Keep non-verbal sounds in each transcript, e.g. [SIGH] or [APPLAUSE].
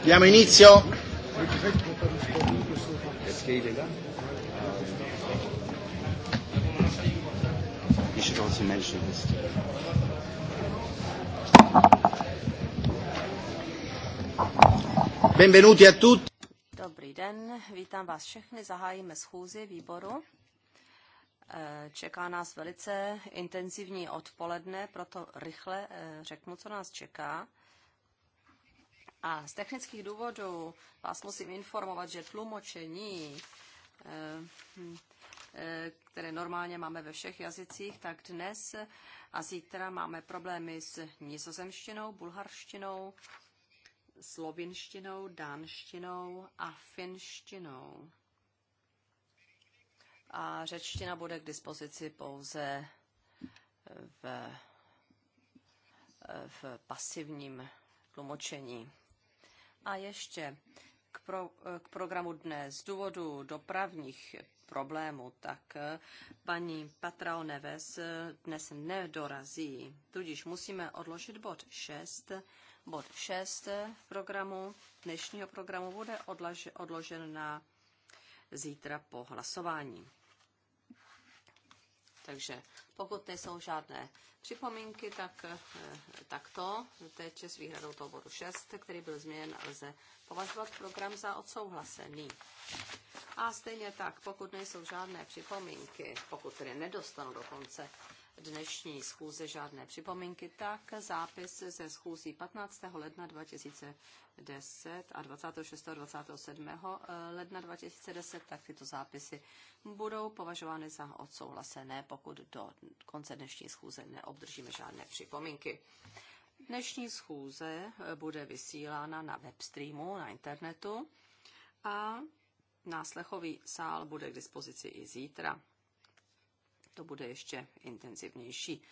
Diamo inizio. Benvenuti a tutti. Dobrý den, vítám vás všechny, zahájíme schůzi výboru. Eh, čeká nás velice intenzivní odpoledne, proto rychle eh, řeknu, co nás čeká. A z technických důvodů vás musím informovat, že tlumočení, eh, eh, které normálně máme ve všech jazycích, tak dnes a zítra máme problémy s nizozemštinou, bulharštinou, slovinštinou, dánštinou a finštinou. A řečtina bude k dispozici pouze eh, v, v pasivním tlumočení. A ještě k, pro, k programu dne z důvodu dopravních problémů, tak eh, paní Patrao Neves eh, dnes nedorazí, tudíž musíme odložit bod 6. Bod 6 eh, programu, dnešního programu bude odložen na zítra po hlasování. Takže pokud nejsou žádné připomínky, tak, eh, tak to, teď s výhradou toho bodu 6, který byl změněn, lze považovat program za odsouhlasený. A stejně tak, pokud nejsou žádné připomínky, pokud tedy nedostanu dokonce dnešní schůze žádné připomínky, tak zápis ze schůzí 15. ledna 2010 a 26. a 27. ledna 2010, tak tyto zápisy budou považovány za odsouhlasené, pokud do konce dnešní schůze neobdržíme žádné připomínky. Dnešní schůze bude vysílána na webstreamu na internetu a náslechový sál bude k dispozici i zítra to bude ještě intenzivnější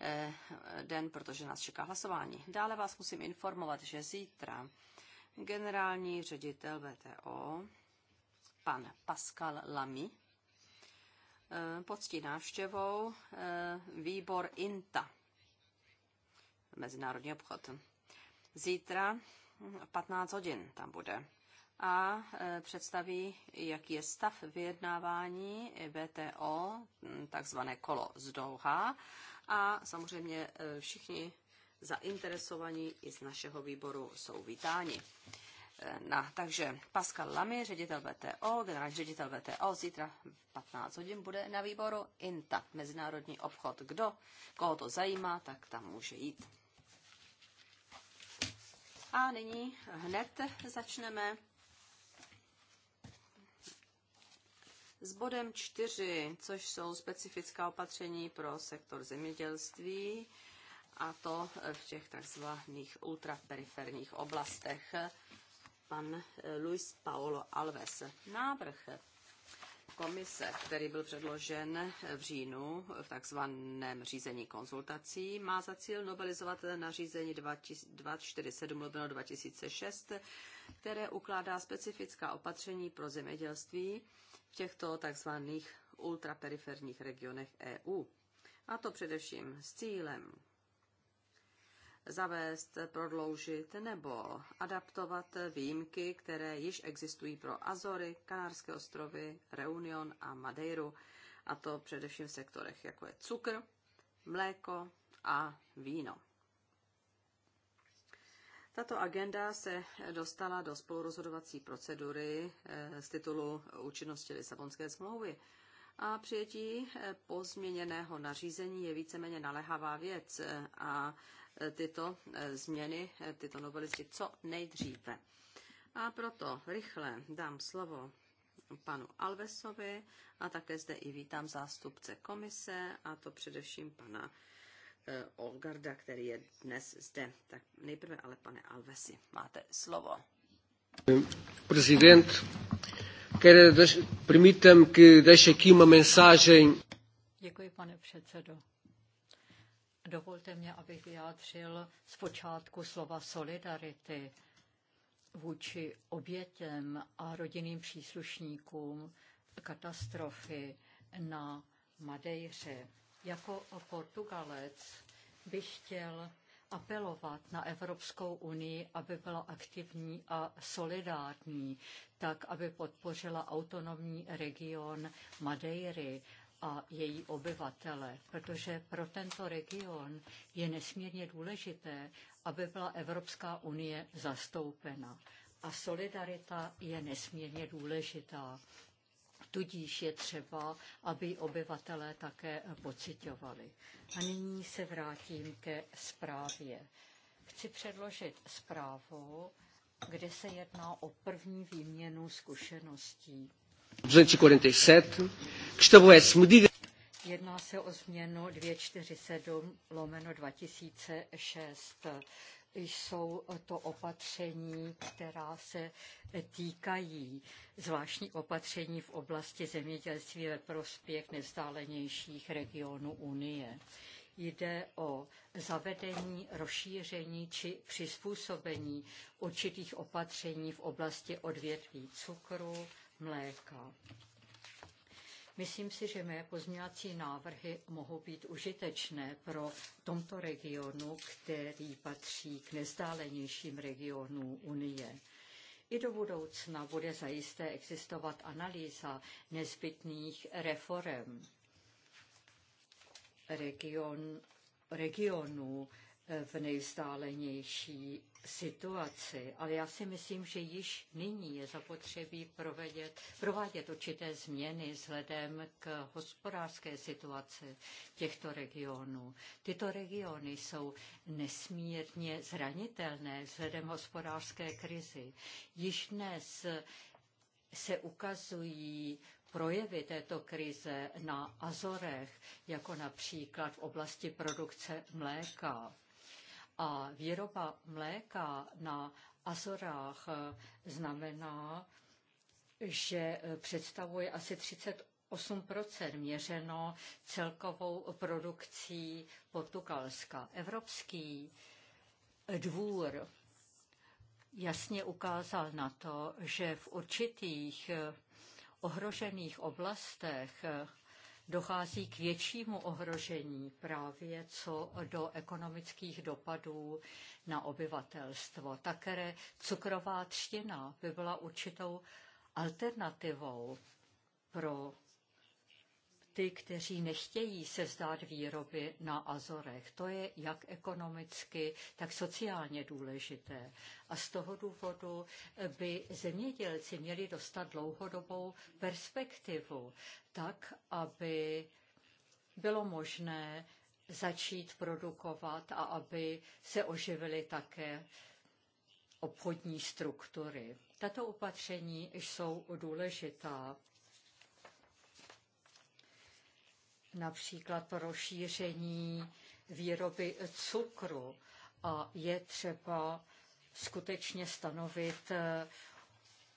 eh, den, protože nás čeká hlasování. Dále vás musím informovat, že zítra generální ředitel VTO, pan Pascal Lamy, eh, poctí návštěvou eh, výbor INTA, Mezinárodní obchod. Zítra 15 hodin tam bude a e, představí, jaký je stav vyjednávání VTO, takzvané kolo z Doha. A samozřejmě e, všichni zainteresovaní i z našeho výboru jsou vítáni. E, na, takže Pascal Lamy, ředitel VTO, generální ředitel VTO, zítra v 15 hodin bude na výboru INTA, mezinárodní obchod. Kdo, koho to zajímá, tak tam může jít. A nyní hned začneme s bodem 4, což jsou specifická opatření pro sektor zemědělství, a to v těch takzvaných ultraperiferních oblastech. Pan eh, Luis Paolo Alves. Návrh komise, který byl předložen v říjnu v takzvaném řízení konzultací, má za cíl novelizovat nařízení 247 2006, které ukládá specifická opatření pro zemědělství těchto takzvaných ultraperiferních regionech EU. A to především s cílem zavést, prodloužit nebo adaptovat výjimky, které již existují pro Azory, Kanárské ostrovy, Reunion a Madeiru, a to především v sektorech jako je cukr, mléko a víno. Tato agenda se dostala do spolurozhodovací procedury eh, z titulu účinnosti Lisabonské smlouvy. A přijetí eh, pozměněného nařízení je víceméně naléhavá věc eh, a tyto změny, tyto novelisti co nejdříve. A proto rychle dám slovo panu Alvesovi a také zde i vítám zástupce komise, a to především pana Eh, Olgarda, který je dnes zde. Tak nejprve ale, pane Alvesi, máte slovo. Prezident, quero, permita-me que deixe aqui uma mensagem. Děkuji, pane předsedo. Dovolte mě, abych vyjádřil zpočátku slova solidarity vůči obětem a rodinným příslušníkům katastrofy na Madejře. Jako Portugalec bych chtěl apelovat na Evropskou unii, aby byla aktivní a solidární, tak aby podpořila autonomní region Madeiry a její obyvatele, protože pro tento region je nesmírně důležité, aby byla Evropská unie zastoupena. A solidarita je nesmírně důležitá tudíž je třeba, aby obyvatelé také pocitovali. A nyní se vrátím ke zprávě. Chci předložit zprávu, kde se jedná o první výměnu zkušeností. 247, que estabelece Jedná se o změnu 247 lomeno 2006 jsou to opatření, která se týkají zvláštní opatření v oblasti zemědělství ve prospěch nezdálenějších regionů Unie jde o zavedení, rozšíření či přizpůsobení určitých opatření v oblasti odvětví cukru, mléka. Myslím si, že mé pozměňovací návrhy mohou být užitečné pro tomto regionu, který patří k nezdálenějším regionům Unie. I do budoucna bude zajisté existovat analýza nezbytných reform region, regionů, v nejvzdálenější situaci, ale já si myslím, že již nyní je zapotřebí provedět, provádět určité změny vzhledem k hospodářské situaci těchto regionů. Tyto regiony jsou nesmírně zranitelné vzhledem hospodářské krizi. Již dnes se ukazují projevy této krize na Azorech, jako například v oblasti produkce mléka. A výroba mléka na Azorách eh, znamená, že eh, představuje asi 38 měřeno celkovou produkcí Portugalska. Evropský eh, dvůr jasně ukázal na to, že v určitých ohrožených oblastech dochází k většímu ohrožení právě co do ekonomických dopadů na obyvatelstvo. Také cukrová třtina by byla určitou alternativou pro ty, kteří nechtějí se zdát výroby na Azorech. To je jak ekonomicky, tak sociálně důležité. A z toho důvodu by zemědělci měli dostat dlouhodobou perspektivu, tak, aby bylo možné začít produkovat a aby se oživily také obchodní struktury. Tato opatření jsou důležitá například pro rozšíření výroby cukru. A je třeba skutečně stanovit eh,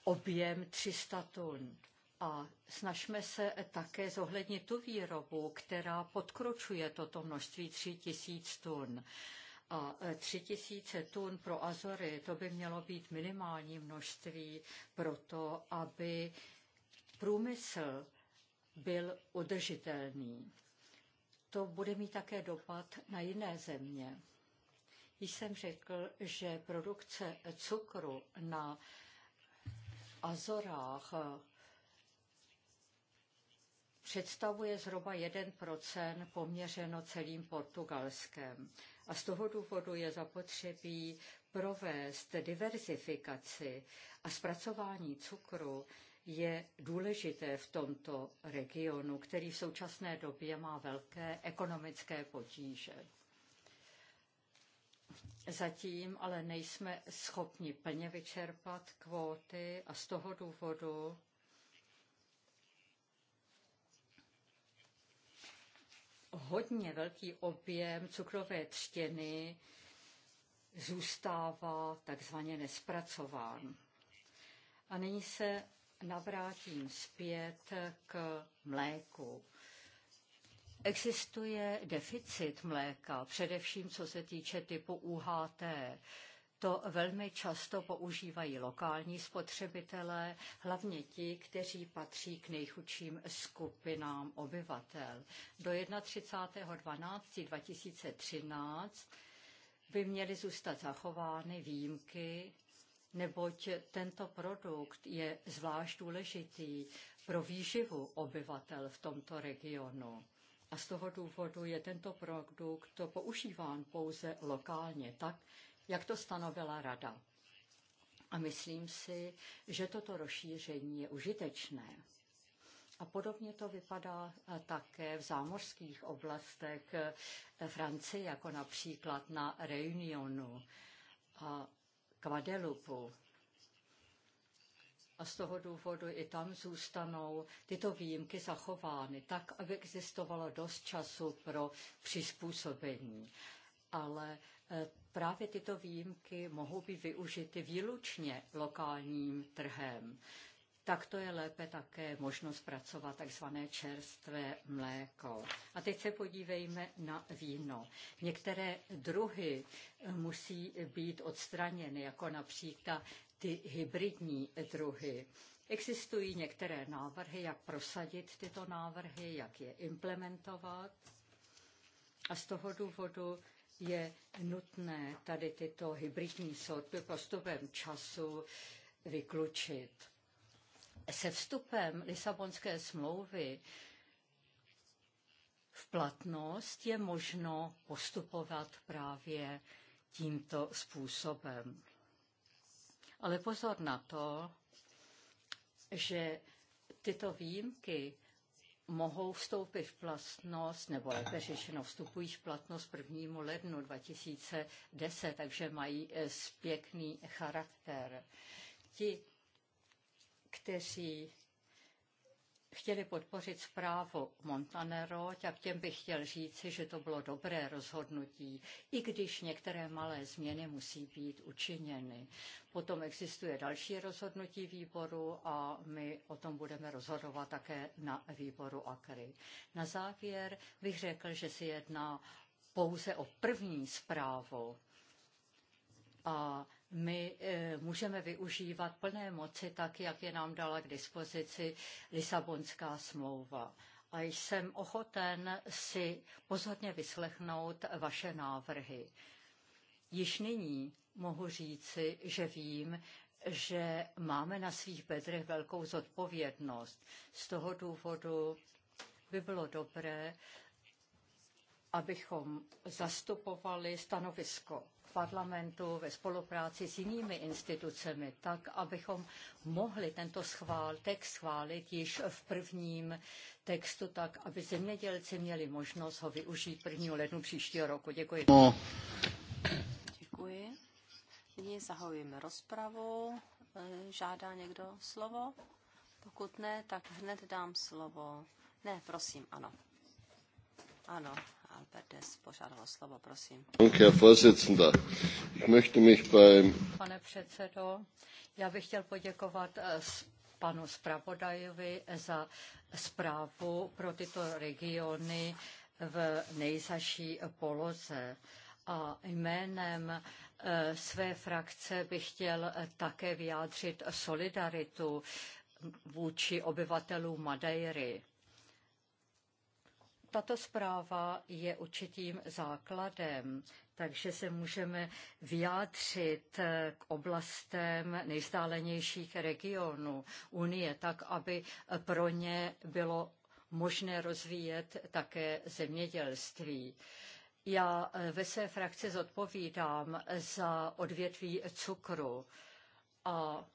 objem 300 tun. A snažme se také zohlednit tu výrobu, která podkročuje toto množství 3000 tun. A 3000 eh, tun pro Azory, to by mělo být minimální množství pro to, aby průmysl byl udržitelný. To bude mít také dopad na jiné země. Již jsem řekl, že produkce cukru na Azorách představuje zhruba 1% poměřeno celým Portugalskem. A z toho důvodu je zapotřebí provést diverzifikaci a zpracování cukru je důležité v tomto regionu, který v současné době má velké ekonomické potíže. Zatím ale nejsme schopni plně vyčerpat kvóty a z toho důvodu hodně velký objem cukrové třtěny zůstává takzvaně nespracován. A nyní se navrátím zpět k mléku. Existuje deficit mléka, především co se týče typu UHT. To velmi často používají lokální spotřebitelé, hlavně ti, kteří patří k nejchudším skupinám obyvatel. Do 31.12.2013 by měly zůstat zachovány výjimky neboť tento produkt je zvlášť důležitý pro výživu obyvatel v tomto regionu. A z toho důvodu je tento produkt používán pouze lokálně, tak, jak to stanovila rada. A myslím si, že toto rozšíření je užitečné. A podobně to vypadá také v zámořských oblastech Francie, jako například na Reunionu. A Kvadelupu, A z toho důvodu i tam zůstanou tyto výjimky zachovány, tak, aby existovalo dost času pro přizpůsobení. Ale eh, právě tyto výjimky mohou být využity výlučně lokálním trhem takto je lépe také možnost pracovat takzvané čerstvé mléko. A teď se podívejme na víno. Některé druhy eh, musí být odstraněny, jako například ty hybridní druhy. Existují některé návrhy, jak prosadit tyto návrhy, jak je implementovat. A z toho důvodu je nutné tady tyto hybridní sorty postupem času vyklučit se vstupem Lisabonské smlouvy v platnost je možno postupovat právě tímto způsobem. Ale pozor na to, že tyto výjimky mohou vstoupit v platnost, nebo lépe řečeno vstupují v platnost 1. lednu 2010, takže mají eh, spěkný charakter. Ti kteří chtěli podpořit zprávu Montanero, tak těm bych chtěl říci, že to bylo dobré rozhodnutí, i když některé malé změny musí být učiněny. Potom existuje další rozhodnutí výboru a my o tom budeme rozhodovat také na výboru AKRY. Na závěr bych řekl, že se jedná pouze o první zprávu a my eh, můžeme využívat plné moci tak, jak je nám dala k dispozici Lisabonská smlouva. A jsem ochoten si pozorně vyslechnout vaše návrhy. Již nyní mohu říci, že vím, že máme na svých bedrech velkou zodpovědnost. Z toho důvodu by bylo dobré, abychom zastupovali stanovisko parlamentu ve spolupráci s jinými institucemi, tak abychom mohli tento schvál, text schválit již v prvním textu, tak aby zemědělci měli možnost ho využít 1. lednu příštího roku. Děkuji. No. Děkuji. Nyní zahajujeme rozpravu. Eh, žádá někdo slovo? Pokud ne, tak hned dám slovo. Ne, prosím, ano. Ano, Albert požádal slovo, prosím. Pane předsedo, já bych chtěl poděkovat eh, panu zpravodajovi za zprávu pro tyto regiony v nejzaší poloze. A jménem eh, své frakce bych chtěl eh, také vyjádřit solidaritu vůči obyvatelům Madeiry. Tato zpráva je určitým základem, takže se můžeme vyjádřit eh, k oblastem nejzdálenějších regionů Unie, tak aby pro ně bylo možné rozvíjet také zemědělství. Já eh, ve své frakci zodpovídám za odvětví cukru a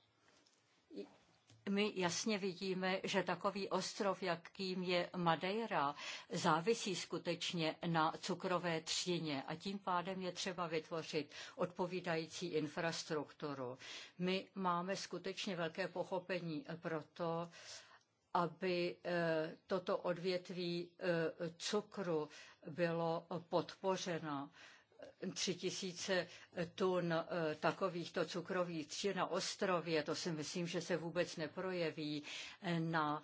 my jasně vidíme, že takový ostrov, jakým je Madeira, závisí skutečně na cukrové třtině a tím pádem je třeba vytvořit odpovídající infrastrukturu. My máme skutečně velké pochopení pro to, aby e, toto odvětví e, cukru bylo podpořeno 3000 tun eh, takovýchto cukrových tři na ostrově, to si myslím, že se vůbec neprojeví eh, na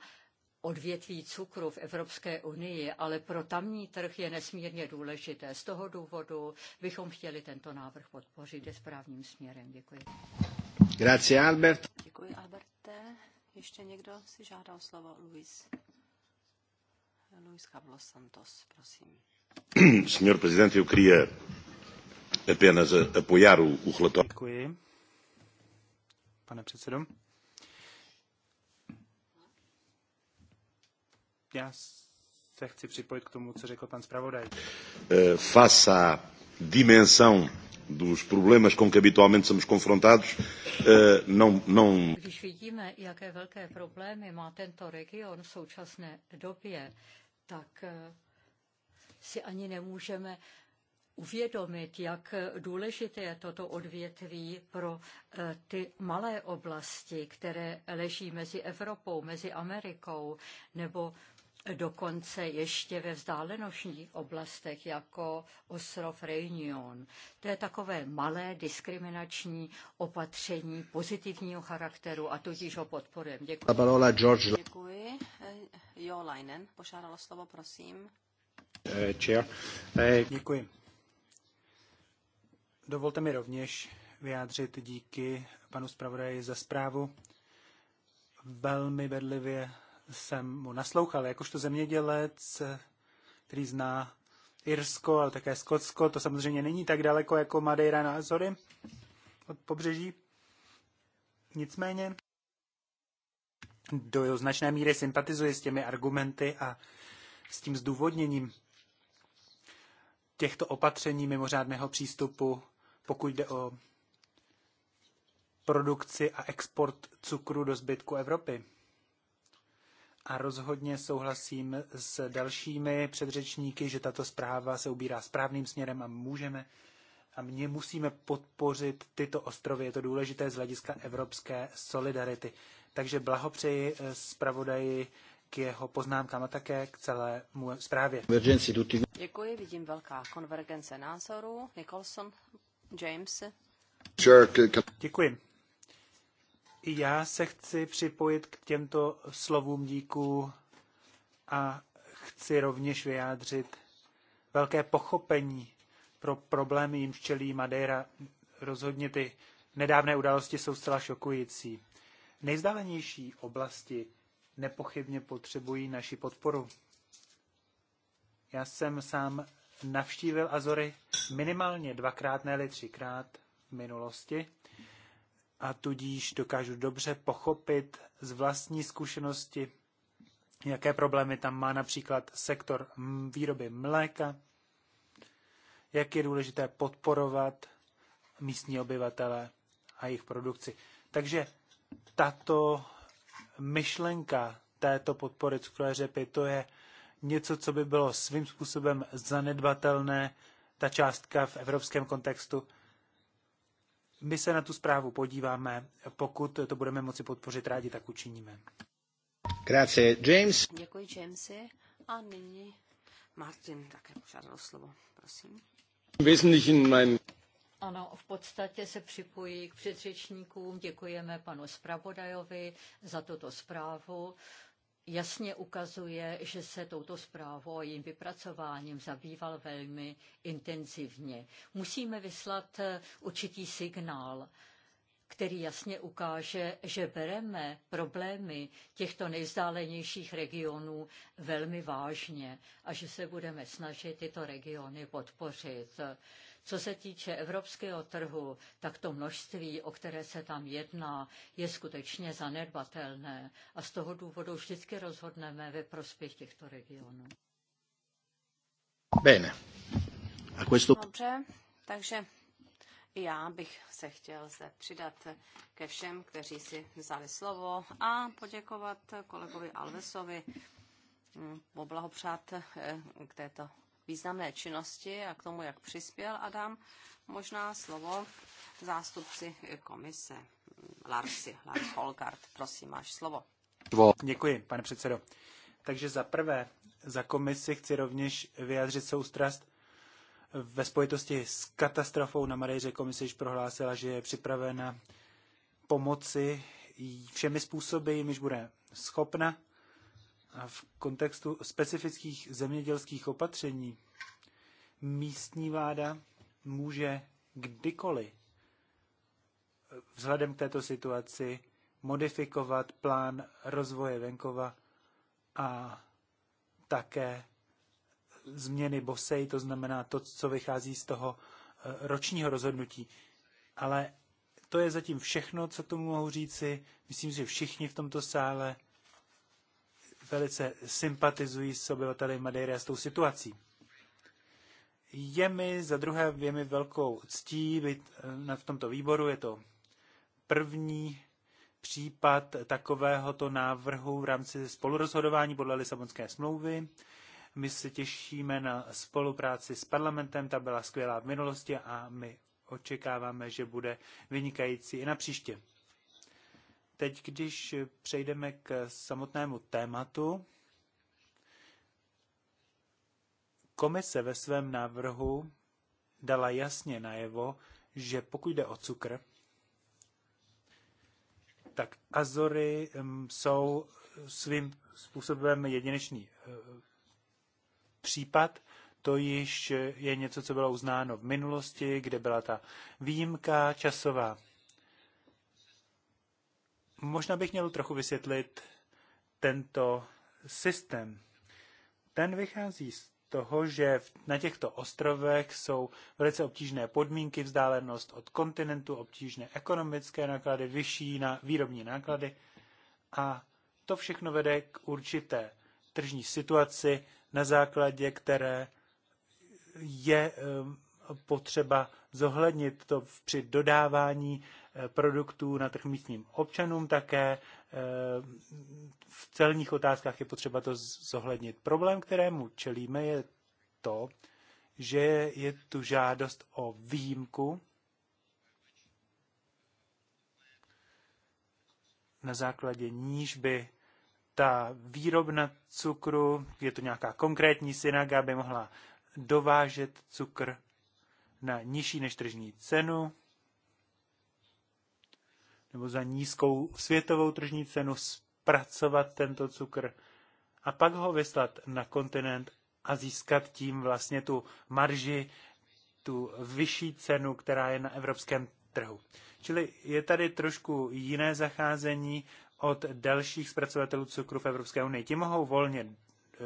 odvětví cukru v Evropské unii, ale pro tamní trh je nesmírně důležité. Z toho důvodu bychom chtěli tento návrh podpořit. Je správným směrem. Děkuji. Grazie, Albert. Děkuji, Alberte. Ještě někdo si žádá o slovo? Luis. Luis Carlos Santos, prosím. Senhor Presidente, eu queria apenas apoiar o, Děkuji. Pane předsedo. Já se chci připojit k tomu, co řekl pan zpravodaj. Eh, dimensão dos problemas com que habitualmente somos confrontados, eh, não, não... Když vidíme, jaké velké problémy má tento region v současné době, tak eh, si ani nemůžeme uvědomit, jak důležité je toto odvětví pro eh, ty malé oblasti, které leží mezi Evropou, mezi Amerikou nebo dokonce ještě ve vzdálenošních oblastech jako ostrov Reunion. To je takové malé diskriminační opatření pozitivního charakteru a tudíž ho podporujeme. Děkuji. La parola George. Děkuji. Eh, jo Leinen, požádalo slovo, prosím. Eh, eh Děkuji. Dovolte mi rovněž vyjádřit díky panu zpravodaji za zprávu. Velmi bedlivě jsem mu naslouchal. Jakožto zemědělec, který zná Irsko, ale také Skotsko, to samozřejmě není tak daleko jako Madeira na Azory od pobřeží. Nicméně do značné míry sympatizuji s těmi argumenty a s tím zdůvodněním těchto opatření mimořádného přístupu pokud jde o produkci a export cukru do zbytku Evropy. A rozhodně souhlasím s dalšími předřečníky, že tato zpráva se ubírá správným směrem a můžeme a mě musíme podpořit tyto ostrovy. Je to důležité z hlediska evropské solidarity. Takže blahopřeji eh, zpravodaji k jeho poznámkám a také k celému zprávě. Děkuji, vidím velká konvergence názorů. Nicholson, Děkuji. I já se chci připojit k těmto slovům díků a chci rovněž vyjádřit velké pochopení pro problémy, jim čelí Madeira. Rozhodně ty nedávné události jsou zcela šokující. Nejvzdálenější oblasti nepochybně potřebují naši podporu. Já jsem sám navštívil Azory minimálně dvakrát, ne třikrát v minulosti a tudíž dokážu dobře pochopit z vlastní zkušenosti, jaké problémy tam má například sektor výroby mléka, jak je důležité podporovat místní obyvatele a jejich produkci. Takže tato myšlenka této podpory cukrové řepy, to je něco, co by bylo svým způsobem zanedbatelné, ta částka v evropském kontextu. My se na tu zprávu podíváme. Pokud to budeme moci podpořit, rádi tak učiníme. Grazie, James. Děkuji, Jamesy. A nyní Martin také požádal slovo. Prosím. ano, v podstatě se připojí k předřečníkům. Děkujeme panu zpravodajovi za tuto zprávu jasně ukazuje, že se touto zprávou a jejím vypracováním zabýval velmi intenzivně. Musíme vyslat eh, určitý signál, který jasně ukáže, že bereme problémy těchto nejvzdálenějších regionů velmi vážně a že se budeme snažit tyto regiony podpořit. Co se týče evropského trhu, tak to množství, o které se tam jedná, je skutečně zanedbatelné a z toho důvodu vždycky rozhodneme ve prospěch těchto regionů. Bene. A questo... Dobře, takže já bych se chtěl zde přidat ke všem, kteří si vzali slovo a poděkovat kolegovi Alvesovi, mm, poblahopřát eh, k této významné činnosti a k tomu, jak přispěl a dám možná slovo zástupci komise Larsi, Lars Holgard. Prosím, máš slovo. Děkuji, pane předsedo. Takže za prvé, za komisi chci rovněž vyjádřit soustrast ve spojitosti s katastrofou na Marejře. komise již prohlásila, že je připravena pomoci všemi způsoby, jimiž bude schopna v kontextu specifických zemědělských opatření místní vláda může kdykoliv vzhledem k této situaci modifikovat plán rozvoje venkova a také změny bosej, to znamená to, co vychází z toho eh, ročního rozhodnutí. Ale to je zatím všechno, co k tomu mohu říci. Myslím, že všichni v tomto sále velice sympatizují s obyvateli Madeira a s tou situací. Je mi, za druhé, je mi velkou ctí být eh, v tomto výboru. Je to první případ takovéhoto návrhu v rámci spolurozhodování podle Lisabonské smlouvy. My se těšíme na spolupráci s parlamentem, ta byla skvělá v minulosti a my očekáváme, že bude vynikající i na příště. Teď, když přejdeme k samotnému tématu, komise ve svém návrhu dala jasně najevo, že pokud jde o cukr, tak Azory jsou svým způsobem jedinečný eh, případ. To již je něco, co bylo uznáno v minulosti, kde byla ta výjimka časová. Možná bych měl trochu vysvětlit tento systém. Ten vychází z toho, že na těchto ostrovech jsou velice obtížné podmínky, vzdálenost od kontinentu, obtížné ekonomické náklady, vyšší na výrobní náklady a to všechno vede k určité tržní situaci, na základě které je ehm, potřeba zohlednit to při dodávání Eh, produktů na trh místním občanům také. Eh, v celních otázkách je potřeba to zohlednit. Problém, kterému čelíme, je to, že je tu žádost o výjimku na základě níž by ta výrobna cukru, je to nějaká konkrétní synaga, by mohla dovážet cukr na nižší než tržní cenu nebo za nízkou světovou tržní cenu zpracovat tento cukr a pak ho vyslat na kontinent a získat tím vlastně tu marži, tu vyšší cenu, která je na evropském trhu. Čili je tady trošku jiné zacházení od dalších zpracovatelů cukru v Evropské unii. Ti mohou volně eh,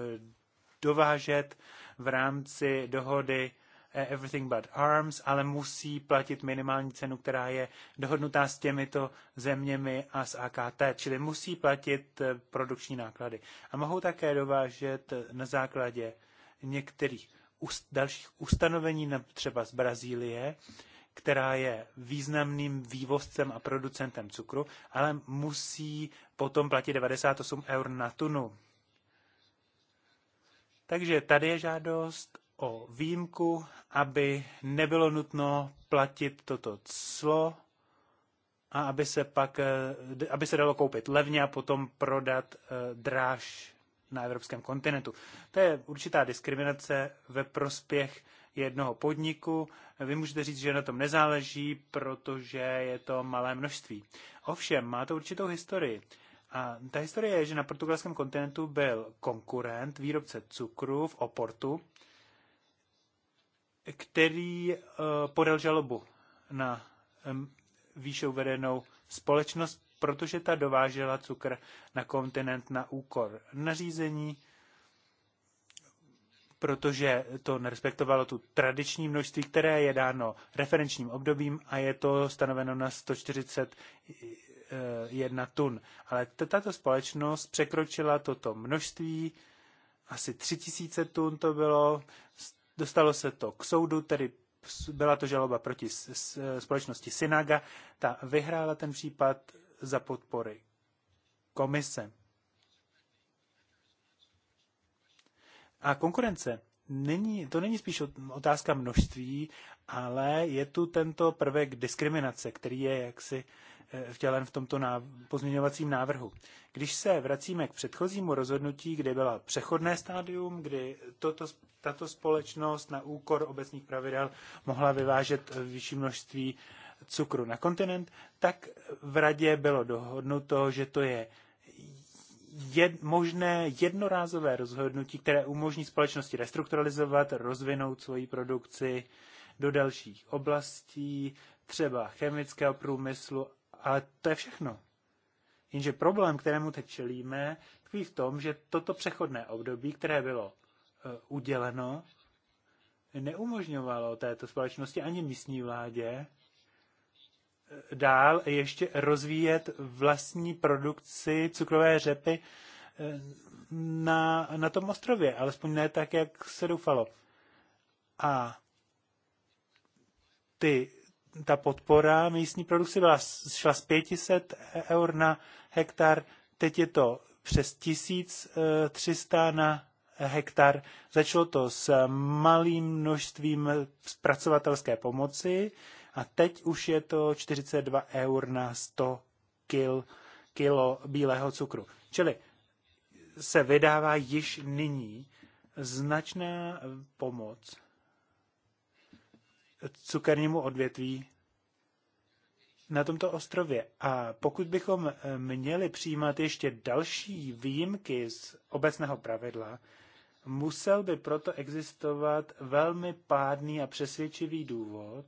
dovážet v rámci dohody Eh, everything but arms, ale musí platit minimální cenu, která je dohodnutá s těmito zeměmi a s AKT, čili musí platit eh, produkční náklady. A mohou také dovážet eh, na základě některých dalších ustanovení, třeba z Brazílie, která je významným vývozcem a producentem cukru, ale musí potom platit 98 eur na tunu. Takže tady je žádost o výjimku, aby nebylo nutno platit toto clo a aby se pak, eh, aby se dalo koupit levně a potom prodat eh, dráž na evropském kontinentu. To je určitá diskriminace ve prospěch jednoho podniku. Vy můžete říct, že na tom nezáleží, protože je to malé množství. Ovšem, má to určitou historii. A ta historie je, že na portugalském kontinentu byl konkurent, výrobce cukru v Oportu, který eh, podal žalobu na výše uvedenou společnost, protože ta dovážela cukr na kontinent na úkor nařízení, protože to nerespektovalo tu tradiční množství, které je dáno referenčním obdobím a je to stanoveno na 141 eh, tun. Ale tato společnost překročila toto množství, asi 3000 tun to bylo, Dostalo se to k soudu, tedy byla to žaloba proti společnosti Synaga. Ta vyhrála ten případ za podpory komise. A konkurence. Není, to není spíš otázka množství, ale je tu tento prvek diskriminace, který je jaksi Eh, vtělen v tomto pozměňovacím návrhu. Když se vracíme k předchozímu rozhodnutí, kde byla přechodné stádium, kdy toto, tato společnost na úkor obecných pravidel mohla vyvážet eh, vyšší množství cukru na kontinent, tak v radě bylo dohodnuto, že to je jed, možné jednorázové rozhodnutí, které umožní společnosti restrukturalizovat, rozvinout svoji produkci do dalších oblastí, třeba chemického průmyslu ale to je všechno. Jenže problém, kterému teď čelíme, tkví v tom, že toto přechodné období, které bylo eh, uděleno, neumožňovalo této společnosti ani místní vládě eh, dál ještě rozvíjet vlastní produkci cukrové řepy eh, na, na tom ostrově, alespoň ne tak, jak se doufalo. A ty ta podpora místní produkce byla, šla z 500 eur na hektar, teď je to přes 1300 na hektar. Začalo to s malým množstvím zpracovatelské pomoci a teď už je to 42 eur na 100 kil, kilo bílého cukru. Čili se vydává již nyní značná pomoc cukernímu odvětví na tomto ostrově. A pokud bychom eh, měli přijímat ještě další výjimky z obecného pravidla, musel by proto existovat velmi pádný a přesvědčivý důvod,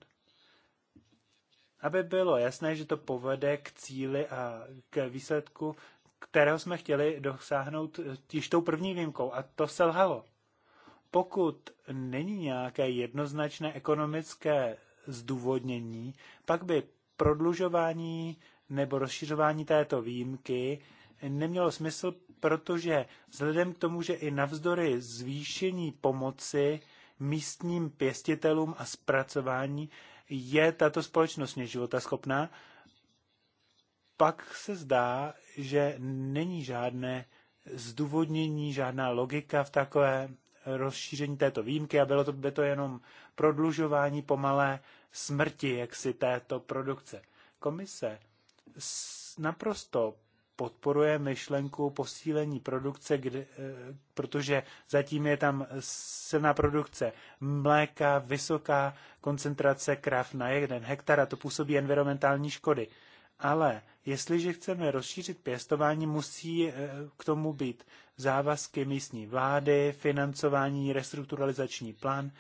aby bylo jasné, že to povede k cíli a k výsledku, kterého jsme chtěli dosáhnout eh, již tou první výjimkou. A to selhalo pokud není nějaké jednoznačné ekonomické zdůvodnění, pak by prodlužování nebo rozšiřování této výjimky nemělo smysl, protože vzhledem k tomu, že i navzdory zvýšení pomoci místním pěstitelům a zpracování je tato společnost schopná, pak se zdá, že není žádné zdůvodnění, žádná logika v takové rozšíření této výjimky a bylo to, by to jenom prodlužování pomalé smrti jaksi této produkce. Komise naprosto podporuje myšlenku posílení produkce, kde, eh, protože zatím je tam silná produkce mléka, vysoká koncentrace krav na jeden hektar a to působí environmentální škody. Ale jestliže chceme rozšířit pěstování, musí eh, k tomu být závazky místní vlády, financování, restrukturalizační plán,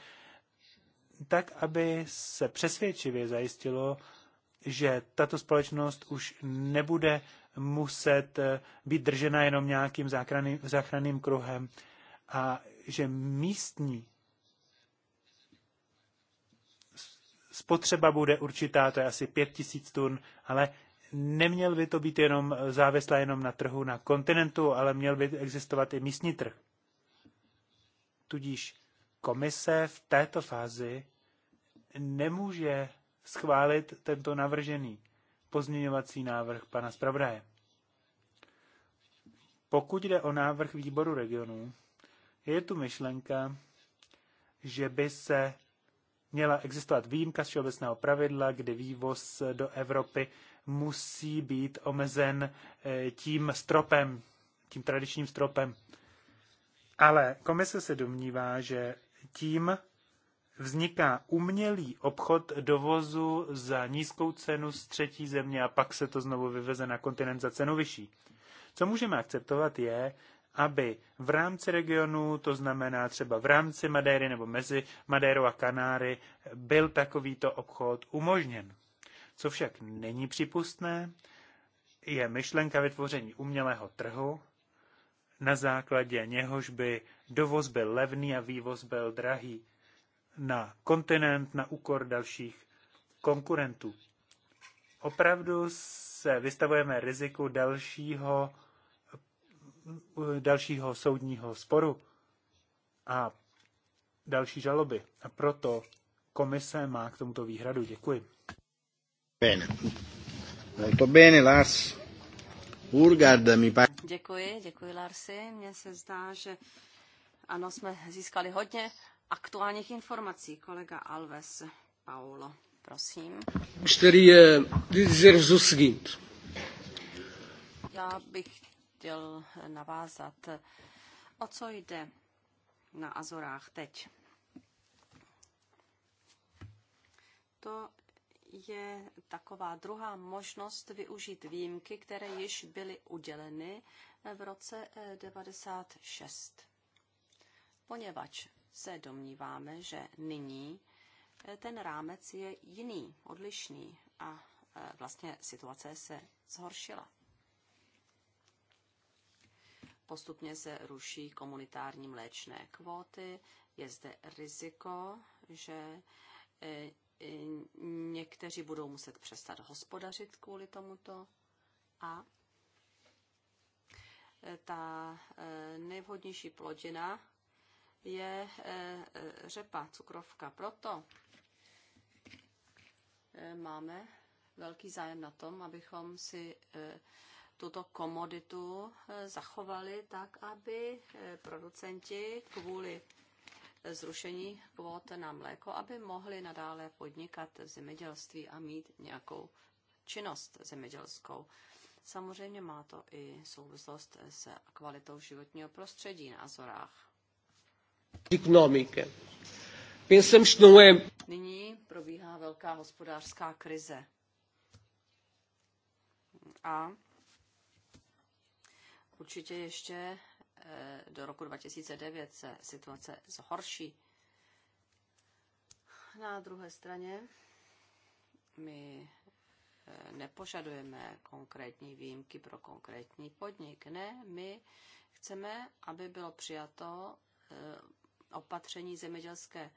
tak, aby se přesvědčivě zajistilo, že tato společnost už nebude muset eh, být držena jenom nějakým záchranným, záchranným kruhem a že místní spotřeba bude určitá, to je asi pět tisíc tun, ale neměl by to být jenom závislé jenom na trhu na kontinentu, ale měl by existovat i místní trh. Tudíž komise v této fázi nemůže schválit tento navržený pozměňovací návrh pana zpravodaje. Pokud jde o návrh výboru regionů, je tu myšlenka, že by se měla existovat výjimka z všeobecného pravidla, kdy vývoz do Evropy musí být omezen eh, tím stropem, tím tradičním stropem. Ale komise se domnívá, že tím vzniká umělý obchod dovozu za nízkou cenu z třetí země a pak se to znovu vyveze na kontinent za cenu vyšší. Co můžeme akceptovat je, aby v rámci regionu, to znamená třeba v rámci Madéry nebo mezi Madérou a Kanáry, byl takovýto obchod umožněn. Co však není připustné, je myšlenka vytvoření umělého trhu, na základě něhož by dovoz byl levný a vývoz byl drahý na kontinent na úkor dalších konkurentů. Opravdu se vystavujeme riziku dalšího dalšího soudního sporu a další žaloby. A proto komise má k tomuto výhradu. Děkuji. Bene. bene, Lars. mi Děkuji, děkuji, Larsi. Mně se zdá, že ano, jsme získali hodně aktuálních informací. Kolega Alves Paulo, prosím. Gostaria de Já bych chtěl navázat. O co jde na Azorách teď? To je taková druhá možnost využít výjimky, které již byly uděleny v roce 96. Eh, Poněvadž se domníváme, že nyní eh, ten rámec je jiný, odlišný a eh, vlastně situace se zhoršila postupně se ruší komunitární mléčné kvóty. Je zde riziko, že e, e, někteří budou muset přestat hospodařit kvůli tomuto a e, ta nejvhodnější plodina je řepa, cukrovka. Proto máme velký zájem na tom, abychom si tuto komoditu eh, zachovali tak, aby eh, producenti kvůli eh, zrušení kvót na mléko, aby mohli nadále podnikat v zemědělství a mít nějakou činnost zemědělskou. Samozřejmě má to i souvislost s kvalitou životního prostředí na Azorách. Nyní probíhá velká hospodářská krize. A určitě ještě eh, do roku 2009 se situace zhorší. Na druhé straně my eh, nepožadujeme konkrétní výjimky pro konkrétní podnik. Ne, my chceme, aby bylo přijato eh, opatření zemědělské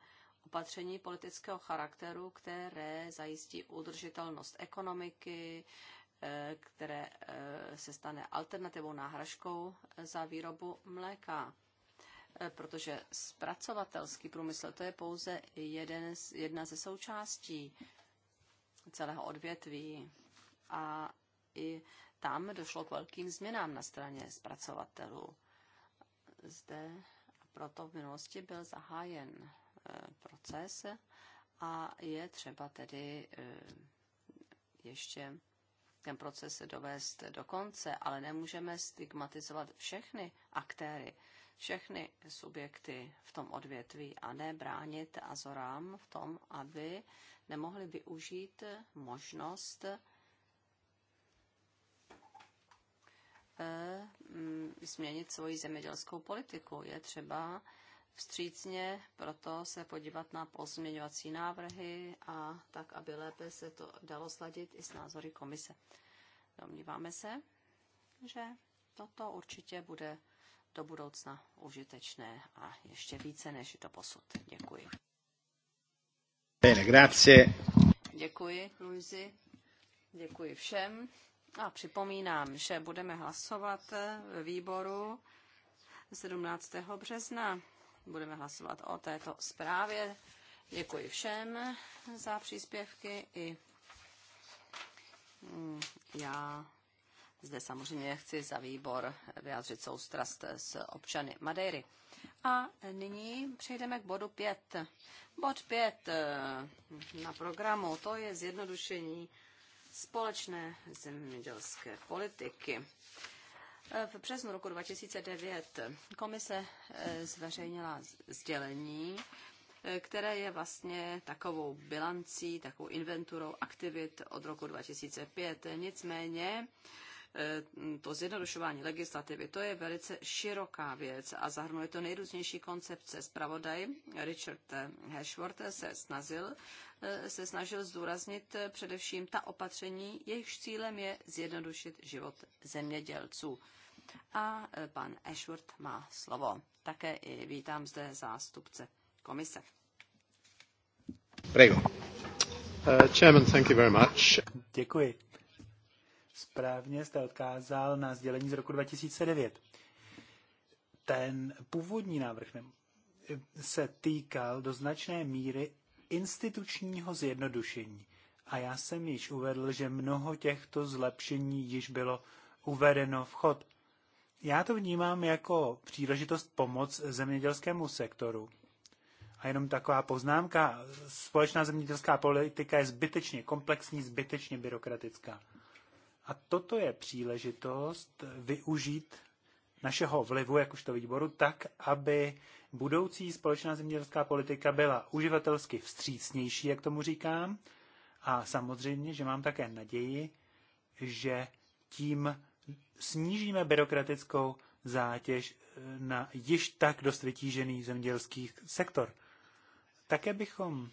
opatření politického charakteru, které zajistí udržitelnost ekonomiky, Eh, které eh, se stane alternativou náhražkou za výrobu mléka. Eh, protože zpracovatelský průmysl to je pouze jeden jedna ze součástí celého odvětví. A i tam došlo k velkým změnám na straně zpracovatelů. Zde proto v minulosti byl zahájen proces a je třeba tedy ještě barcelonském procese dovést do konce, ale nemůžeme stigmatizovat všechny aktéry, všechny subjekty v tom odvětví a ne bránit Azorám v tom, aby nemohli využít možnost eh, mm, změnit svoji zemědělskou politiku. Je třeba vstřícně, proto se podívat na pozměňovací návrhy a tak, aby lépe se to dalo sladit i s názory komise. Domníváme se, že toto určitě bude do budoucna užitečné a ještě více než do posud. Děkuji. Bene, grazie. Děkuji, Luizi. Děkuji všem. A připomínám, že budeme hlasovat ve výboru 17. března budeme hlasovat o této zprávě. Děkuji všem za příspěvky i mm, já zde samozřejmě chci za výbor vyjádřit soustrast s občany Madeiry. A nyní přejdeme k bodu 5. Bod 5 eh, na programu to je zjednodušení společné zemědělské politiky. V březnu roku 2009 komise eh, zveřejnila sdělení, eh, které je vlastně takovou bilancí, takovou inventurou aktivit od roku 2005. Nicméně Eh, to zjednodušování legislativy, to je velice široká věc a zahrnuje to nejrůznější koncepce. Spravodaj Richard Hashworth se snažil, eh, se snažil zdůraznit eh, především ta opatření, jejichž cílem je zjednodušit život zemědělců. A pan Ashworth má slovo. Také i vítám zde zástupce komise. Prego. Uh, chairman, thank you very much. Děkuji. Správně jste odkázal na sdělení z roku 2009. Ten původní návrh se týkal do značné míry institučního zjednodušení. A já jsem již uvedl, že mnoho těchto zlepšení již bylo uvedeno v chod. Já to vnímám jako příležitost pomoc zemědělskému sektoru. A jenom taková poznámka, společná zemědělská politika je zbytečně komplexní, zbytečně byrokratická. A toto je příležitost využít našeho vlivu jakožto výboru tak, aby budoucí společná zemědělská politika byla uživatelsky vstřícnější, jak tomu říkám. A samozřejmě, že mám také naději, že tím snížíme byrokratickou zátěž eh, na již tak dost vytížený zemědělský sektor. Také bychom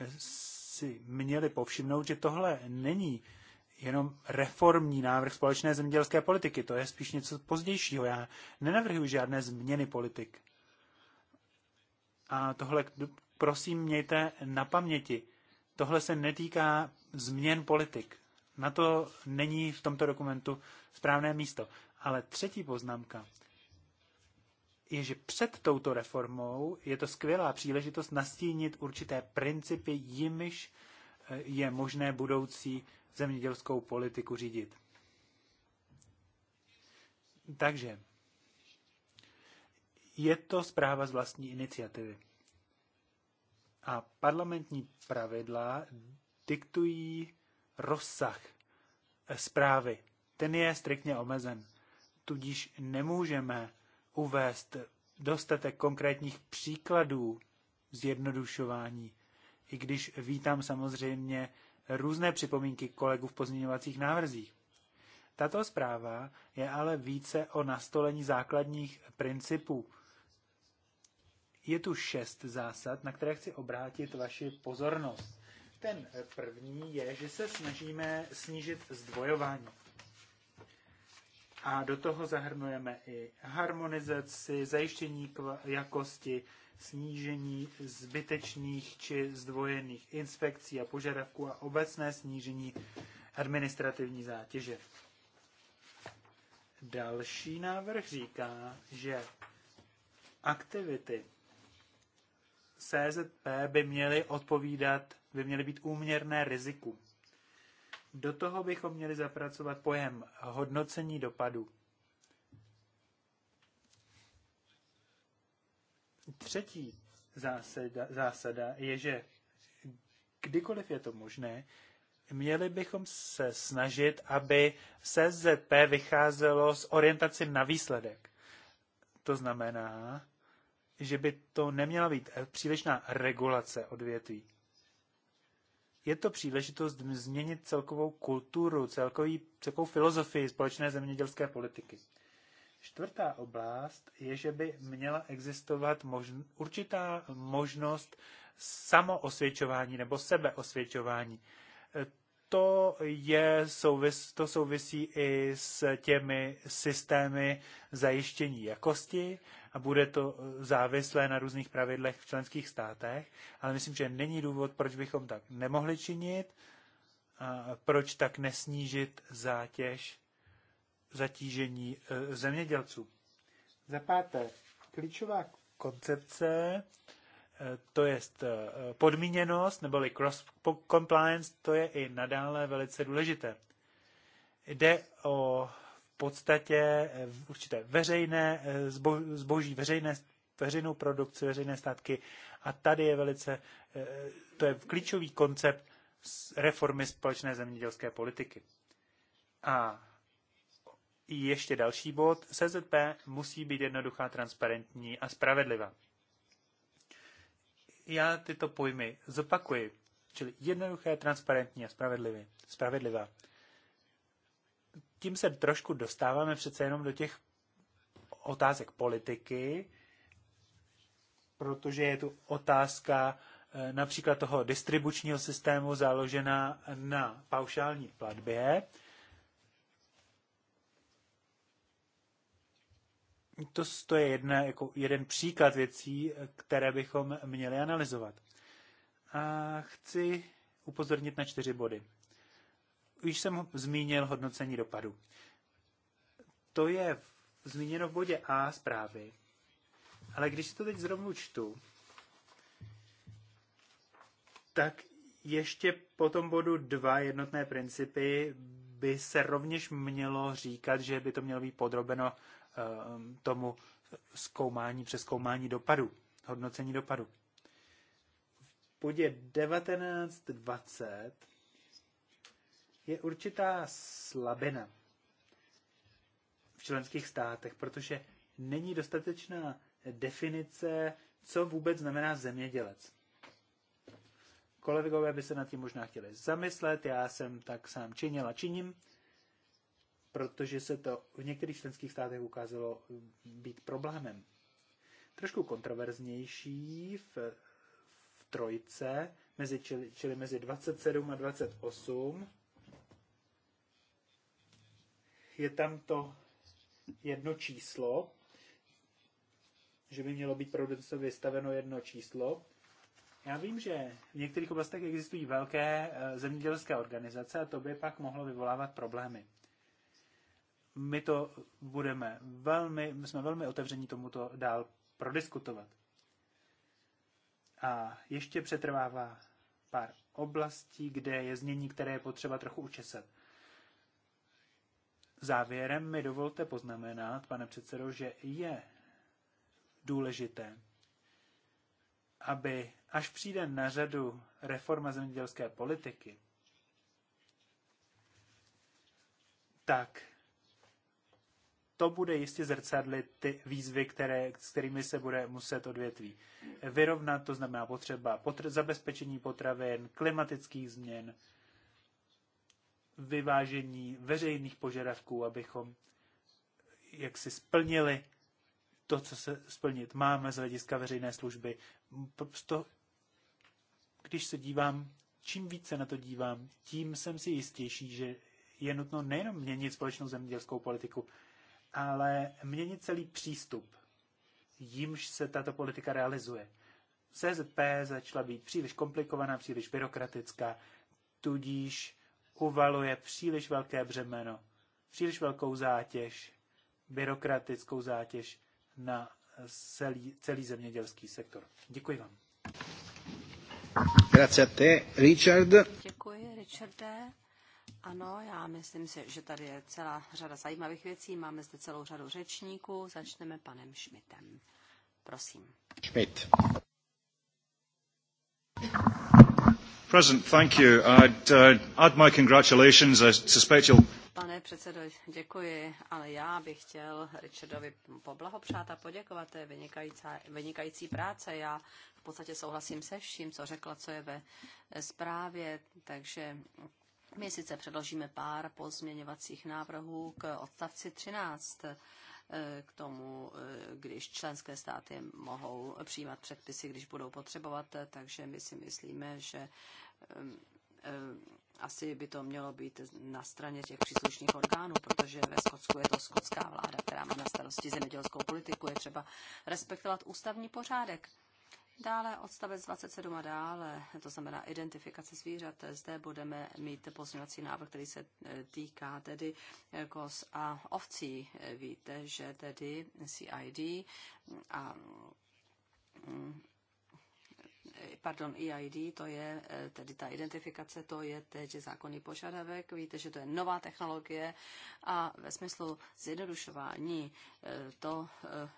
eh, si měli povšimnout, že tohle není jenom reformní návrh společné zemědělské politiky. To je spíš něco pozdějšího. Já nenavrhuji žádné změny politik. A tohle prosím mějte na paměti. Tohle se netýká změn politik. Na to není v tomto dokumentu správné místo. Ale třetí poznámka je, že před touto reformou je to skvělá příležitost nastínit určité principy, jimiž eh, je možné budoucí zemědělskou politiku řídit. Takže je to zpráva z vlastní iniciativy. A parlamentní pravidla diktují rozsah zprávy. Ten je striktně omezen. Tudíž nemůžeme uvést dostatek konkrétních příkladů zjednodušování, i když vítám samozřejmě různé připomínky kolegů v pozměňovacích návrzích. Tato zpráva je ale více o nastolení základních principů. Je tu šest zásad, na které chci obrátit vaši pozornost. Ten první je, že se snažíme snížit zdvojování. A do toho zahrnujeme i harmonizaci, zajištění jakosti, snížení zbytečných či zdvojených inspekcí a požadavků a obecné snížení administrativní zátěže. Další návrh říká, že aktivity CZP by měly odpovídat, by měly být úměrné riziku. Do toho bychom měli zapracovat pojem hodnocení dopadu Třetí zásada, zásada je, že kdykoliv je to možné, měli bychom se snažit, aby CZP vycházelo z orientaci na výsledek. To znamená, že by to neměla být přílišná regulace odvětví. Je to příležitost změnit celkovou kulturu, celkový, celkovou filozofii společné zemědělské politiky. Čtvrtá oblast je, že by měla existovat možn- určitá možnost samoosvědčování nebo sebeosvědčování. E, to, je souvis, to souvisí i s těmi systémy zajištění jakosti a bude to e, závislé na různých pravidlech v členských státech, ale myslím, že není důvod, proč bychom tak nemohli činit, a proč tak nesnížit zátěž zatížení e, zemědělců. Za páté, klíčová koncepce, e, to je e, podmíněnost neboli cross-compliance, to je i nadále velice důležité. Jde o v podstatě určité veřejné zboží, veřejné, veřejnou produkci, veřejné statky a tady je velice, to je klíčový koncept reformy společné zemědělské politiky. A ještě další bod. CZP musí být jednoduchá, transparentní a spravedlivá. Já tyto pojmy zopakuji. Čili jednoduché, transparentní a spravedlivé. spravedlivá. Tím se trošku dostáváme přece jenom do těch otázek politiky, protože je tu otázka eh, například toho distribučního systému založená na paušální platbě. To, to je jedna, jako jeden příklad věcí, které bychom měli analyzovat. A chci upozornit na čtyři body. Už jsem zmínil hodnocení dopadu. To je zmíněno v bodě A zprávy. Ale když si to teď zrovna čtu, tak ještě po tom bodu dva jednotné principy by se rovněž mělo říkat, že by to mělo být podrobeno Ehm, tomu zkoumání, přeskoumání dopadu, hodnocení dopadu. V bodě 1920 je určitá slabina v členských státech, protože není dostatečná definice, co vůbec znamená zemědělec. Kolegové by se nad tím možná chtěli zamyslet, já jsem tak sám činil a činím protože se to v některých členských státech ukázalo být problémem. Trošku kontroverznější v, v trojce, mezi, čili, čili mezi 27 a 28, je tam to jedno číslo, že by mělo být producentovi vystaveno jedno číslo. Já vím, že v některých oblastech existují velké eh, zemědělské organizace a to by pak mohlo vyvolávat problémy my to budeme velmi, my jsme velmi otevření tomuto dál prodiskutovat. A ještě přetrvává pár oblastí, kde je znění, které je potřeba trochu učesat. Závěrem mi dovolte poznamenat, pane předsedo, že je důležité, aby až přijde na řadu reforma zemědělské politiky, tak to bude jistě zrcadlit ty výzvy, které, s kterými se bude muset odvětví vyrovnat, to znamená potřeba potr- zabezpečení potravin, klimatických změn, vyvážení veřejných požadavků, abychom jak si splnili to, co se splnit máme z hlediska veřejné služby. Prosto, když se dívám, čím více na to dívám, tím jsem si jistější, že je nutno nejenom měnit společnou zemědělskou politiku, ale měnit celý přístup, jímž se tato politika realizuje. CZP začala být příliš komplikovaná, příliš byrokratická, tudíž uvaluje příliš velké břemeno, příliš velkou zátěž, byrokratickou zátěž na celý, celý zemědělský sektor. Děkuji vám. Grazie a te, Richard. Děkuji, Richarde. Ano, já myslím si, že tady je celá řada zajímavých věcí. Máme zde celou řadu řečníků. Začneme panem Schmidtem. Prosím. Schmidt. President, thank you. I'd uh, add my congratulations. I suspect you'll Pane předsedo, děkuji, ale já bych chtěl Richardovi poblahopřát a poděkovat. To je vynikající, vynikající práce. Já v podstatě souhlasím se vším, co řekla, co je ve zprávě, takže my sice předložíme pár pozměňovacích návrhů k odstavci 13, eh, k tomu, eh, když členské státy mohou přijímat předpisy, když budou potřebovat, eh, takže my si myslíme, že ehm, asi by to mělo být na straně těch příslušných orgánů, protože ve Skotsku je to skotská vláda, která má na starosti zemědělskou politiku. Je třeba respektovat ústavní pořádek. Dále odstavec 27 a dále, to znamená identifikace zvířat. Zde budeme mít pozměňovací návrh, který se e, týká tedy e, kos a ovcí. E, víte, že tedy CID a mm, pardon, EID, to je e, tedy ta identifikace, to je teď zákonný požadavek. Víte, že to je nová technologie a ve smyslu zjednodušování e, to, e,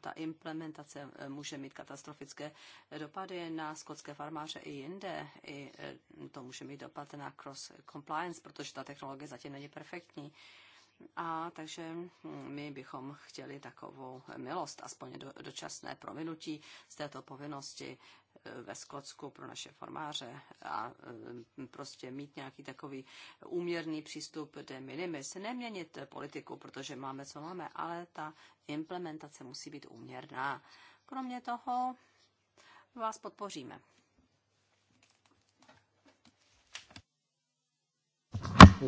ta implementace může mít katastrofické dopady na skotské farmáře i jinde. I to může mít dopad na cross compliance, protože ta technologie zatím není perfektní. A takže hm, my bychom chtěli takovou milost, aspoň do, dočasné prominutí z této povinnosti eh, ve Skotsku pro naše formáře a hm, prostě mít nějaký takový úměrný přístup de minimis. Neměnit politiku, protože máme, co máme, ale ta implementace musí být úměrná. Kromě toho vás podpoříme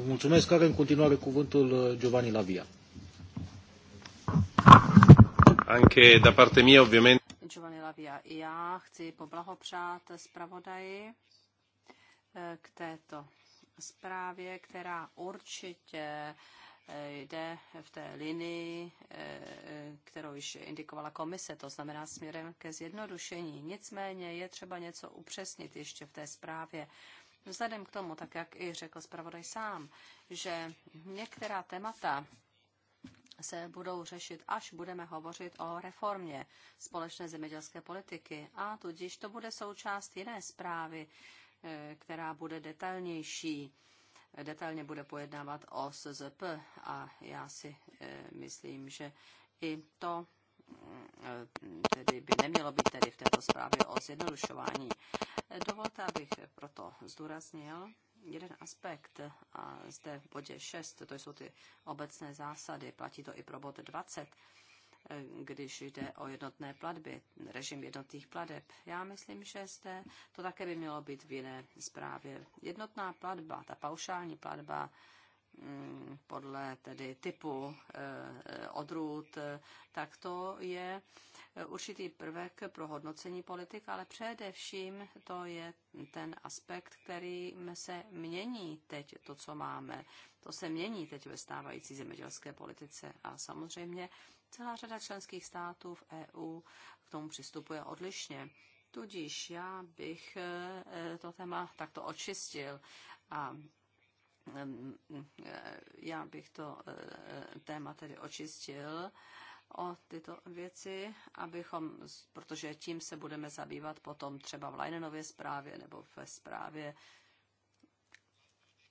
mulțumesc. Are în continuare cuvântul uh, Giovanni Lavia. Anche da parte mia, ovviamente. Giovanni Lavia, já chci poblahopřát zpravodaji eh, k této zprávě, která určitě eh, jde v té linii, eh, kterou již indikovala komise, to znamená směrem ke zjednodušení. Nicméně je třeba něco upřesnit ještě v té zprávě Vzhledem k tomu, tak jak i řekl zpravodaj sám, že některá témata se budou řešit, až budeme hovořit o reformě společné zemědělské politiky. A tudíž to bude součást jiné zprávy, e, která bude detailnější. Detailně bude pojednávat o SZP a já si e, myslím, že i to tedy by nemělo být tedy v této zprávě o zjednodušování. Dovolte, abych proto zdůraznil jeden aspekt, a zde v bodě 6, to jsou ty obecné zásady, platí to i pro bod 20, když jde o jednotné platby, režim jednotných plateb. Já myslím, že zde to také by mělo být v jiné zprávě. Jednotná platba, ta paušální platba, Mm, podle tedy typu eh, odrůd, eh, tak to je eh, určitý prvek pro hodnocení politik, ale především to je ten aspekt, který se mění teď to, co máme. To se mění teď ve stávající zemědělské politice a samozřejmě celá řada členských států v EU k tomu přistupuje odlišně. Tudíž já bych to téma takto očistil a Eh, já bych to eh, téma tedy očistil o tyto věci, abychom, protože tím se budeme zabývat potom třeba v Leinenově zprávě nebo ve zprávě,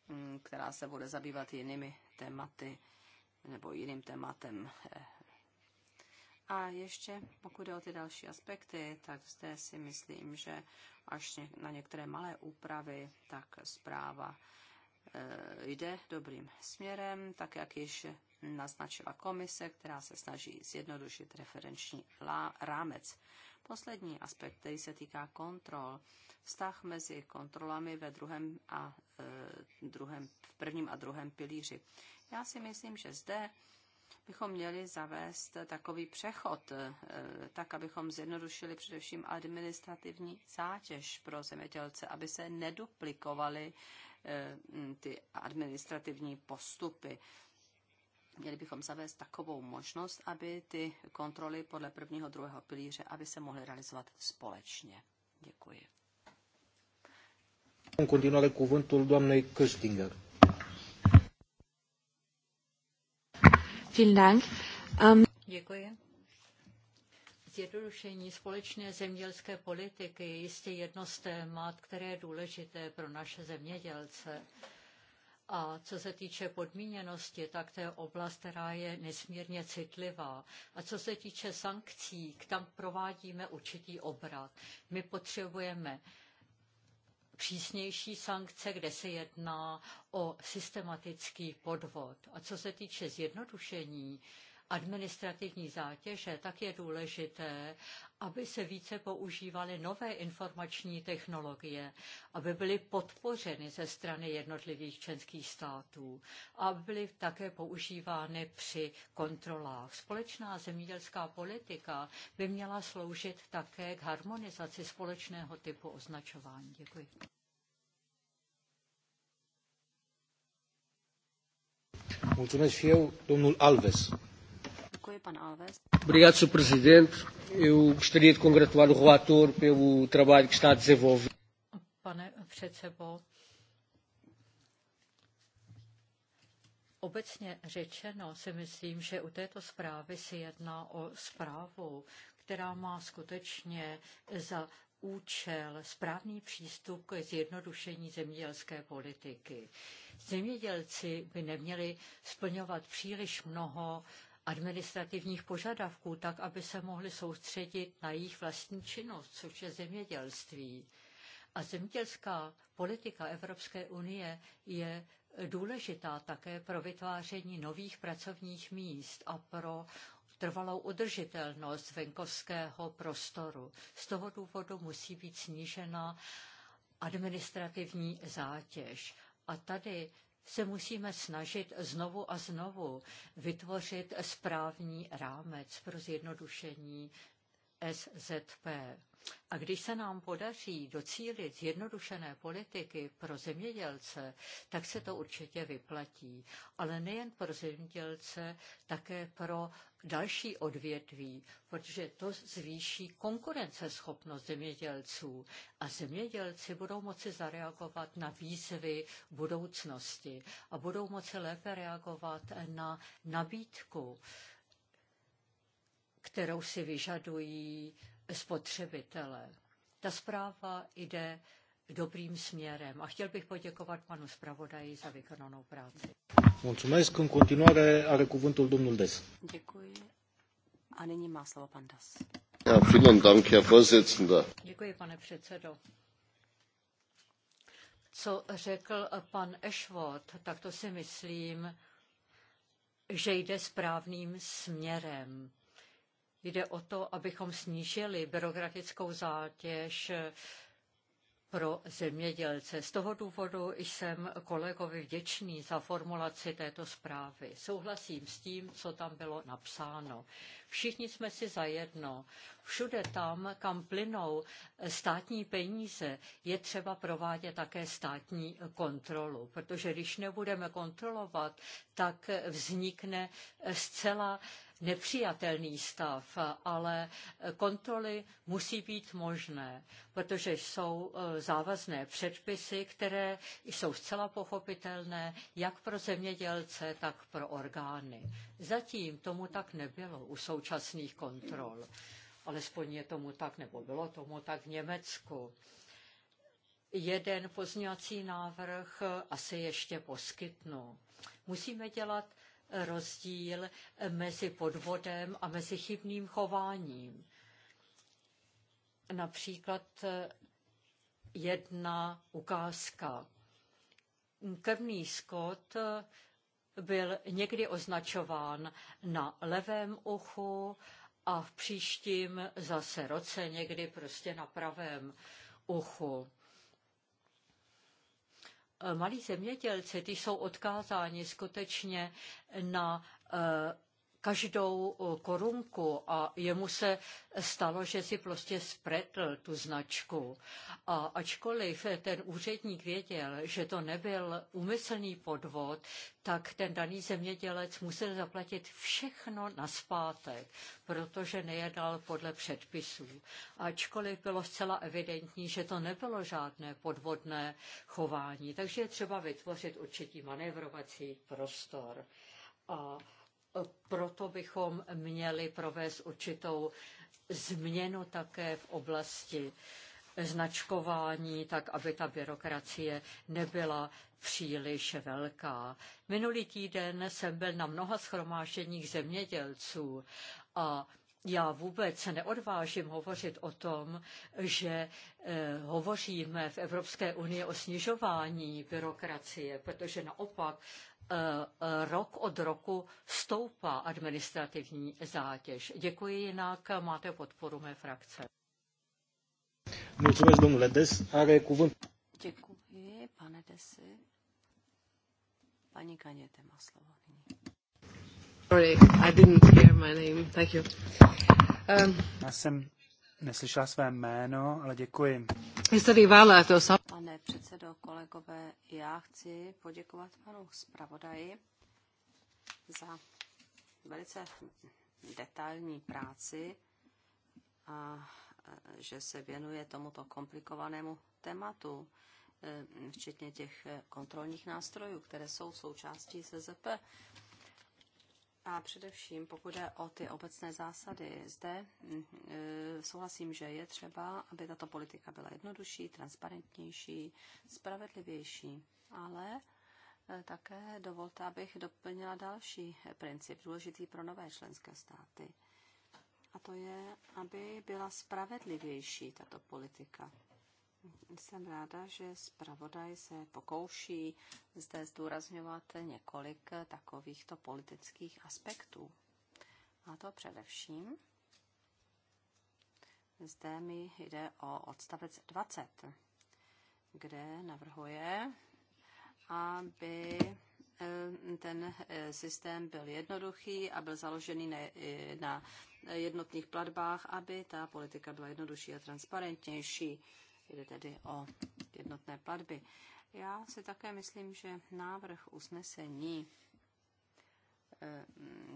mm, která se bude zabývat jinými tématy nebo jiným tématem. A ještě, pokud jde o ty další aspekty, tak zde si myslím, že až na některé malé úpravy, tak zpráva Eh, jde dobrým směrem, tak jak již naznačila komise, která se snaží zjednodušit referenční rámec. Poslední aspekt, který se týká kontrol, vztah mezi kontrolami ve druhém a e, druhém, v prvním a druhém pilíři. Já si myslím, že zde bychom měli zavést takový přechod, e, tak abychom zjednodušili především administrativní zátěž pro zemědělce, aby se neduplikovaly Eh, ty administrativní postupy. Měli bychom zavést takovou možnost, aby ty kontroly podle prvního, druhého pilíře, aby se mohly realizovat společně. Děkuji. În continuare cuvântul doamnei Vielen Dank. Um... Děkuji. Zjednodušení společné zemědělské politiky je jistě jedno z témat, které je důležité pro naše zemědělce. A co se týče podmíněnosti, tak to je oblast, která je nesmírně citlivá. A co se týče sankcí, tam provádíme určitý obrat. My potřebujeme přísnější sankce, kde se jedná o systematický podvod. A co se týče zjednodušení, administrativní zátěže, tak je důležité, aby se více používaly nové informační technologie, aby byly podpořeny ze strany jednotlivých členských států a byly také používány při kontrolách. Společná zemědělská politika by měla sloužit také k harmonizaci společného typu označování. Děkuji. Mulțumesc și eu, domnul Alves. Děkuji, pan Alves. Obrigado, Sr. Presidente. Eu gostaria de congratular o relator pelo trabalho que está a desenvolver. Pane předsebo, Obecně řečeno si myslím, že u této zprávy se jedná o zprávu, která má skutečně za účel správný přístup k zjednodušení zemědělské politiky. Zemědělci by neměli splňovat příliš mnoho administrativních požadavků, tak aby se mohli soustředit na jejich vlastní činnost, což je zemědělství. A zemědělská politika Evropské unie je důležitá také pro vytváření nových pracovních míst a pro trvalou udržitelnost venkovského prostoru. Z toho důvodu musí být snížena administrativní zátěž. A tady se musíme snažit znovu a znovu vytvořit správný rámec pro zjednodušení SZP. A když se nám podaří docílit zjednodušené politiky pro zemědělce, tak se to určitě vyplatí. Ale nejen pro zemědělce, také pro další odvětví, protože to zvýší konkurenceschopnost zemědělců a zemědělci budou moci zareagovat na výzvy budoucnosti a budou moci lépe reagovat na nabídku, kterou si vyžadují spotřebitele. Ta zpráva jde dobrým směrem a chtěl bych poděkovat panu zpravodaji za vykonanou práci. Mulțumesc. În continuare are cuvântul domnul Des. Děkuji. A nyní má slovo pan Das. Ja, vielen Dank, Herr Vorsitzender. Děkuji, pane předsedo. Co řekl pan Ashworth, tak to si myslím, že jde správným směrem. Jde o to, abychom snížili byrokratickou zátěž pro zemědělce. Z toho důvodu jsem kolegovi vděčný za formulaci této zprávy. Souhlasím s tím, co tam bylo napsáno. Všichni jsme si zajedno. Všude tam, kam plynou státní peníze, je třeba provádět také státní kontrolu, protože když nebudeme kontrolovat, tak vznikne zcela nepřijatelný stav, ale kontroly musí být možné, protože jsou eh, závazné předpisy, které jsou zcela pochopitelné jak pro zemědělce, tak pro orgány. Zatím tomu tak nebylo u současných kontrol. Alespoň je tomu tak, nebo bylo tomu tak v Německu jeden pozňovací návrh eh, asi ještě poskytnu. Musíme dělat rozdíl mezi podvodem a mezi chybným chováním. Například eh, jedna ukázka. Krvný skot eh, byl někdy označován na levém uchu a v příštím zase roce někdy prostě na pravém uchu malí zemědělci, ty jsou odkázáni skutečně na eh, každou korunku a jemu se stalo, že si prostě spretl tu značku. A ačkoliv ten úředník věděl, že to nebyl úmyslný podvod, tak ten daný zemědělec musel zaplatit všechno na zpátek, protože nejednal podle předpisů. Ačkoliv bylo zcela evidentní, že to nebylo žádné podvodné chování, takže je třeba vytvořit určitý manévrovací prostor. A proto bychom měli provést určitou změnu také v oblasti značkování, tak aby ta byrokracie nebyla příliš velká. Minulý týden jsem byl na mnoha schromážděních zemědělců a já vůbec se neodvážím hovořit o tom, že eh, hovoříme v Evropské unii o snižování byrokracie, protože naopak Eh, eh, rok od roku stoupá administrativní zátěž. Děkuji jinak, máte podporu mé frakce. Mulțumesc, domnule Des. Are cuvânt. Děkuji, pane Desi. Paní Kaněte má slovo Sorry, I didn't hear my name. Thank you. Um, Já jsem neslyšela své jméno, ale děkuji. Pane předsedo, kolegové, já chci poděkovat panu zpravodaji za velice detailní práci a e, že se věnuje tomuto komplikovanému tématu, e, včetně těch kontrolních nástrojů, které jsou součástí SZP. A především, pokud jde o ty obecné zásady, zde mm, e, souhlasím, že je třeba, aby tato politika byla jednodušší, transparentnější, spravedlivější, ale e, také dovolte, abych doplnila další princip, důležitý pro nové členské státy. A to je, aby byla spravedlivější tato politika. Jsem ráda, že zpravodaj se pokouší zde zdůrazňovat několik takovýchto politických aspektů. A to především zde mi jde o odstavec 20, kde navrhuje, aby eh, ten eh, systém byl jednoduchý a byl založený eh, na jednotných platbách, aby ta politika byla jednodušší a transparentnější. Jde tedy o jednotné platby. Já si také myslím, že návrh usnesení, eh,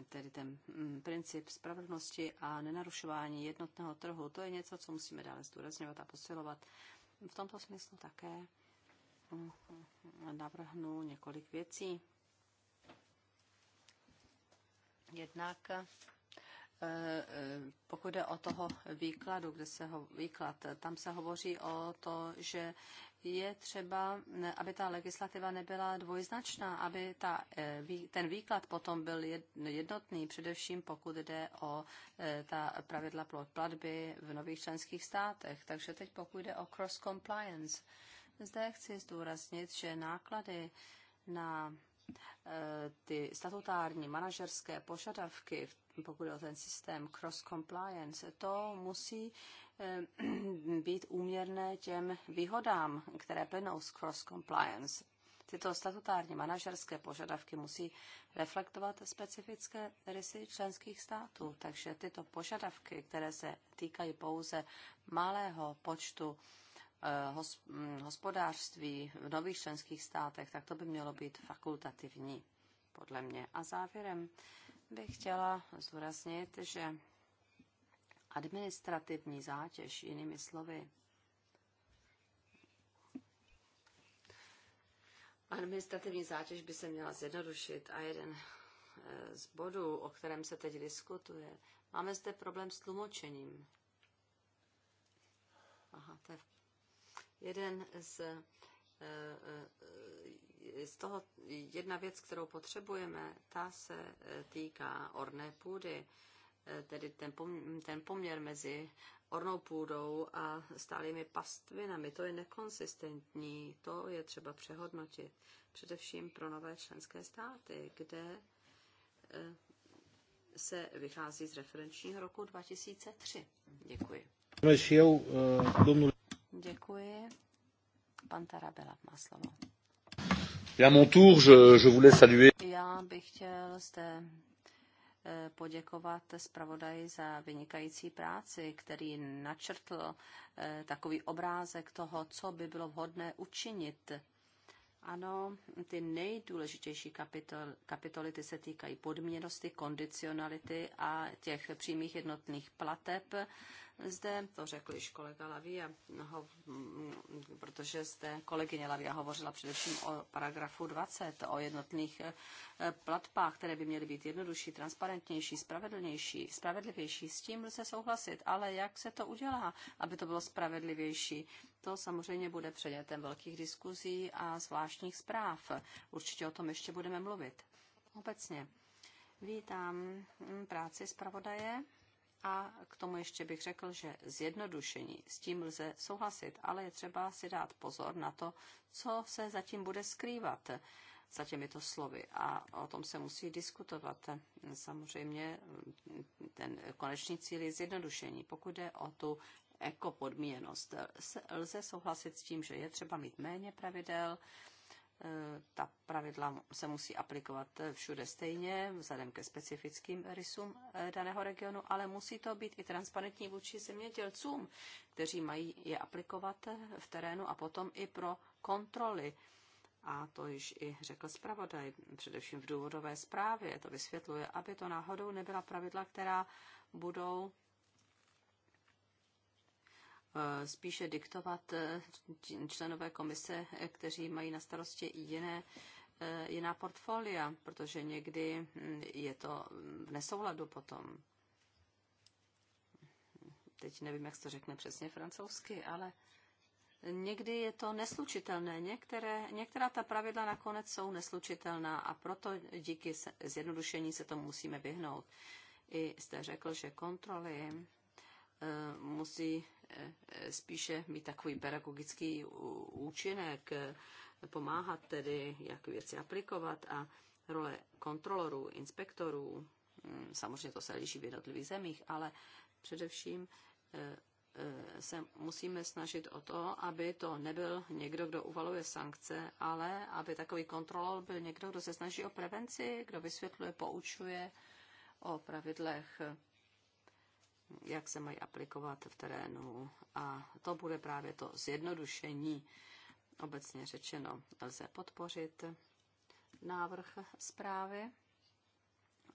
tedy ten princip spravedlnosti a nenarušování jednotného trhu, to je něco, co musíme dále zdůrazňovat a posilovat. V tomto smyslu také eh, navrhnu několik věcí. Jednak Eh, eh, pokud jde o toho výkladu, kde se ho, výklad, eh, tam se hovoří o to, že je třeba, aby ta legislativa nebyla dvojznačná, aby ta, ten výklad potom byl jednotný, především pokud jde o ta pravidla platby v nových členských státech. Takže teď pokud jde o cross-compliance, zde chci zdůraznit, že náklady na ty statutární manažerské požadavky, pokud je o ten systém cross compliance, to musí eh, být úměrné těm výhodám, které plynou z cross compliance. Tyto statutární manažerské požadavky musí reflektovat specifické rysy členských států, takže tyto požadavky, které se týkají pouze malého počtu Eh, mm, hospodářství v nových členských státech, tak to by mělo být fakultativní, podle mě. A závěrem bych chtěla zdůraznit, že administrativní zátěž, jinými slovy, administrativní zátěž by se měla zjednodušit a jeden eh, z bodů, o kterém se teď diskutuje, máme zde problém s tlumočením. Aha, to je v Jeden z, eh, eh, z toho, jedna věc, kterou potřebujeme, ta se eh, týká orné půdy, tedy ten, ten poměr mezi ornou půdou a stálými pastvinami. To je nekonsistentní, to je třeba přehodnotit. Především pro nové členské státy, kde se vychází z referenčního roku 2003. Děkuji. Pantara byla má slovo. Já mon tour, je, je voulais saluer. Já bych chtěl zde eh, poděkovat zpravodaji za vynikající práci, který načrtl eh, takový obrázek toho, co by bylo vhodné učinit. Ano, ty nejdůležitější kapitol, kapitoly ty se týkají podměnosti, kondicionality a těch přímých jednotných plateb zde to řekl již kolega Lavia, ho, mm, protože zde kolegyně Lavia hovořila především o paragrafu 20, o jednotných eh, platbách, které by měly být jednodušší, transparentnější, spravedlnější, spravedlivější. S tím se souhlasit, ale jak se to udělá, aby to bylo spravedlivější? To samozřejmě bude předmětem velkých diskuzí a zvláštních zpráv. Určitě o tom ještě budeme mluvit. Obecně. Vítám hm, práci zpravodaje a k tomu ještě bych řekl, že zjednodušení, s tím lze souhlasit, ale je třeba si dát pozor na to, co se zatím bude skrývat za těmito slovy. A o tom se musí diskutovat. Samozřejmě mm, ten konečný cíl je zjednodušení. Pokud jde o tu ekopodmíněnost, lze souhlasit s tím, že je třeba mít méně pravidel, Eh, ta pravidla se musí aplikovat všude stejně, vzhledem ke specifickým rysům eh, daného regionu, ale musí to být i transparentní vůči zemědělcům, kteří mají je aplikovat eh, v terénu a potom i pro kontroly. A to již i řekl zpravodaj, především v důvodové zprávě to vysvětluje, aby to náhodou nebyla pravidla, která budou Eh, spíše diktovat eh, členové komise, eh, kteří mají na starosti jiné jiná portfolia, protože někdy hm, je to v nesouladu potom. Teď nevím, jak se to řekne přesně francouzsky, ale někdy je to neslučitelné. Některé, některá ta pravidla nakonec jsou neslučitelná a proto díky zjednodušení se to musíme vyhnout. I jste řekl, že kontroly musí spíše mít takový pedagogický účinek, eh, pomáhat tedy, jak věci aplikovat a role kontrolorů, inspektorů, hm, samozřejmě to se liší v jednotlivých zemích, ale především eh, eh, se musíme snažit o to, aby to nebyl někdo, kdo uvaluje sankce, ale aby takový kontrolor byl někdo, kdo se snaží o prevenci, kdo vysvětluje, poučuje o pravidlech jak se mají aplikovat v terénu. A to bude právě to zjednodušení. Obecně řečeno, lze podpořit návrh zprávy.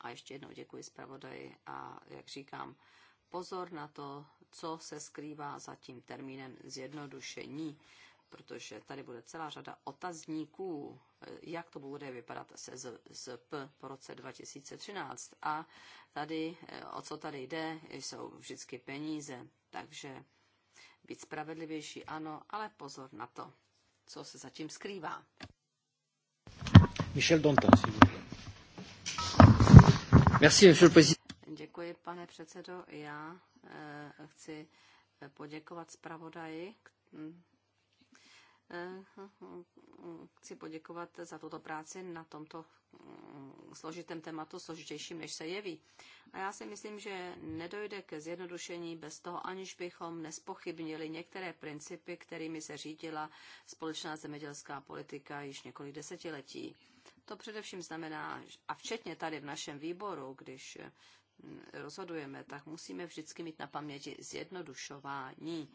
A ještě jednou děkuji zpravodaji a, jak říkám, pozor na to, co se skrývá za tím termínem zjednodušení, protože tady bude celá řada otazníků, jak to bude vypadat se P po roce 2013. A tady, eh, o co tady jde, jsou vždycky peníze. Takže být spravedlivější, ano, ale pozor na to, co se zatím skrývá. Michel Dantin, Merci, monsieur le Děkuji, pane předsedo. Já eh, chci eh, poděkovat zpravodaji Eh, chci poděkovat za tuto práci na tomto mm, složitém tématu, složitějším, než se jeví. A já si myslím, že nedojde ke zjednodušení bez toho, aniž bychom nespochybnili některé principy, kterými se řídila společná zemědělská politika již několik desetiletí. To především znamená, a včetně tady v našem výboru, když mm, rozhodujeme, tak musíme vždycky mít na paměti zjednodušování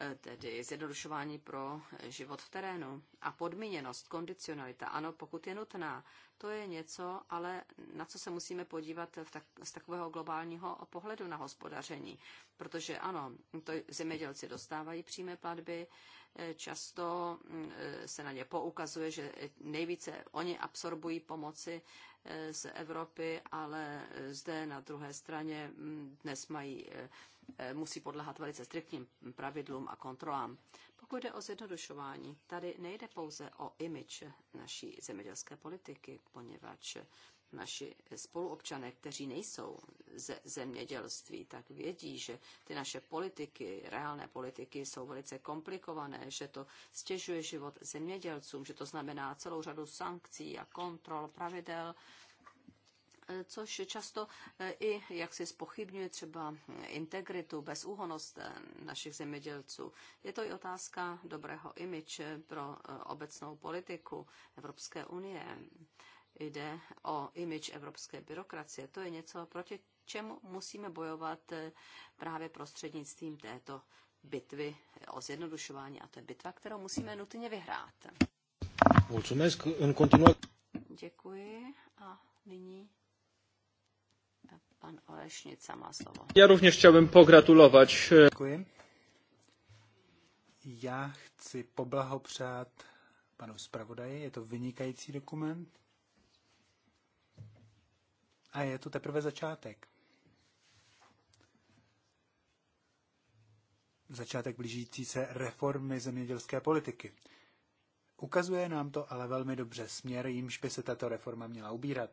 Eh, tedy zjednodušování pro život v terénu. A podmíněnost, kondicionalita, ano, pokud je nutná, to je něco, ale na co se musíme podívat v tak, z takového globálního pohledu na hospodaření. Protože ano, to zemědělci dostávají přímé platby, eh, často mm, eh, se na ně poukazuje, že nejvíce oni absorbují pomoci z Evropy, ale zde na druhé straně mm, dnes mají Eh, musí podlehat velice striktním pravidlům a kontrolám. Pokud jde o zjednodušování, tady nejde pouze o imič naší zemědělské politiky, poněvadž naši spoluobčané, kteří nejsou ze zemědělství, tak vědí, že ty naše politiky, reálné politiky jsou velice komplikované, že to stěžuje život zemědělcům, že to znamená celou řadu sankcí a kontrol, pravidel, Eh, což často eh, i jak si spochybňuje třeba hm, integritu, bezúhonost eh, našich zemědělců. Je to i otázka dobrého imiče pro obecnou politiku Evropské unie. Jde o imič evropské byrokracie. To je něco, proti čemu musíme bojovat právě prostřednictvím této bitvy o zjednodušování. A to je bitva, kterou musíme nutně vyhrát. Děkuji a nyní Pan Já rovněž chciałbym pogratulovat. E, Děkuji. Já chci poblahopřát panu zpravodaji, je to vynikající dokument. A je to teprve začátek. Začátek blížící se reformy zemědělské politiky. Ukazuje nám to ale velmi dobře směr, jímž by se tato reforma měla ubírat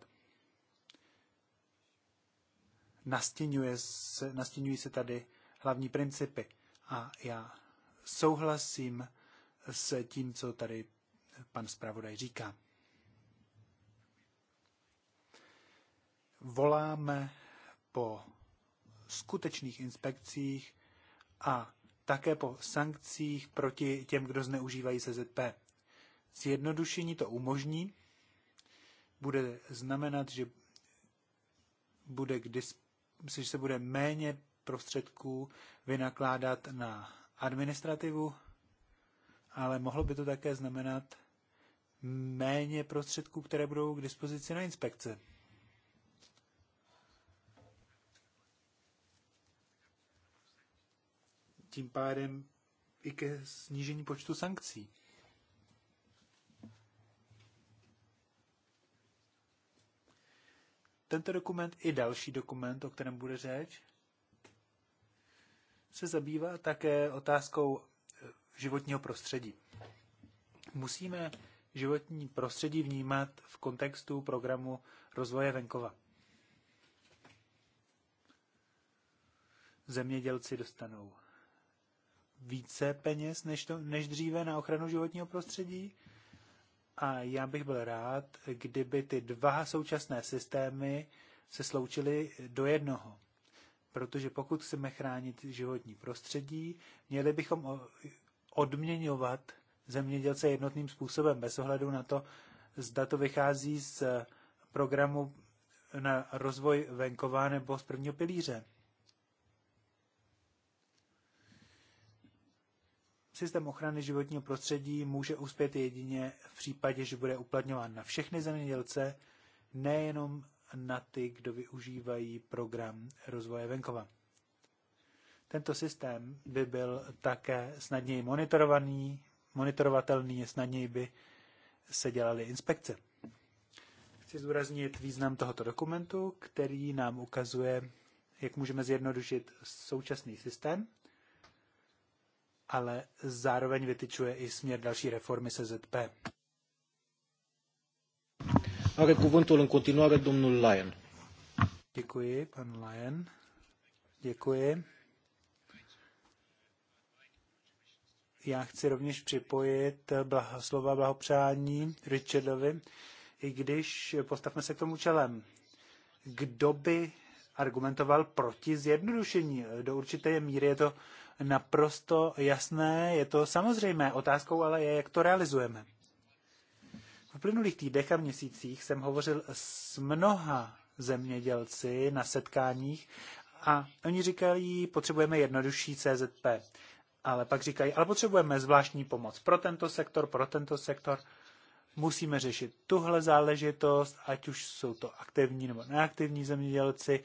nastěňuje se, nastěňují se tady hlavní principy. A já souhlasím s tím, co tady pan zpravodaj říká. Voláme po skutečných inspekcích a také po sankcích proti těm, kdo zneužívají SZP. Zjednodušení to umožní, bude znamenat, že bude k dispozici myslím, že se bude méně prostředků vynakládat na administrativu, ale mohlo by to také znamenat méně prostředků, které budou k dispozici na inspekce. Tím pádem i ke snížení počtu sankcí. Tento dokument i další dokument, o kterém bude řeč, se zabývá také otázkou eh, životního prostředí. Musíme životní prostředí vnímat v kontextu programu rozvoje venkova. Zemědělci dostanou více peněz než, to, než dříve na ochranu životního prostředí a já bych byl rád, kdyby ty dva současné systémy se sloučily do jednoho. Protože pokud chceme chránit životní prostředí, měli bychom odměňovat zemědělce jednotným způsobem, bez ohledu na to, zda to vychází z programu na rozvoj venkova nebo z prvního pilíře. Systém ochrany životního prostředí může uspět jedině v případě, že bude uplatňován na všechny zemědělce, nejenom na ty, kdo využívají program rozvoje venkova. Tento systém by byl také snadněji monitorovaný, monitorovatelný, snadněji by se dělaly inspekce. Chci zdůraznit význam tohoto dokumentu, který nám ukazuje, jak můžeme zjednodušit současný systém ale zároveň vytyčuje i směr další reformy SZP. Are cuvântul în continuare domnul Lyon. Děkuji, pan Lyon. Děkuji. Já chci rovněž připojit blaho, slova blahopřání Richardovi, i když postavme se k tomu čelem. Kdo by argumentoval proti zjednodušení? Do určité míry je to naprosto jasné, je to samozřejmé. Otázkou ale je, jak to realizujeme. V uplynulých týdnech a měsících jsem hovořil s mnoha zemědělci na setkáních a oni říkají, potřebujeme jednodušší CZP. Ale pak říkají, ale potřebujeme zvláštní pomoc pro tento sektor, pro tento sektor. Musíme řešit tuhle záležitost, ať už jsou to aktivní nebo neaktivní zemědělci.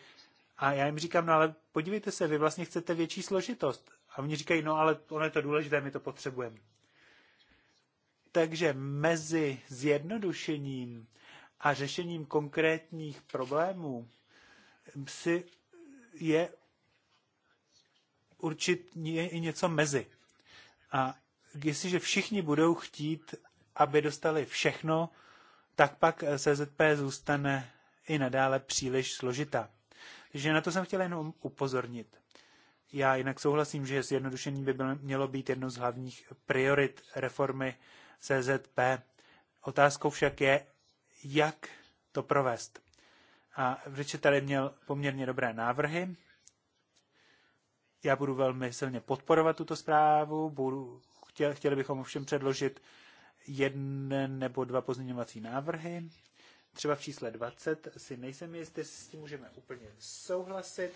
A já jim říkám, no ale podívejte se, vy vlastně chcete větší složitost. A oni říkají, no ale ono je to důležité, my to potřebujeme. Takže mezi zjednodušením a řešením konkrétních problémů si je určitě i něco mezi. A jestliže všichni budou chtít, aby dostali všechno, tak pak CZP zůstane i nadále příliš složitá. Takže na to jsem chtěl jenom upozornit. Já jinak souhlasím, že zjednodušení by mělo být jedno z hlavních priorit reformy CZP. Otázkou však je, jak to provést. A Richard tady měl poměrně dobré návrhy. Já budu velmi silně podporovat tuto zprávu. Budu, chtěl, chtěli bychom ovšem předložit jeden nebo dva pozměňovací návrhy. Třeba v čísle 20 si nejsem jistý, s tím můžeme úplně souhlasit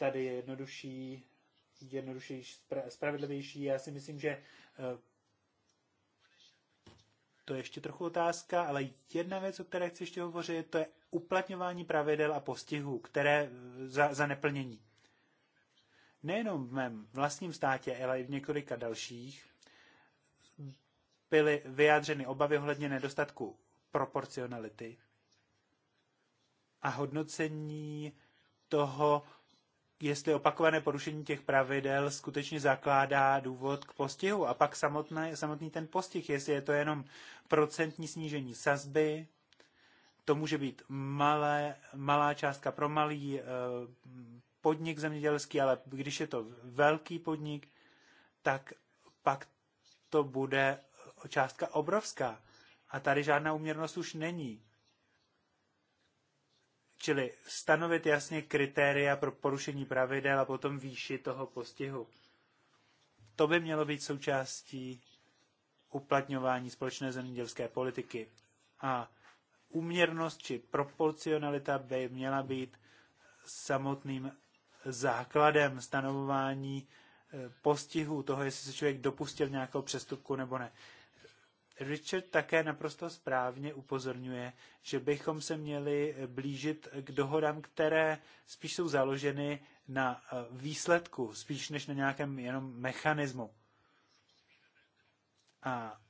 tady je jednodušší, jednodušší, spravedlivější. Já si myslím, že eh, to je ještě trochu otázka, ale jedna věc, o které chci ještě hovořit, to je uplatňování pravidel a postihů, které eh, za, za neplnění. Nejenom v mém vlastním státě, ale i v několika dalších byly vyjádřeny obavy ohledně nedostatku proporcionality a hodnocení toho, jestli opakované porušení těch pravidel skutečně zakládá důvod k postihu a pak samotný, samotný ten postih, jestli je to jenom procentní snížení sazby, to může být malé, malá částka pro malý eh, podnik zemědělský, ale když je to velký podnik, tak pak to bude částka obrovská. A tady žádná uměrnost už není. Čili stanovit jasně kritéria pro porušení pravidel a potom výši toho postihu. To by mělo být součástí uplatňování společné zemědělské politiky. A úměrnost či proporcionalita by měla být samotným základem stanovování eh, postihu toho, jestli se člověk dopustil nějakého přestupku nebo ne. Richard také naprosto správně upozorňuje, že bychom se měli blížit k dohodám, které spíš jsou založeny na eh, výsledku, spíš než na nějakém jenom mechanismu. A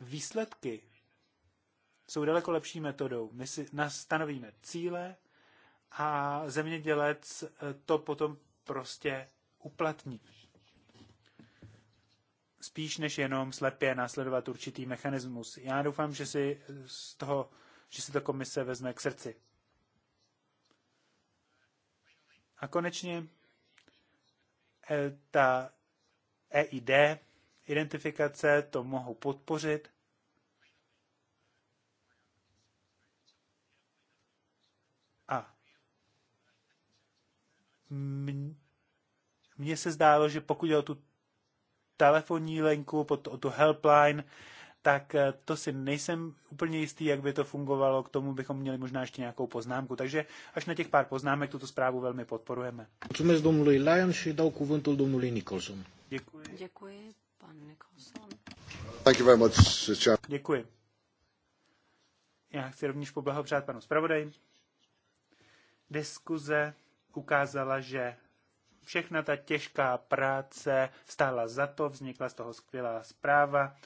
výsledky jsou daleko lepší metodou. My si nastanovíme cíle a zemědělec eh, to potom prostě uplatní spíš než jenom slepě následovat určitý mechanismus. Já doufám, že si z toho, že si to komise vezme k srdci. A konečně eh, ta EID, identifikace, to mohou podpořit. A mně se zdálo, že pokud je o tu telefonní linku, pod o tu helpline, tak eh, to si nejsem úplně jistý, jak by to fungovalo. K tomu bychom měli možná ještě nějakou poznámku. Takže až na těch pár poznámek tuto zprávu velmi podporujeme. Mulțumesc domnului Lyon și dau cuvântul domnului Nicholson. Děkuji. Děkuji, pan Nicholson. Thank you very much, Děkuji. Já chci rovněž poblahopřát panu zpravodaji. Diskuze ukázala, že všechna ta těžká práce stála za to, vznikla z toho skvělá zpráva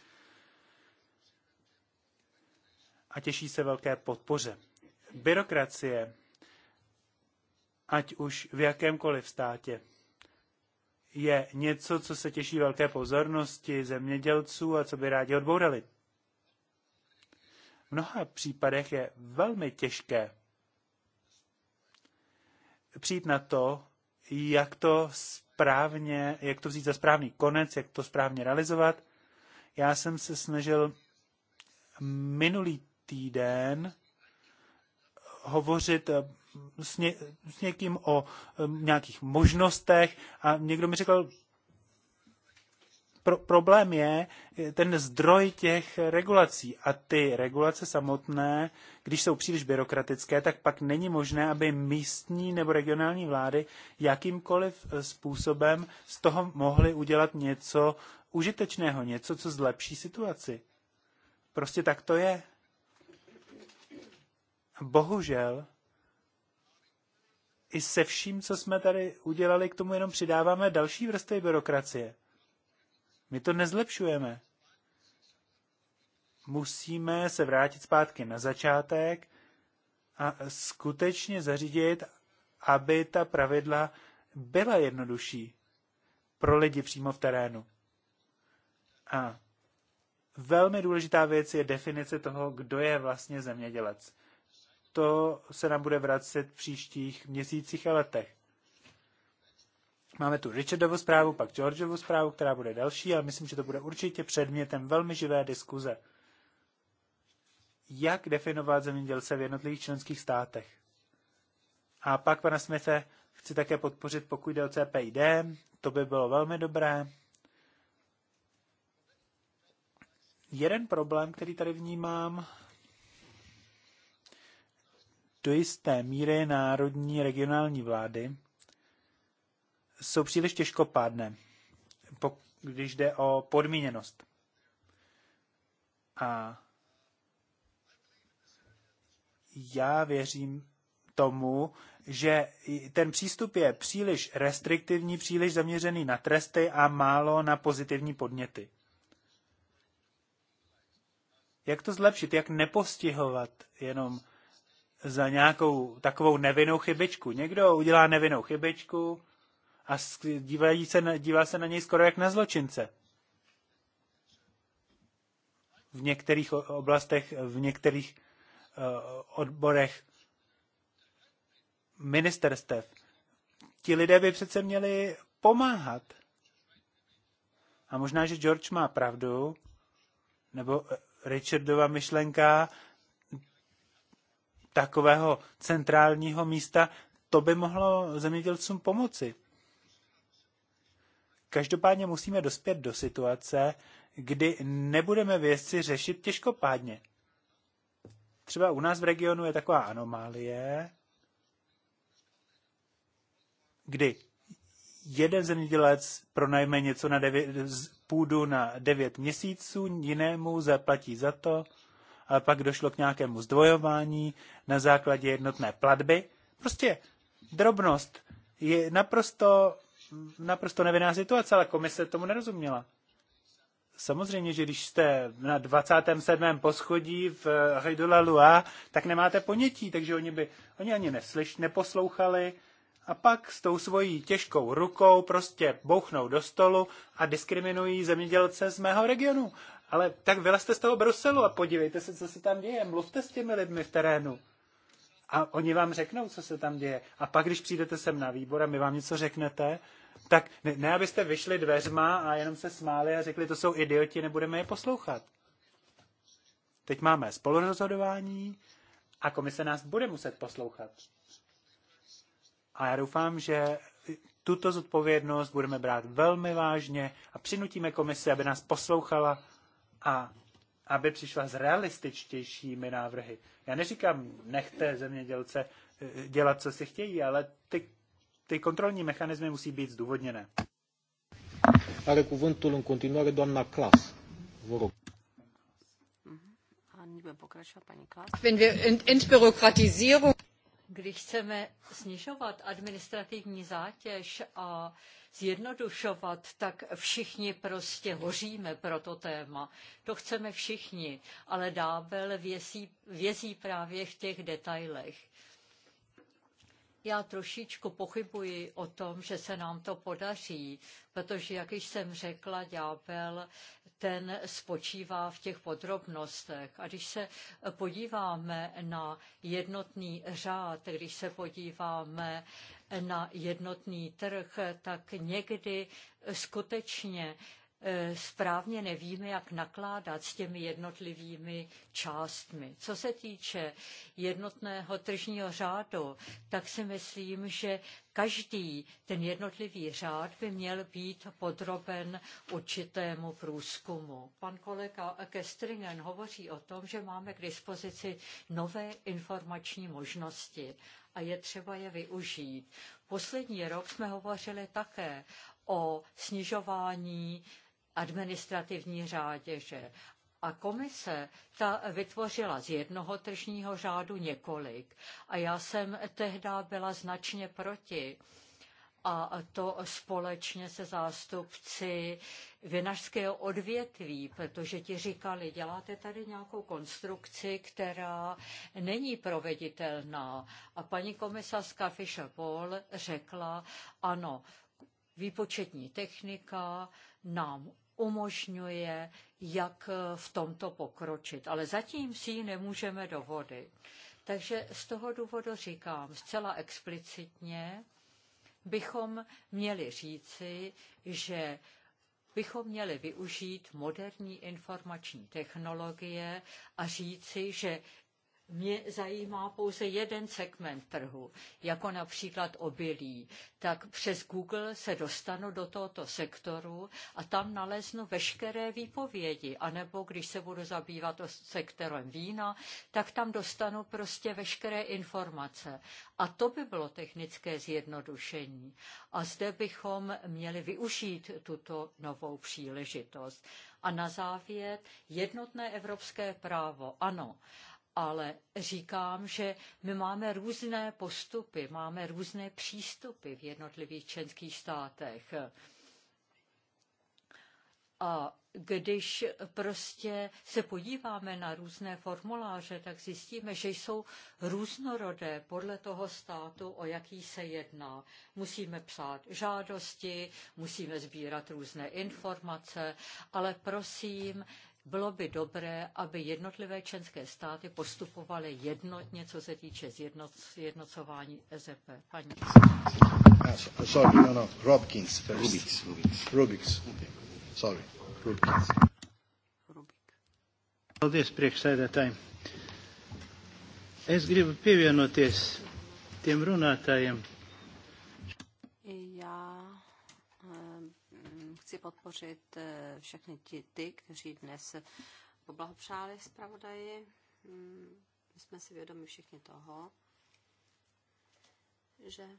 a těší se velké podpoře. Byrokracie, ať už v jakémkoliv státě, je něco, co se těší velké pozornosti zemědělců a co by rádi odbourali. V mnoha případech je velmi těžké přijít na to, jak to správně, jak to vzít za správný konec, jak to správně realizovat. Já jsem se snažil minulý týden hovořit eh, s, ně, s někým o eh, nějakých možnostech a někdo mi řekl, pro, problém je ten zdroj těch regulací. A ty regulace samotné, když jsou příliš byrokratické, tak pak není možné, aby místní nebo regionální vlády jakýmkoliv eh, způsobem z toho mohly udělat něco užitečného, něco, co zlepší situaci. Prostě tak to je. Bohužel, i se vším, co jsme tady udělali, k tomu jenom přidáváme další vrstvy byrokracie. My to nezlepšujeme. Musíme se vrátit zpátky na začátek a skutečně zařídit, aby ta pravidla byla jednodušší pro lidi přímo v terénu. A velmi důležitá věc je definice toho, kdo je vlastně zemědělec. To se nám bude vracet v příštích měsících a letech. Máme tu Richardovu zprávu, pak Georgeovu zprávu, která bude další, ale myslím, že to bude určitě předmětem velmi živé diskuze. Jak definovat zemědělce v jednotlivých členských státech? A pak, pana Smithe, chci také podpořit, pokud jde o CPID, to by bylo velmi dobré. Jeden problém, který tady vnímám, do jisté míry národní regionální vlády, jsou příliš těžkopádné, když jde o podmíněnost. A já věřím tomu, že ten přístup je příliš restriktivní, příliš zaměřený na tresty a málo na pozitivní podněty. Jak to zlepšit? Jak nepostihovat jenom za nějakou takovou nevinnou chybičku? Někdo udělá nevinnou chybičku, a dívají se na, dívá se na něj skoro jak na zločince. V některých oblastech, v některých uh, odborech ministerstev. Ti lidé by přece měli pomáhat. A možná, že George má pravdu, nebo eh, Richardova myšlenka takového centrálního místa, to by mohlo zemědělcům pomoci. Každopádně musíme dospět do situace, kdy nebudeme věci řešit těžkopádně. Třeba u nás v regionu je taková anomálie, kdy jeden zemědělec pronajme něco na devět, půdu na devět měsíců, jinému zaplatí za to, ale pak došlo k nějakému zdvojování na základě jednotné platby. Prostě drobnost je naprosto naprosto nevinná situace, ale komise tomu nerozuměla. Samozřejmě, že když jste na 27. poschodí v Hajdola Lua, tak nemáte ponětí, takže oni by oni ani neslyš, neposlouchali a pak s tou svojí těžkou rukou prostě bouchnou do stolu a diskriminují zemědělce z mého regionu. Ale tak vylezte z toho Bruselu a podívejte se, co se tam děje. Mluvte s těmi lidmi v terénu. A oni vám řeknou, co se tam děje. A pak, když přijdete sem na výbor a my vám něco řeknete, tak ne, ne abyste vyšli dveřma a jenom se smáli a řekli, to jsou idioti, nebudeme je poslouchat. Teď máme spolurozhodování a komise nás bude muset poslouchat. A já doufám, že tuto zodpovědnost budeme brát velmi vážně a přinutíme komisi, aby nás poslouchala a aby přišla s realističtějšími návrhy. Já neříkám, nechte zemědělce eh, dělat, co si chtějí, ale ty ty kontrolní mechanismy musí být zdůvodněné. Are cuvântul în continuare doamna Clas. Vă rog. Mhm. Když chceme snižovat administrativní zátěž a zjednodušovat, tak všichni prostě hoříme pro to téma. To chceme všichni, ale dábel vězí, vězí právě v těch detailech já trošičku pochybuji o tom, že se nám to podaří, protože, jak již jsem řekla, ďábel ten spočívá v těch podrobnostech. A když se podíváme na jednotný řád, když se podíváme na jednotný trh, tak někdy skutečně Eh, správně nevíme, jak nakládat s těmi jednotlivými částmi. Co se týče jednotného tržního řádu, tak si myslím, že každý ten jednotlivý řád by měl být podroben určitému průzkumu. Pan kolega Kestringen hovoří o tom, že máme k dispozici nové informační možnosti a je třeba je využít. Poslední rok jsme hovořili také o snižování administrativní řáděže. A komise ta vytvořila z jednoho tržního řádu několik. A já jsem tehdy byla značně proti a to společně se zástupci vinařského odvětví, protože ti říkali, děláte tady nějakou konstrukci, která není proveditelná. A paní komisařka Fischer-Paul řekla, ano, výpočetní technika nám umožňuje, jak eh, v tomto pokročit. Ale zatím si ji nemůžeme dovodit. Takže z toho důvodu říkám zcela explicitně, bychom měli říci, že bychom měli využít moderní informační technologie a říci, že mě zajímá pouze jeden segment trhu, jako například obilí, tak přes Google se dostanu do tohoto sektoru a tam naleznu veškeré výpovědi. A nebo když se budu zabývat o sektorem vína, tak tam dostanu prostě veškeré informace. A to by bylo technické zjednodušení. A zde bychom měli využít tuto novou příležitost. A na závěr jednotné evropské právo. Ano, ale říkám, že my máme různé postupy, máme různé přístupy v jednotlivých členských státech. A když prostě se podíváme na různé formuláře, tak zjistíme, že jsou různorodé podle toho státu, o jaký se jedná. Musíme psát žádosti, musíme sbírat různé informace, ale prosím, bylo by dobré, aby jednotlivé členské státy postupovaly jednotně, co se týče zjednoc, zjednocování EZP. Paní. Ah, sorry, no, no, Robkins Paldies, priekšsēdētāji. Es gribu pievienoties tiem runātājiem, chci podpořit eh, všechny ti, ty, kteří dnes poblahopřáli zpravodaji. Mm, my jsme si vědomi všichni toho, že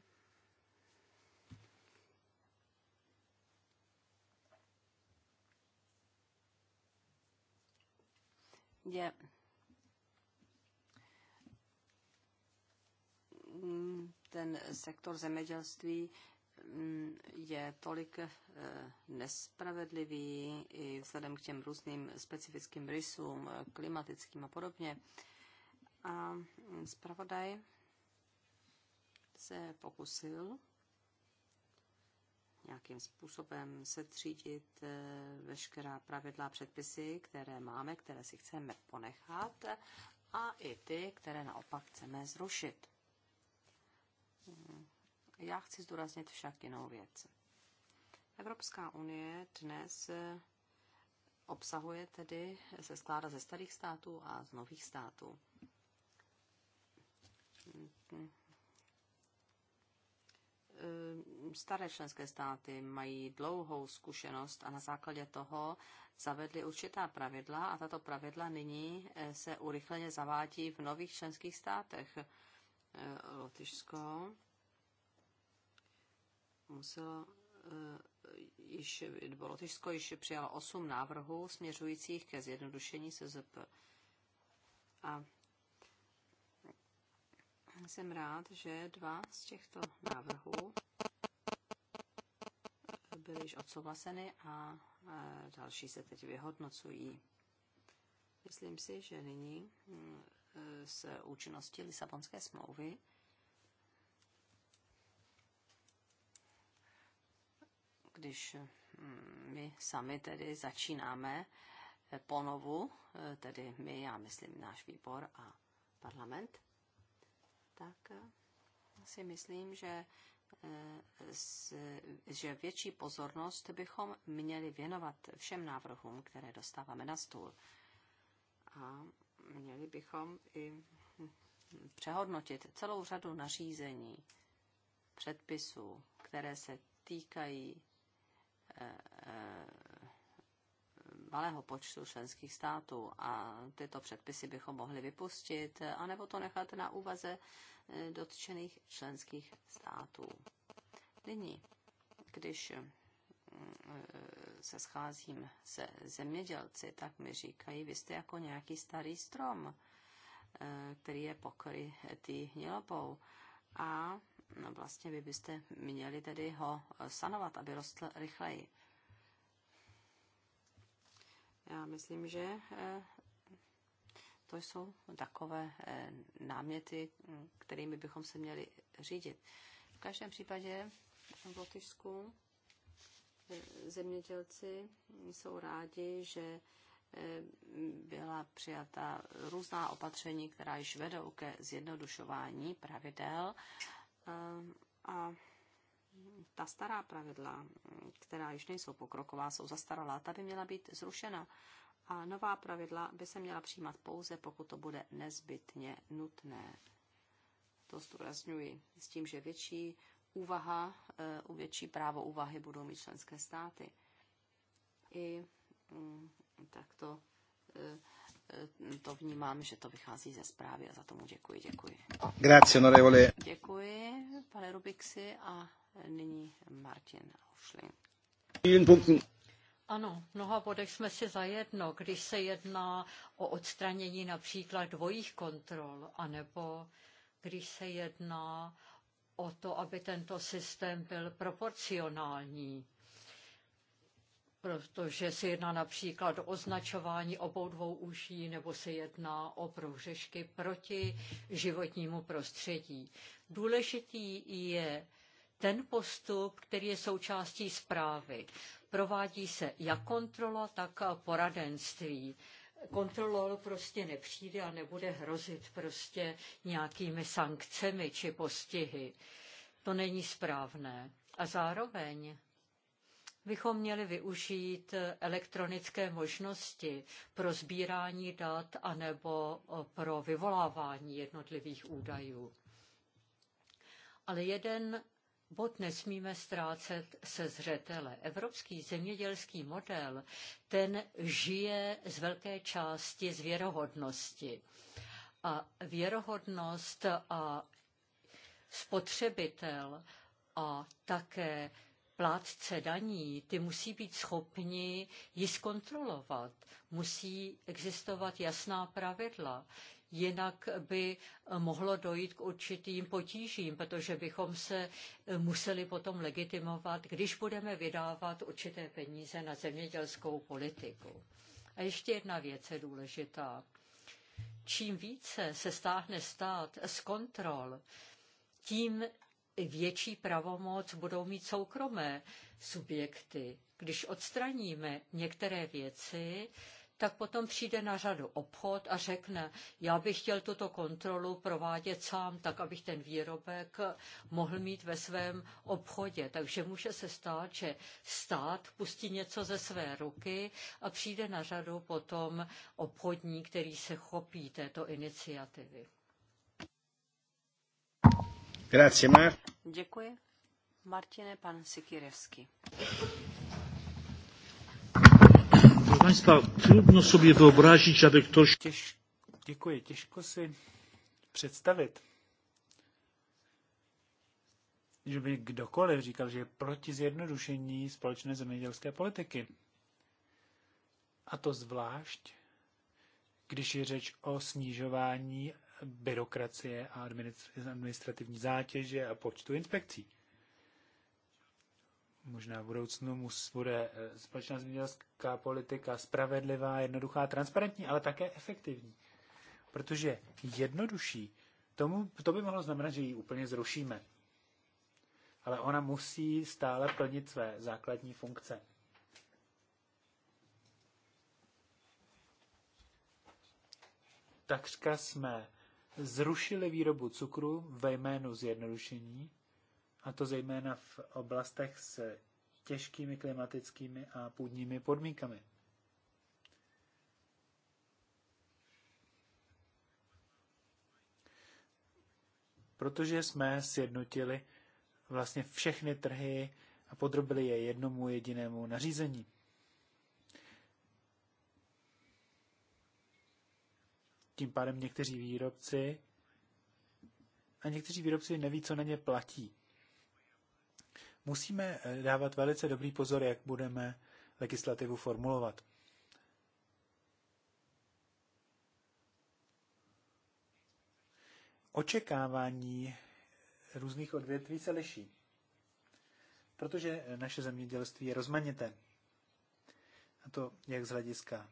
je ten sektor zemědělství je tolik eh, nespravedlivý i vzhledem k těm různým specifickým rysům, eh, klimatickým a podobně. A zpravodaj se pokusil nějakým způsobem třídit eh, veškerá pravidla předpisy, které máme, které si chceme ponechat a i ty, které naopak chceme zrušit. Hmm. Já chci zdůraznit však jinou věc. Evropská unie dnes eh, obsahuje tedy, eh, se skládá ze starých států a z nových států. Eh, staré členské státy mají dlouhou zkušenost a na základě toho zavedly určitá pravidla a tato pravidla nyní se urychleně zavádí v nových členských státech. Lotyšsko uh, již, Lotyšsko již přijalo osm návrhů směřujících ke zjednodušení SZP. A jsem rád, že dva z těchto návrhů byly již odsouhlaseny a eh, další se teď vyhodnocují. Myslím si, že nyní mm, eh, s účinností Lisabonské smlouvy když mm, my sami tedy začínáme eh, ponovu, eh, tedy my, já myslím náš výbor a parlament, tak eh, si myslím, že, že větší pozornost bychom měli věnovat všem návrhům, které dostáváme na stůl. A měli bychom i přehodnotit celou řadu nařízení, předpisů, které se týkají Eh, malého počtu členských států a tyto předpisy bychom mohli vypustit, anebo to nechat na úvaze eh, dotčených členských států. Nyní, když eh, se scházím se zemědělci, tak mi říkají, vy jste jako nějaký starý strom, který je pokrytý hnilobou. A No vlastně vy byste měli tedy ho eh, sanovat, aby rostl rychleji. Já myslím, že eh, to jsou takové eh, náměty, kterými bychom se měli řídit. V každém případě v Lotyšsku zemědělci jsou rádi, že byla přijata různá opatření, která již vedou ke zjednodušování pravidel Eh, a ta stará pravidla, která již nejsou pokroková, jsou zastaralá, ta by měla být zrušena. A nová pravidla by se měla přijímat pouze, pokud to bude nezbytně nutné. To zdůrazňuji s tím, že větší úvaha, eh, u větší právo úvahy budou mít členské státy. I mm, takto eh, Eh, to vnímám, že to vychází ze zprávy a za tomu děkuji, děkuji. Grazie, onorevole. Děkuji, pane Rubixi a nyní Martin Aušlin. Ano, v mnoha bodech jsme si zajedno, když se jedná o odstranění například dvojích kontrol, anebo když se jedná o to, aby tento systém byl proporcionální protože se jedná například o označování obou dvou uší nebo se jedná o prohřešky proti životnímu prostředí. Důležitý je ten postup, který je součástí zprávy. Provádí se jak kontrola, tak poradenství. Kontrolor prostě nepřijde a nebude hrozit prostě nějakými sankcemi či postihy. To není správné. A zároveň bychom měli využít elektronické možnosti pro sbírání dat anebo eh, pro vyvolávání jednotlivých údajů. Ale jeden bod nesmíme ztrácet se zřetele. Evropský zemědělský model, ten žije z velké části z věrohodnosti. A věrohodnost a spotřebitel a také plátce daní, ty musí být schopni ji zkontrolovat. Musí existovat jasná pravidla jinak by eh, mohlo dojít k určitým potížím, protože bychom se eh, museli potom legitimovat, když budeme vydávat určité peníze na zemědělskou politiku. A ještě jedna věc je důležitá. Čím více se stáhne stát z kontrol, tím větší pravomoc budou mít soukromé subjekty. Když odstraníme některé věci, tak potom přijde na řadu obchod a řekne, já bych chtěl tuto kontrolu provádět sám, tak abych ten výrobek mohl mít ve svém obchodě. Takže může se stát, že stát pustí něco ze své ruky a přijde na řadu potom obchodník, který se chopí této iniciativy. Děkuji. Martine, pan Sikirevský. Proszę Państwa, trudno sobie wyobrazić, aby ktoś... Těž... Děkuji, těžko si představit, že by kdokoliv říkal, že je proti zjednodušení společné zemědělské politiky. A to zvlášť když je řeč o snižování byrokracie a administrativní zátěže a počtu inspekcí. Možná v budoucnu mus, bude eh, společná zemědělská politika spravedlivá, jednoduchá, transparentní, ale také efektivní. Protože jednodušší, tomu, to by mohlo znamenat, že ji úplně zrušíme. Ale ona musí stále plnit své základní funkce. takřka jsme zrušili výrobu cukru ve jménu zjednodušení, a to zejména v oblastech s těžkými klimatickými a půdními podmínkami. Protože jsme sjednotili vlastně všechny trhy a podrobili je jednomu jedinému nařízení. tím pádem někteří výrobci a někteří výrobci neví, co na ně platí. Musíme eh, dávat velice dobrý pozor, jak budeme legislativu formulovat. Očekávání různých odvětví se liší, protože naše zemědělství je rozmanité. A to jak z hlediska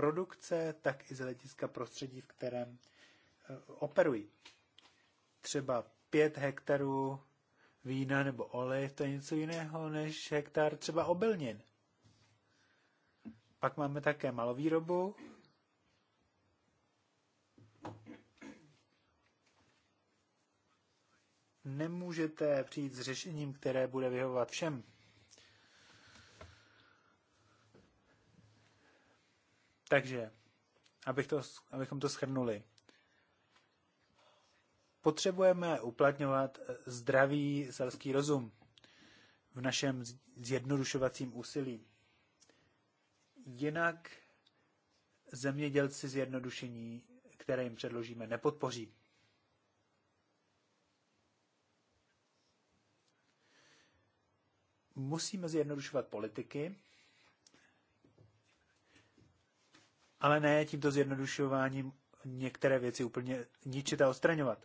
produkce, tak i z hlediska prostředí, v kterém eh, operují. Třeba pět hektarů vína nebo olej, to je něco jiného než hektar třeba obilnin. Pak máme také malovýrobu. Nemůžete přijít s řešením, které bude vyhovovat všem. Takže, abych to, abychom to schrnuli. Potřebujeme uplatňovat eh, zdravý selský rozum v našem zjednodušovacím úsilí. Jinak zemědělci zjednodušení, které jim předložíme, nepodpoří. Musíme zjednodušovat politiky, ale ne tímto zjednodušováním některé věci úplně ničit a odstraňovat.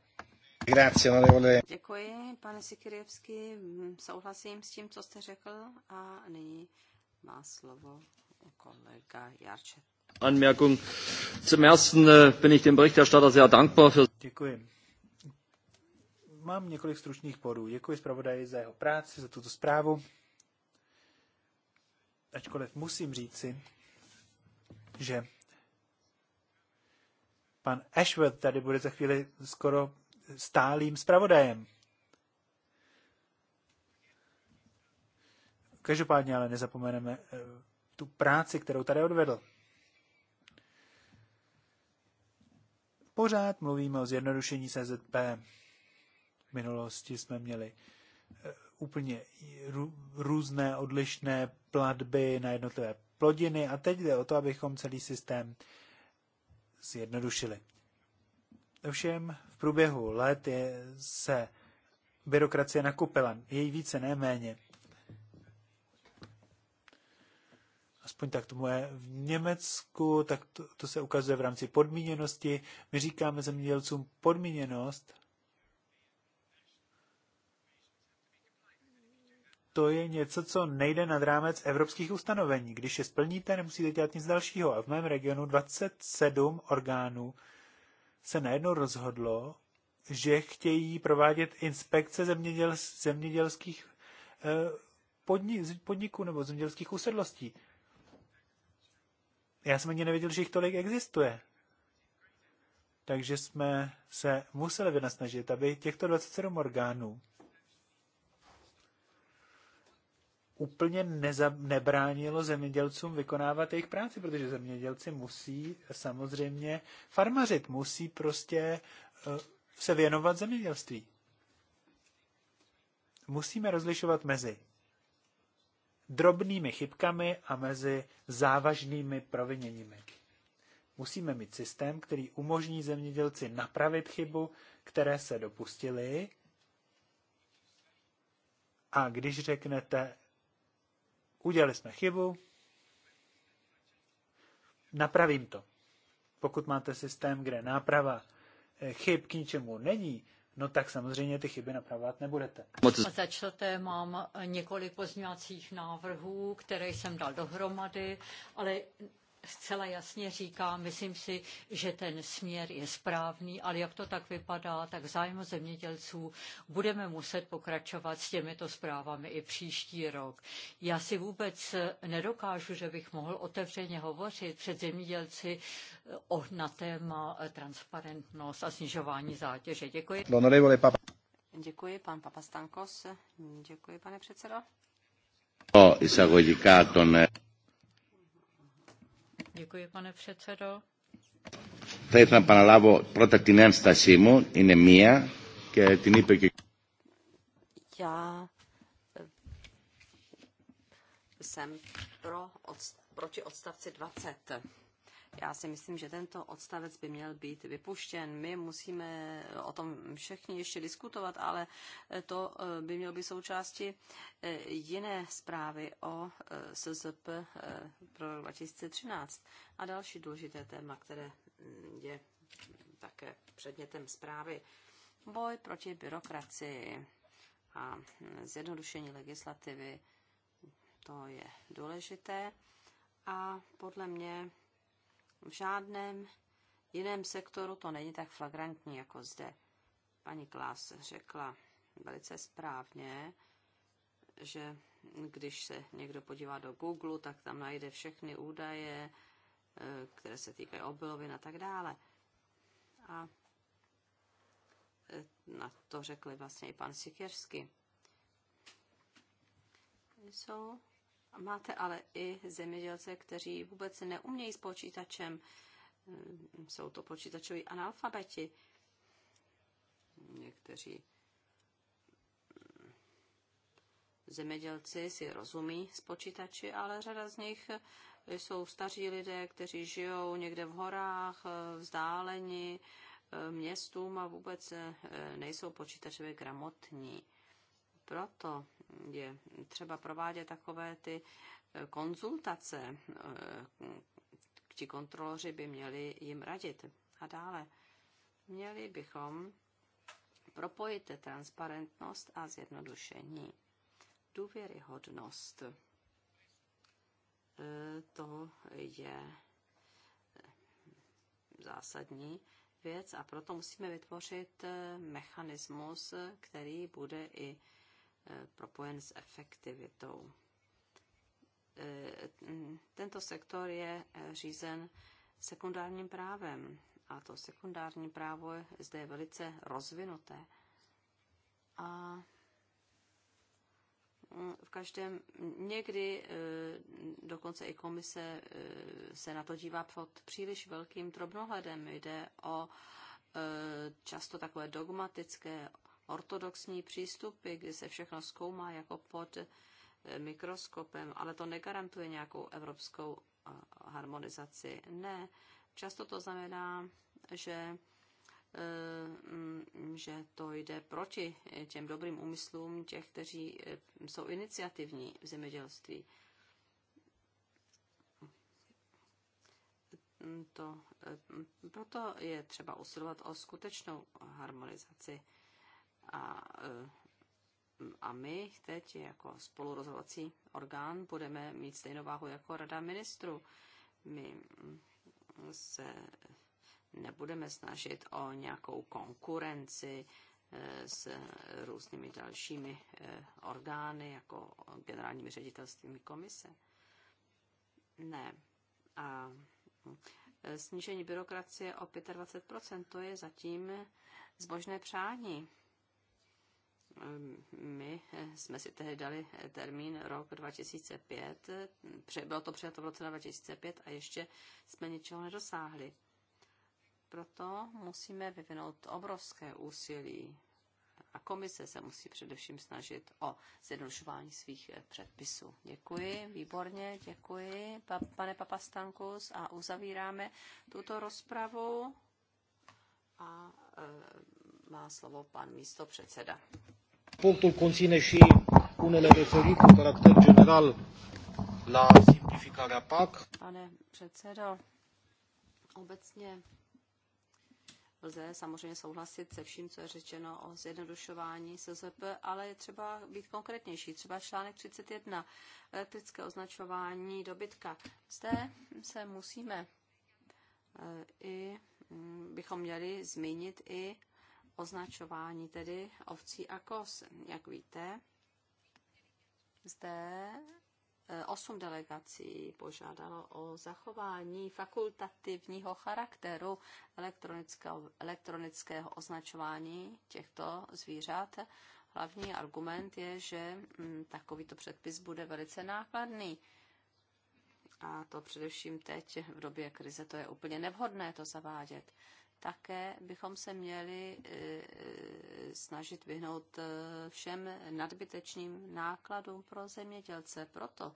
Děkuji, pane Sikirjevský. Souhlasím s tím, co jste řekl a nyní má slovo kolega Jarče. Anmerkung. Zum ersten äh, bin ich dem Berichterstatter sehr dankbar für... Děkuji. Mám několik stručných bodů. Děkuji zpravodaji za jeho práci, za tuto zprávu. Ačkoliv musím říci, že Pan Ashworth tady bude za chvíli skoro stálým zpravodajem. Každopádně ale nezapomeneme eh, tu práci, kterou tady odvedl. Pořád mluvíme o zjednodušení CZP. V minulosti jsme měli eh, úplně různé odlišné platby na jednotlivé plodiny a teď jde o to, abychom celý systém zjednodušili. Ovšem v průběhu let je, se byrokracie nakupila, její více ne méně. Aspoň tak tomu je v Německu, tak to, to se ukazuje v rámci podmíněnosti. My říkáme zemědělcům podmíněnost, to je něco, co nejde nad rámec evropských ustanovení. Když je splníte, nemusíte dělat nic dalšího. A v mém regionu 27 orgánů se najednou rozhodlo, že chtějí provádět inspekce zeměděl, zemědělských eh, podni, podniků nebo zemědělských usedlostí. Já jsem ani nevěděl, že jich tolik existuje. Takže jsme se museli vynasnažit, aby těchto 27 orgánů úplně neza, nebránilo zemědělcům vykonávat jejich práci, protože zemědělci musí samozřejmě farmařit, musí prostě eh, se věnovat zemědělství. Musíme rozlišovat mezi drobnými chybkami a mezi závažnými proviněními. Musíme mít systém, který umožní zemědělci napravit chybu, které se dopustili. A když řeknete, udělali jsme chybu, napravím to. Pokud máte systém, kde náprava eh, chyb k ničemu není, no tak samozřejmě ty chyby napravovat nebudete. Za čtvrté mám eh, několik pozměňovacích návrhů, které jsem dal dohromady, ale zcela jasně říká, myslím si, že ten směr je správný, ale jak to tak vypadá, tak zájmu zemědělců budeme muset pokračovat s těmito zprávami i příští rok. Já si vůbec nedokážu, že bych mohl otevřeně hovořit před zemědělci eh, o, na téma eh, transparentnost a snižování zátěže. Děkuji. Děkuji, pan Papastankos. Děkuji, pane předsedo. Oh, Děkuji, pane předsedo. Θα ήθελα να επαναλάβω πρώτα την ένστασή μου, είναι μία και την είπε και... Já jsem pro, od, proti odstavci 20 já si myslím, že tento odstavec by měl být vypuštěn. My musíme o tom všichni ještě diskutovat, ale to eh, by mělo být součástí eh, jiné zprávy o eh, SZP pro 2013. A další důležité téma, které mm, je také předmětem zprávy, boj proti byrokracii a hm, zjednodušení legislativy, to je důležité. A podle mě v žádném jiném sektoru to není tak flagrantní jako zde. Paní Klás řekla velice správně, že když se někdo podívá do Google, tak tam najde všechny údaje, eh, které se týkají obilovin a tak dále. A eh, na to řekli vlastně i pan Sikersky. Jsou Máte ale i zemědělce, kteří vůbec neumějí s počítačem. Hm, jsou to počítačoví analfabeti. Někteří hm, zemědělci si rozumí s počítači, ale řada z nich jsou staří lidé, kteří žijou někde v horách, vzdáleni eh, městům a vůbec eh, nejsou počítačově gramotní. Proto je třeba provádět takové ty eh, konzultace, eh, ti kontroloři by měli jim radit. A dále, měli bychom propojit transparentnost a zjednodušení, důvěryhodnost. Eh, to je zásadní věc a proto musíme vytvořit mechanismus, který bude i propojen s efektivitou. Tento sektor je řízen sekundárním právem a to sekundární právo je zde je velice rozvinuté. A v každém, někdy eh, dokonce i komise eh, se na to dívá pod příliš velkým drobnohledem. Jde o eh, často takové dogmatické ortodoxní přístupy, kdy se všechno zkoumá jako pod eh, mikroskopem, ale to negarantuje nějakou evropskou harmonizaci. Ne, často to znamená, že eh, mm, že to jde proti eh, těm dobrým úmyslům těch, kteří jsou iniciativní v zemědělství. To, proto je třeba usilovat o skutečnou harmonizaci. A, a my teď jako spolurozhodovací orgán budeme mít stejnou váhu jako Rada ministrů. My se nebudeme snažit o nějakou konkurenci eh, s různými dalšími eh, orgány, jako generálními ředitelstvími komise. Ne. A eh, snížení byrokracie o 25%, to je zatím zbožné přání. Ehm, my eh, jsme si tehdy dali eh, termín rok 2005, bylo to přijato v roce 2005 a ještě jsme ničeho nedosáhli. Proto musíme vyvinout obrovské úsilí a komise se musí především snažit o zjednodušování svých eh, předpisů. Děkuji, výborně, děkuji, pa, pane Papastankus, a uzavíráme tuto rozpravu a e, má slovo pan místo předseda. Punctul conține și unele referiri cu caracter general la simplificarea PAC. Pane předsedo, obecně lze samozřejmě souhlasit se vším, co je řečeno o zjednodušování SZP, ale je třeba být konkrétnější. Třeba článek 31, elektrické označování dobytka. Zde se musíme eh, i mm, bychom měli zmínit i označování tedy ovcí a kos. Jak víte, zde eh, osm delegací požádalo o zachování fakultativního charakteru elektronického, elektronického označování těchto zvířat. Hlavní argument je, že mm, takovýto předpis bude velice nákladný. A to především teď v době krize to je úplně nevhodné to zavádět také bychom se měli e, e, snažit vyhnout e, všem nadbytečným nákladům pro zemědělce. Proto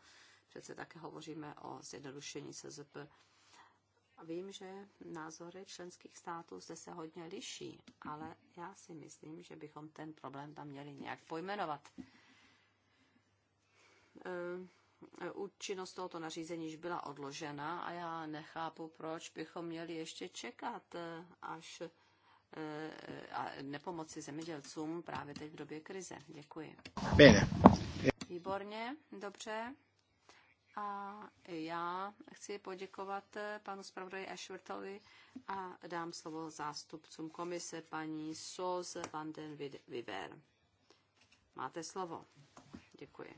přece také hovoříme o zjednodušení SZP. A vím, že názory členských států zde se hodně liší, ale já si myslím, že bychom ten problém tam měli nějak pojmenovat. Eh, účinnost tohoto nařízení již byla odložena a já nechápu, proč bychom měli ještě čekat, eh, až eh, a nepomoci zemědělcům právě teď v době krize. Děkuji. Bene. Výborně, dobře. A já chci poděkovat panu zpravodaji Ashworthovi a dám slovo zástupcům komise paní Sos van den Viver. Máte slovo. Děkuji.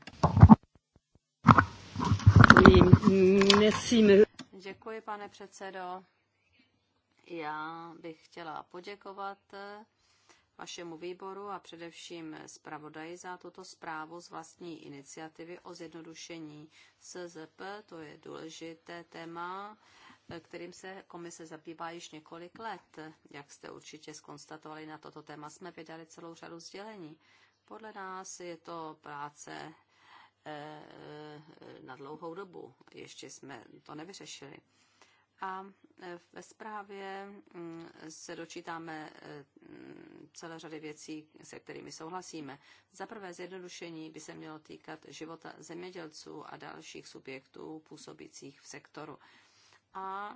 Děkuji, pane předsedo. Já bych chtěla poděkovat vašemu výboru a především zpravodaji za tuto zprávu z vlastní iniciativy o zjednodušení SZP. To je důležité téma, kterým se komise zabývá již několik let. Jak jste určitě skonstatovali, na toto téma jsme vydali celou řadu sdělení. Podle nás je to práce Eh, eh, na dlouhou dobu. Ještě jsme to nevyřešili. A eh, ve zprávě mm, se dočítáme celé řady věcí, se kterými souhlasíme. Za prvé zjednodušení by se mělo týkat života zemědělců a dalších subjektů působících v sektoru. A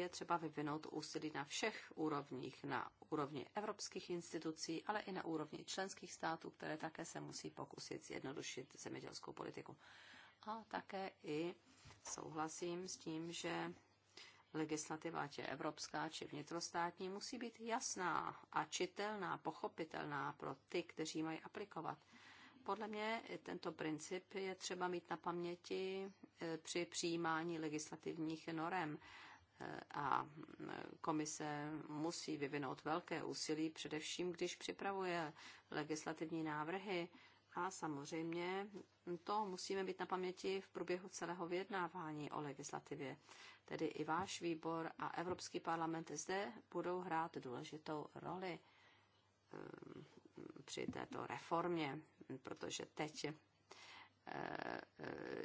je třeba vyvinout úsilí na všech úrovních, na úrovni evropských institucí, ale i na úrovni členských států, které také se musí pokusit zjednodušit zemědělskou politiku. A také i souhlasím s tím, že legislativa, ať je evropská či vnitrostátní, musí být jasná a čitelná, pochopitelná pro ty, kteří mají aplikovat. Podle mě tento princip je třeba mít na paměti eh, při přijímání legislativních norem a komise musí vyvinout velké úsilí, především když připravuje legislativní návrhy. A samozřejmě to musíme být na paměti v průběhu celého vyjednávání o legislativě. Tedy i váš výbor a Evropský parlament zde budou hrát důležitou roli ehm, při této reformě, protože teď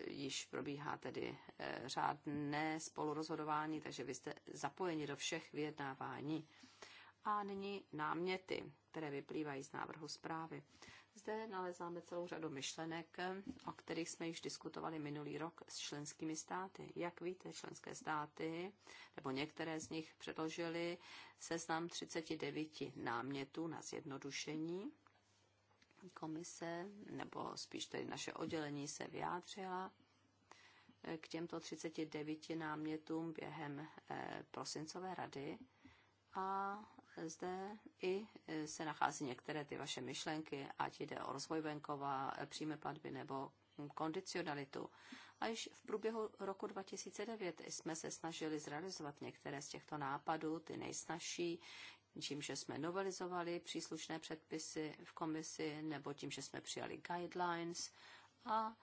již probíhá tedy eh, řádné spolurozhodování, takže vy jste zapojeni do všech vyjednávání. A nyní náměty, které vyplývají z návrhu zprávy. Zde nalezáme celou řadu myšlenek, o kterých jsme již diskutovali minulý rok s členskými státy. Jak víte, členské státy, nebo některé z nich předložili seznam 39 námětů na zjednodušení komise, nebo spíš tedy naše oddělení se vyjádřila k těmto 39 námětům během eh, prosincové rady a zde i eh, se nachází některé ty vaše myšlenky, ať jde o rozvoj venkova, eh, přímé platby nebo kondicionalitu. A již v průběhu roku 2009 jsme se snažili zrealizovat některé z těchto nápadů, ty nejsnažší tím, že jsme novelizovali příslušné předpisy v komisi nebo tím, že jsme přijali guidelines a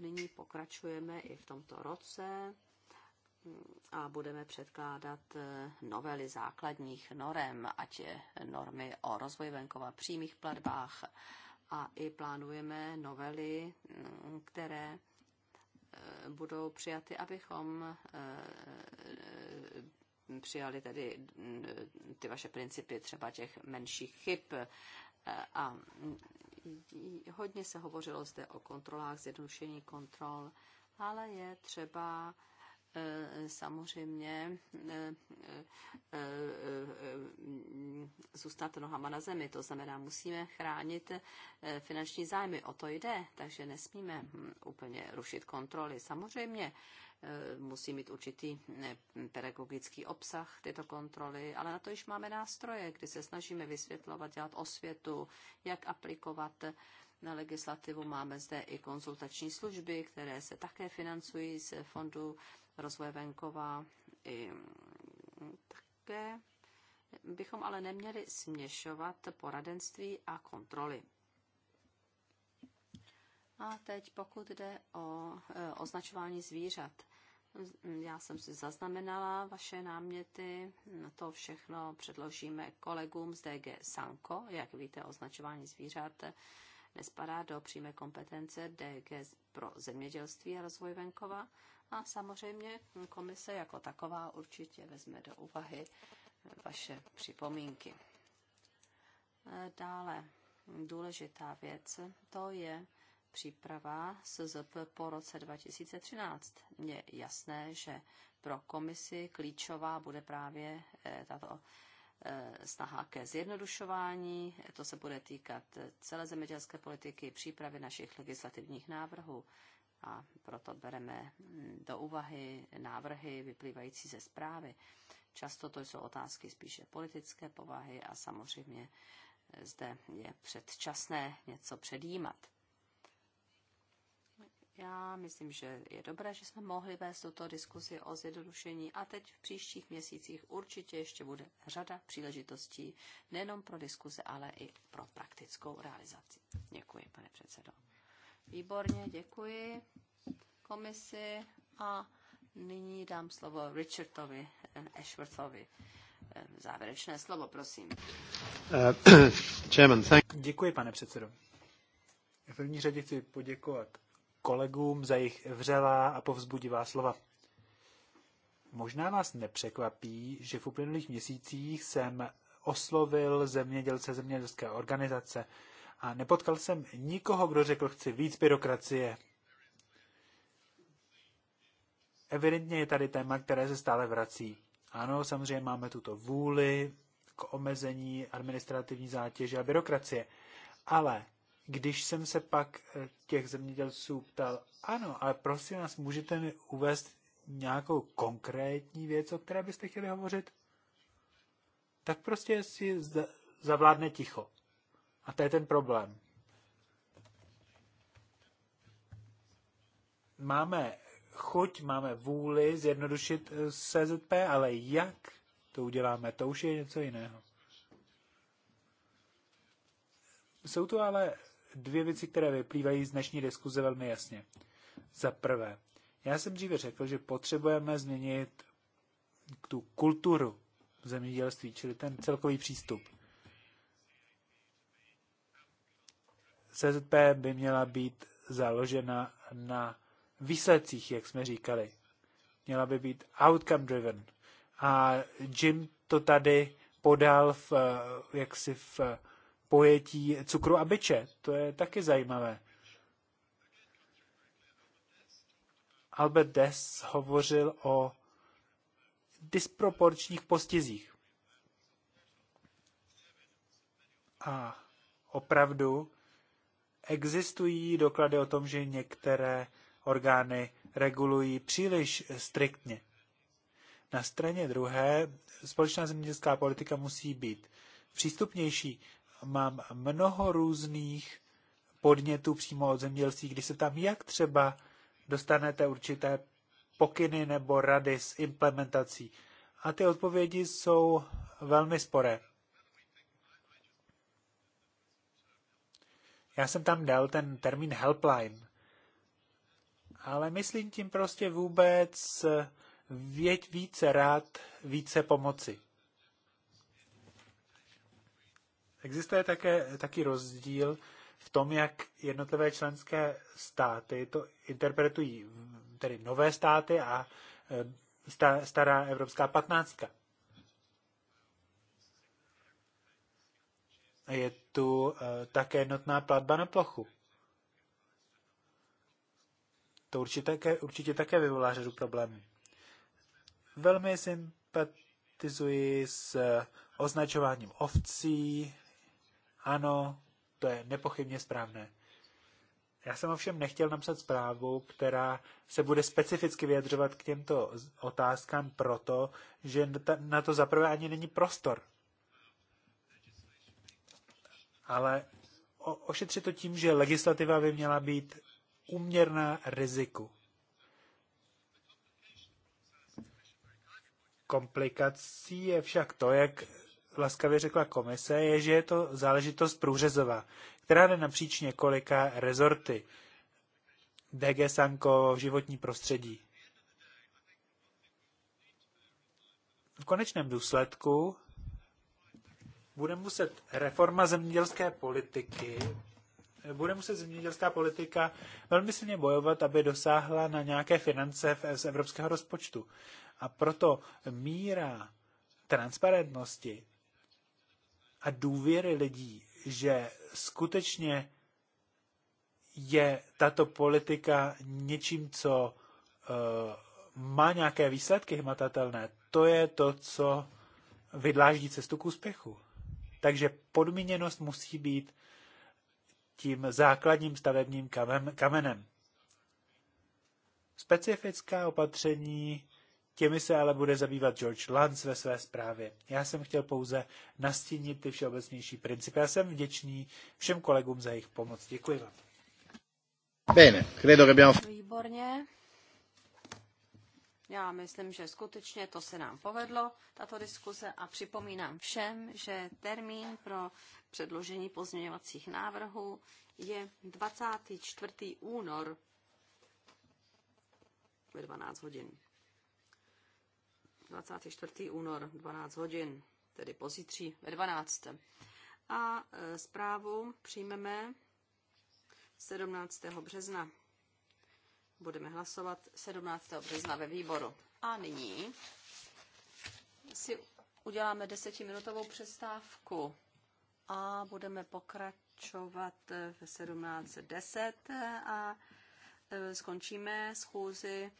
nyní pokračujeme i v tomto roce a budeme předkládat eh, novely základních norem, ať je normy o rozvoji venkova, přímých platbách a i plánujeme novely, mm, které eh, budou přijaty, abychom eh, přijali tedy mm, ty vaše principy třeba těch menších chyb a mm, hodně se hovořilo zde o kontrolách, zjednodušení kontrol, ale je třeba eh, samozřejmě eh, eh, zůstat nohama na zemi. To znamená, musíme chránit finanční zájmy. O to jde, takže nesmíme hm, úplně rušit kontroly. Samozřejmě Eh, musí mít určitý pedagogický obsah tyto kontroly, ale na to již máme nástroje, kdy se snažíme vysvětlovat, dělat osvětu, jak aplikovat na legislativu. Máme zde i konzultační služby, které se také financují z Fondu rozvoje venkova. I mm, také bychom ale neměli směšovat poradenství a kontroly. A teď pokud jde o eh, označování zvířat. Já jsem si zaznamenala vaše náměty, na to všechno předložíme kolegům z DG Sanko. Jak víte, označování zvířat nespadá do přímé kompetence DG pro zemědělství a rozvoj venkova. A samozřejmě komise jako taková určitě vezme do úvahy vaše připomínky. Dále důležitá věc, to je příprava SZP po roce 2013. Je jasné, že pro komisi klíčová bude právě eh, tato eh, snaha ke zjednodušování. To se bude týkat celé zemědělské politiky, přípravy našich legislativních návrhů a proto bereme hm, do úvahy návrhy vyplývající ze zprávy. Často to jsou otázky spíše politické povahy a samozřejmě eh, zde je předčasné něco předjímat. Já myslím, že je dobré, že jsme mohli vést tuto diskusi o zjednodušení a teď v příštích měsících určitě ještě bude řada příležitostí nejenom pro diskuse, ale i pro praktickou realizaci. Děkuji, pane předsedo. Výborně, děkuji komisi a nyní dám slovo Richardovi eh, Ashworthovi. Eh, závěrečné slovo, prosím. Uh, [CLEARS THROAT] chairman, thank... Děkuji, pane předsedo. V první řadě chci poděkovat kolegům za jejich vřelá a povzbudivá slova. Možná vás nepřekvapí, že v uplynulých měsících jsem oslovil zemědělce, zemědělské organizace a nepotkal jsem nikoho, kdo řekl, chci víc byrokracie. Evidentně je tady téma, které se stále vrací. Ano, samozřejmě máme tuto vůli k omezení administrativní zátěže a byrokracie, ale když jsem se pak eh, těch zemědělců ptal, ano, ale prosím nás můžete mi uvést nějakou konkrétní věc, o které byste chtěli hovořit? Tak prostě si zavládne ticho. A to je ten problém. Máme chuť, máme vůli zjednodušit CZP, eh, ale jak to uděláme, to už je něco jiného. Jsou tu ale dvě věci, které vyplývají z dnešní diskuze velmi jasně. Za prvé, já jsem dříve řekl, že potřebujeme změnit tu kulturu v zemědělství, čili ten celkový přístup. SZP by měla být založena na výsledcích, jak jsme říkali. Měla by být outcome driven. A Jim to tady podal v, eh, jaksi v pojetí cukru a byče. To je taky zajímavé. Albert des hovořil o disproporčních postizích. A opravdu existují doklady o tom, že některé orgány regulují příliš striktně. Na straně druhé společná zemědělská politika musí být přístupnější mám mnoho různých podnětů přímo od zemědělství, kdy se tam jak třeba dostanete určité pokyny nebo rady s implementací. A ty odpovědi jsou velmi sporé. Já jsem tam dal ten termín helpline, ale myslím tím prostě vůbec věť více rád, více pomoci. Existuje také taky rozdíl v tom, jak jednotlivé členské státy to interpretují, tedy nové státy a e, stará Evropská patnáctka. Je tu e, také jednotná platba na plochu. To určitě také, určitě také vyvolá řadu problémů. Velmi sympatizuji s označováním ovcí, ano, to je nepochybně správné. Já jsem ovšem nechtěl napsat zprávu, která se bude specificky vyjadřovat k těmto otázkám proto, že na to zaprvé ani není prostor. Ale ošetřit to tím, že legislativa by měla být uměrná riziku. Komplikací je však to, jak laskavě řekla komise, je, že je to záležitost průřezová, která jde napříč několika rezorty. DG Sanko, životní prostředí. V konečném důsledku bude muset reforma zemědělské politiky, bude muset zemědělská politika velmi silně bojovat, aby dosáhla na nějaké finance z evropského rozpočtu. A proto míra transparentnosti a důvěry lidí, že skutečně je tato politika něčím, co uh, má nějaké výsledky hmatatelné, to je to, co vydláždí cestu k úspěchu. Takže podmíněnost musí být tím základním stavebním kamenem. Specifická opatření Těmi se ale bude zabývat George Lanz ve své zprávě. Já jsem chtěl pouze nastínit ty všeobecnější principy. Já jsem vděčný všem kolegům za jejich pomoc. Děkuji vám. Bene, credo che abbiamo... Výborně. Já myslím, že skutečně to se nám povedlo, tato diskuze, a připomínám všem, že termín pro předložení pozměňovacích návrhů je 24. únor ve 12 hodin. 24. únor 12 hodin, tedy pozítří ve 12. A e, zprávu přijmeme 17. března. Budeme hlasovat 17. března ve výboru. A nyní si uděláme desetiminutovou přestávku a budeme pokračovat v 17.10 a e, skončíme schůzi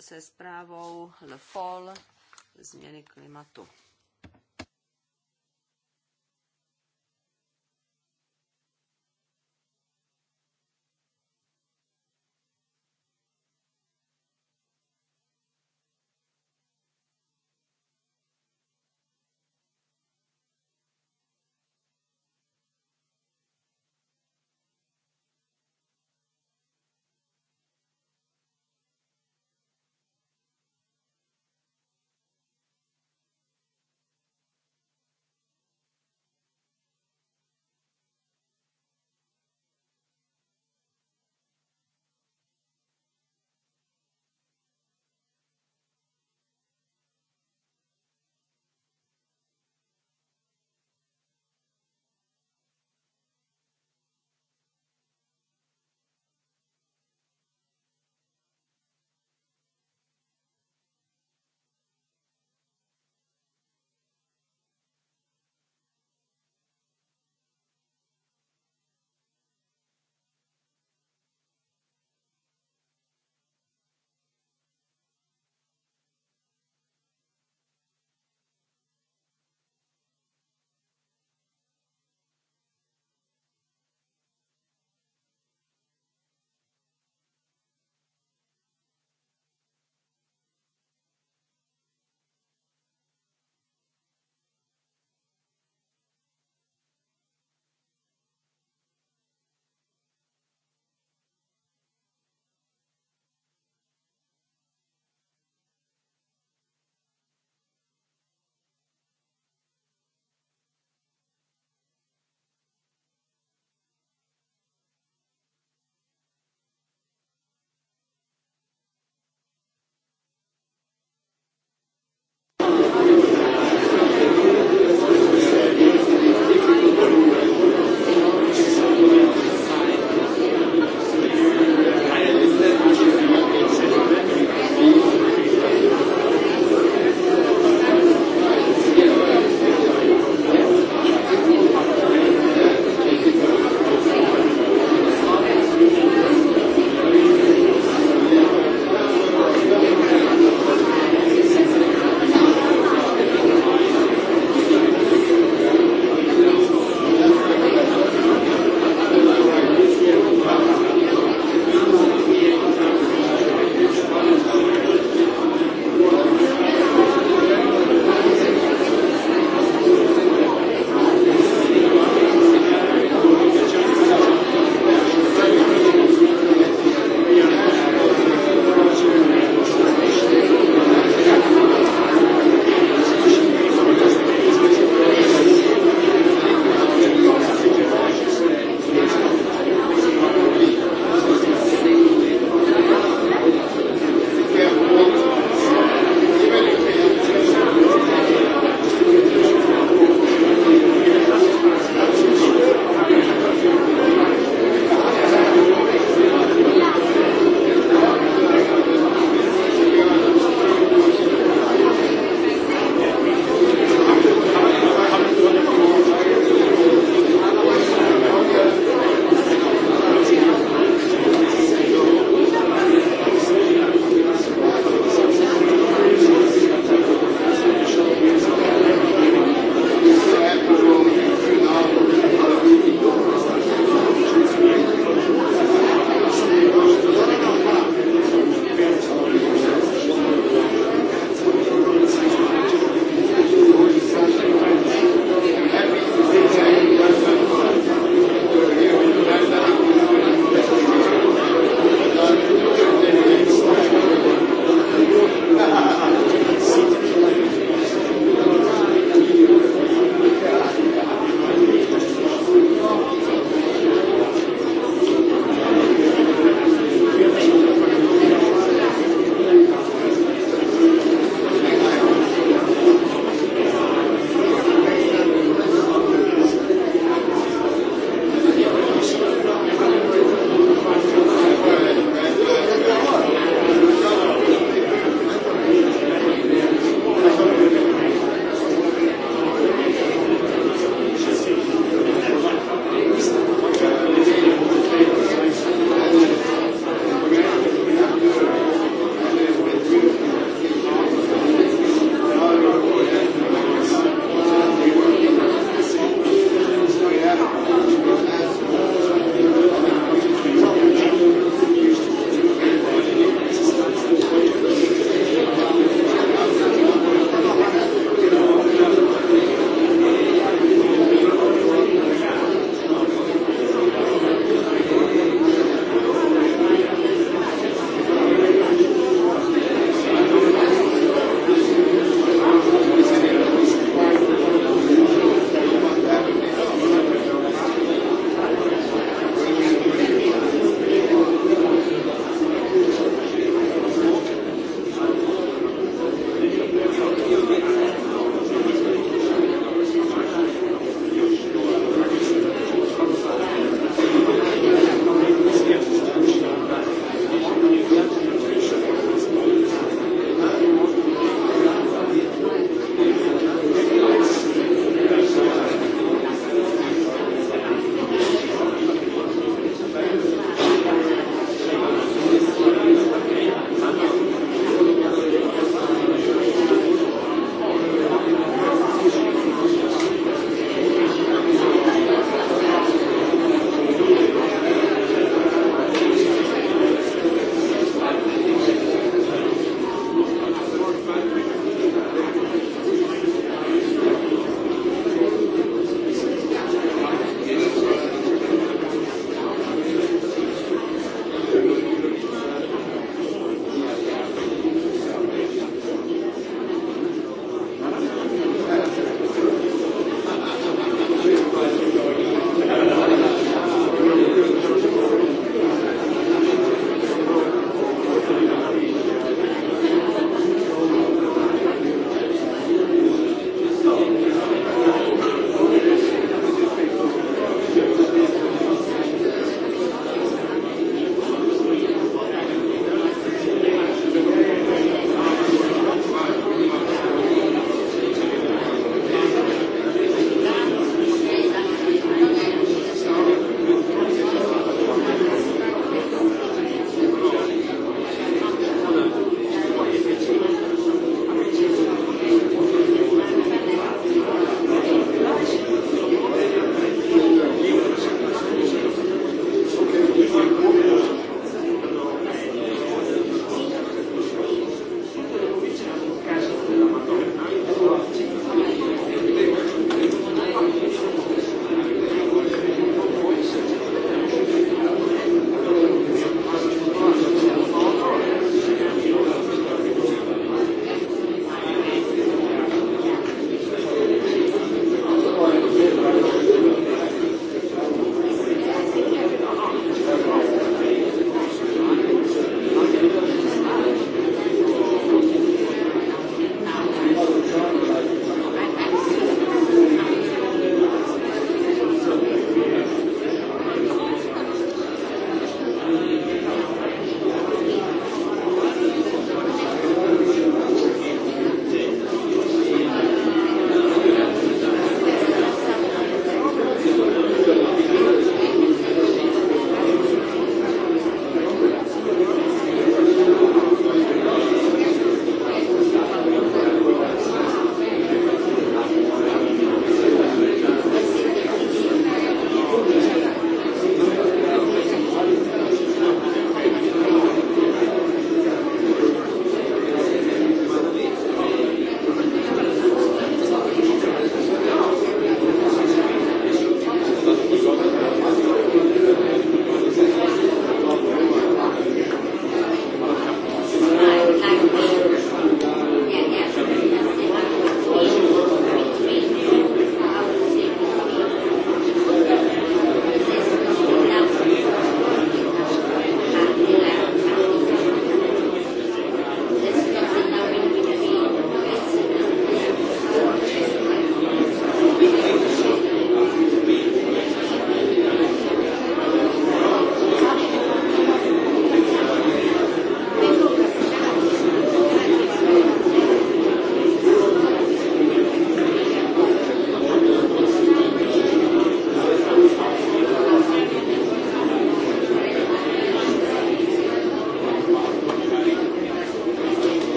se zprávou LFOL, změny klimatu.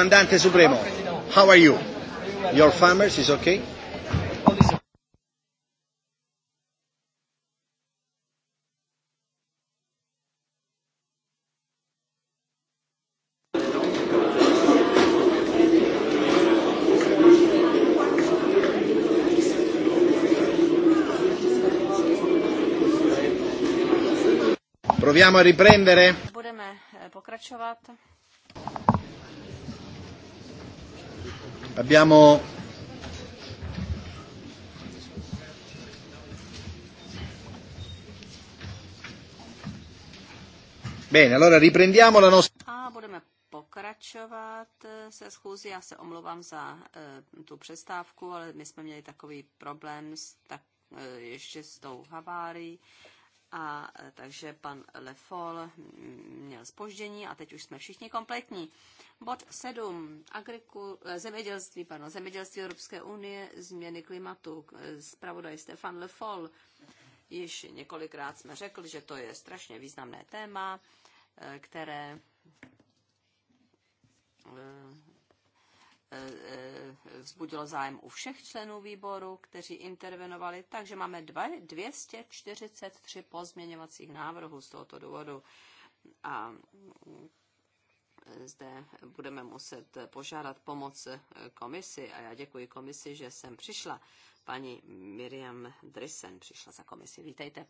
Comandante Supremo, how are you? Your farmers is okay? Proviamo a riprendere. Budeme eh, pokračovat. Abbiamo Bene, allora riprendiamo la nostra A budeme pokračovat eh, se schůzí. Já se omlouvám za e, tu přestávku, ale my jsme měli takový problém s, tak, e, ještě s tou havárií. A takže pan Lefol mm, měl spoždění a teď už jsme všichni kompletní. Bod 7. agrikul eh, zemědělství, pardon, zemědělství Evropské unie, změny klimatu. Spravodaj eh, Stefan Le Foll. Již několikrát jsme řekli, že to je strašně významné téma, eh, které vzbudilo zájem u všech členů výboru, kteří intervenovali, takže máme 243 pozměňovacích návrhů z tohoto důvodu. A zde budeme muset požádat pomoc komisi a já děkuji komisi, že jsem přišla. Paní Miriam Drissen přišla za komisi. Vítejte.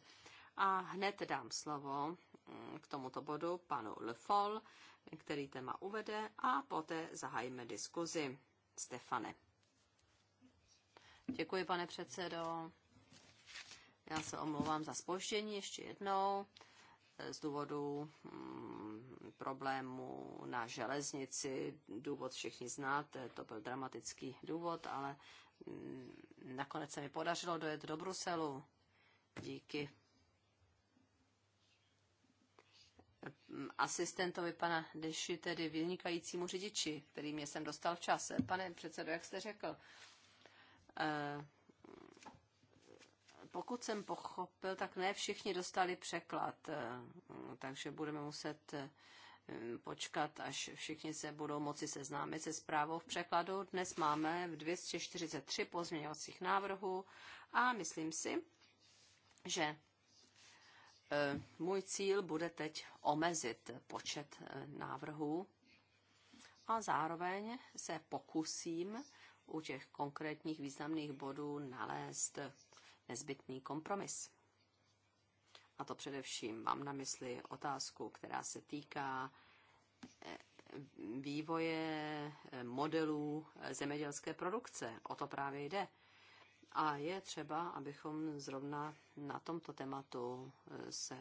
A hned dám slovo mm, k tomuto bodu panu Le Foll, který téma uvede a poté zahajíme diskuzi. Stefane. Děkuji, pane předsedo. Já se omlouvám za spoždění ještě jednou z důvodu mm, problému na železnici. Důvod všichni znáte, to byl dramatický důvod, ale mm, nakonec se mi podařilo dojet do Bruselu díky mm, asistentovi pana Deši, tedy vynikajícímu řidiči, který mě sem dostal v čase. Pane předsedo, jak jste řekl, eh, pokud jsem pochopil, tak ne všichni dostali překlad, eh, takže budeme muset eh, počkat, až všichni se budou moci seznámit se zprávou v překladu. Dnes máme v 243 pozměňovacích návrhů a myslím si, že eh, můj cíl bude teď omezit počet návrhů a zároveň se pokusím u těch konkrétních významných bodů nalézt nezbytný kompromis. A to především mám na mysli otázku, která se týká eh, vývoje eh, modelů eh, zemědělské produkce. O to právě jde. A je třeba, abychom zrovna na tomto tématu se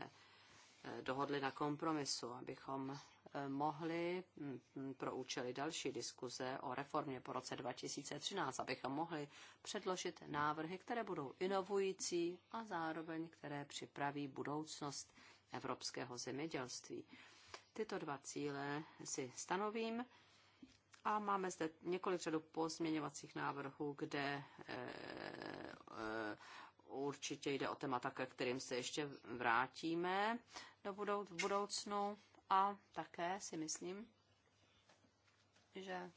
dohodli na kompromisu, abychom mohli mm, mm, pro účely další diskuze o reformě po roce 2013, abychom mohli předložit návrhy, které budou inovující a zároveň které připraví budoucnost evropského zemědělství. Tyto dva cíle si stanovím a máme zde několik řadu pozměňovacích návrhů, kde e, e, určitě jde o témata, ke kterým se ještě vrátíme do budou, v budoucnu. A také si myslím, že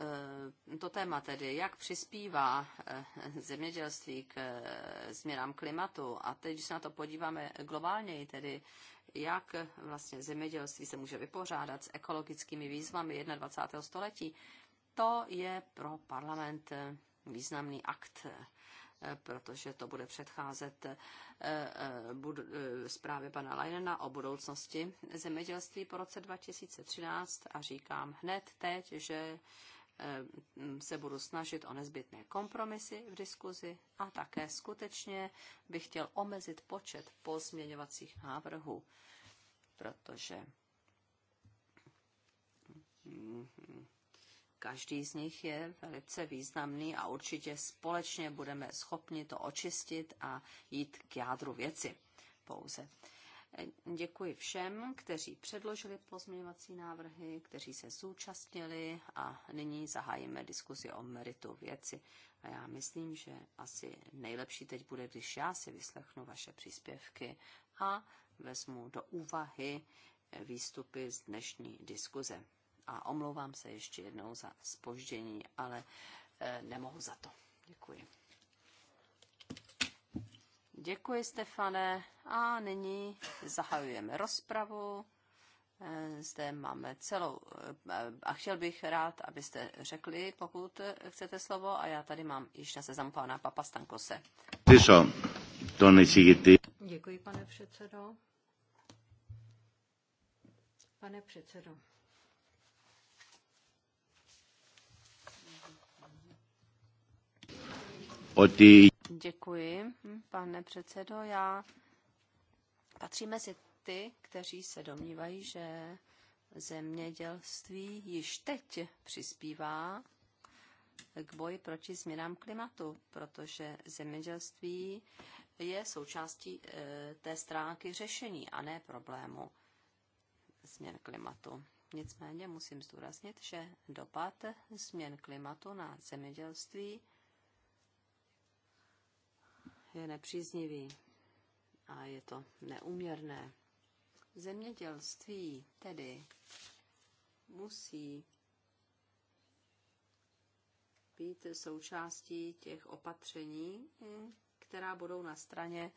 eh, to téma tedy, jak přispívá eh, zemědělství k eh, změnám klimatu. A teď, když se na to podíváme globálněji, tedy jak vlastně zemědělství se může vypořádat s ekologickými výzvami 21. století, to je pro parlament významný akt, Eh, protože to bude předcházet eh, eh, zprávě pana Leinena o budoucnosti zemědělství po roce 2013 a říkám hned teď, že se budu snažit o nezbytné kompromisy v diskuzi a také skutečně bych chtěl omezit počet pozměňovacích návrhů, protože Každý z nich je velice významný a určitě společně budeme schopni to očistit a jít k jádru věci pouze. Děkuji všem, kteří předložili pozměňovací návrhy, kteří se zúčastnili a nyní zahájíme diskuzi o meritu věci. A já myslím, že asi nejlepší teď bude, když já si vyslechnu vaše příspěvky a vezmu do úvahy výstupy z dnešní diskuze a omlouvám se ještě jednou za spoždění, ale eh, nemohu za to. Děkuji. Děkuji, Stefane. A nyní zahajujeme rozpravu. Eh, zde máme celou... Eh, a chtěl bych rád, abyste řekli, pokud chcete slovo, a já tady mám již na seznamu pana Stankose. Děkuji, pane předsedo. Pane předsedo, Děkuji, pane předsedo. Já patří mezi ty, kteří se domnívají, že zemědělství již teď přispívá k boji proti změnám klimatu, protože zemědělství je součástí eh, té stránky řešení a ne problému změn klimatu. Nicméně musím zdůraznit, že dopad změn klimatu na zemědělství je nepříznivý a je to neuměrné. Zemědělství tedy musí být součástí těch opatření, která budou na straně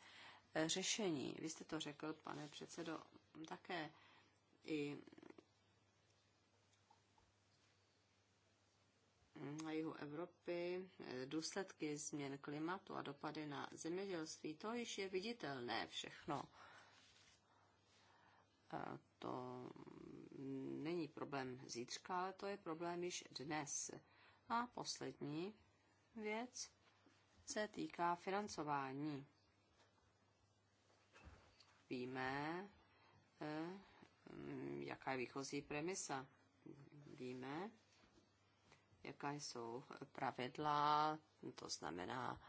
eh, řešení. Vy jste to řekl, pane předsedo, také i Mm, na jihu Evropy eh, důsledky změn klimatu a dopady na zemědělství, to již je viditelné všechno. Eh, to není problém zítřka, ale to je problém již dnes. A poslední věc se týká financování. Víme, eh, mm, jaká je výchozí premisa. Víme, jaká jsou pravidla, to znamená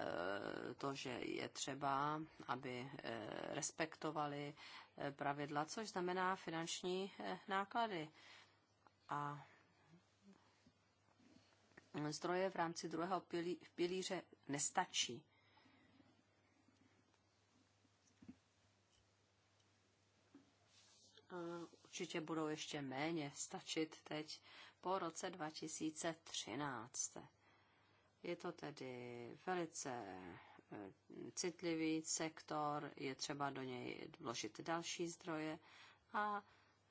eh, to, že je třeba, aby eh, respektovali eh, pravidla, což znamená finanční náklady. A zdroje v rámci druhého pilíře nestačí. Určitě budou ještě méně stačit teď po roce 2013. Je to tedy velice eh, citlivý sektor, je třeba do něj vložit další zdroje a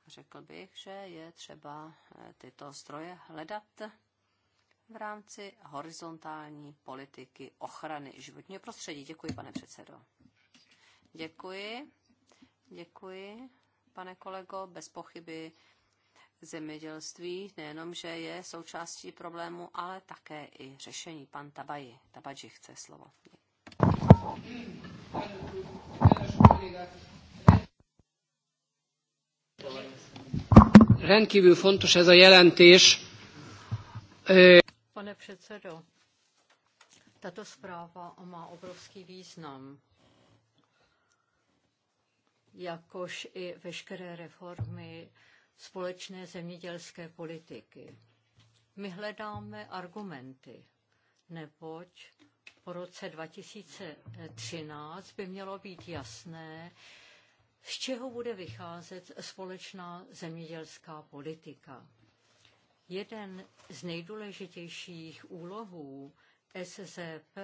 řekl bych, že je třeba eh, tyto zdroje hledat v rámci horizontální politiky ochrany životního prostředí. Děkuji, pane předsedo. Děkuji. Děkuji, pane kolego. Bez pochyby zemědělství nejenom, že je součástí problému, ale také i řešení. Pan Tabaji, Tabaji chce slovo. Rendkívül fontos ez a jelentés. Pane předsedo, tato zpráva má obrovský význam, jakož i veškeré reformy společné zemědělské politiky. My hledáme argumenty, neboť po roce 2013 by mělo být jasné, z čeho bude vycházet společná zemědělská politika. Jeden z nejdůležitějších úlohů SZP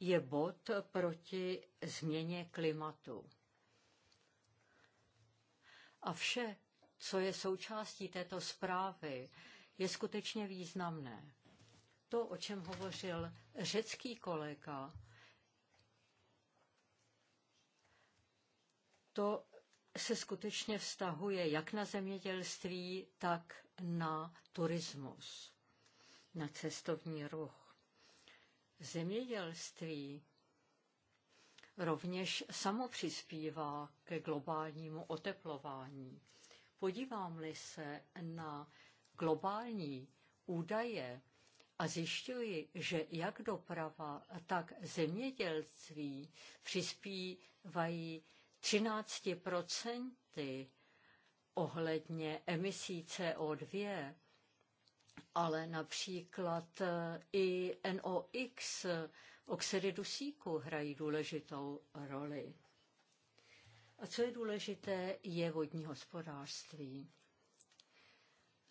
je bod proti změně klimatu. A vše, co je součástí této zprávy, je skutečně významné. To, o čem hovořil řecký kolega, to se skutečně vztahuje jak na zemědělství, tak na turismus, na cestovní ruch. Zemědělství rovněž samo přispívá ke globálnímu oteplování. Podívám-li se na globální údaje a zjišťuji, že jak doprava, tak zemědělství přispívají 13 ohledně emisí CO2, ale například i NOx Oxidy dusíku hrají důležitou roli. A co je důležité, je vodní hospodářství.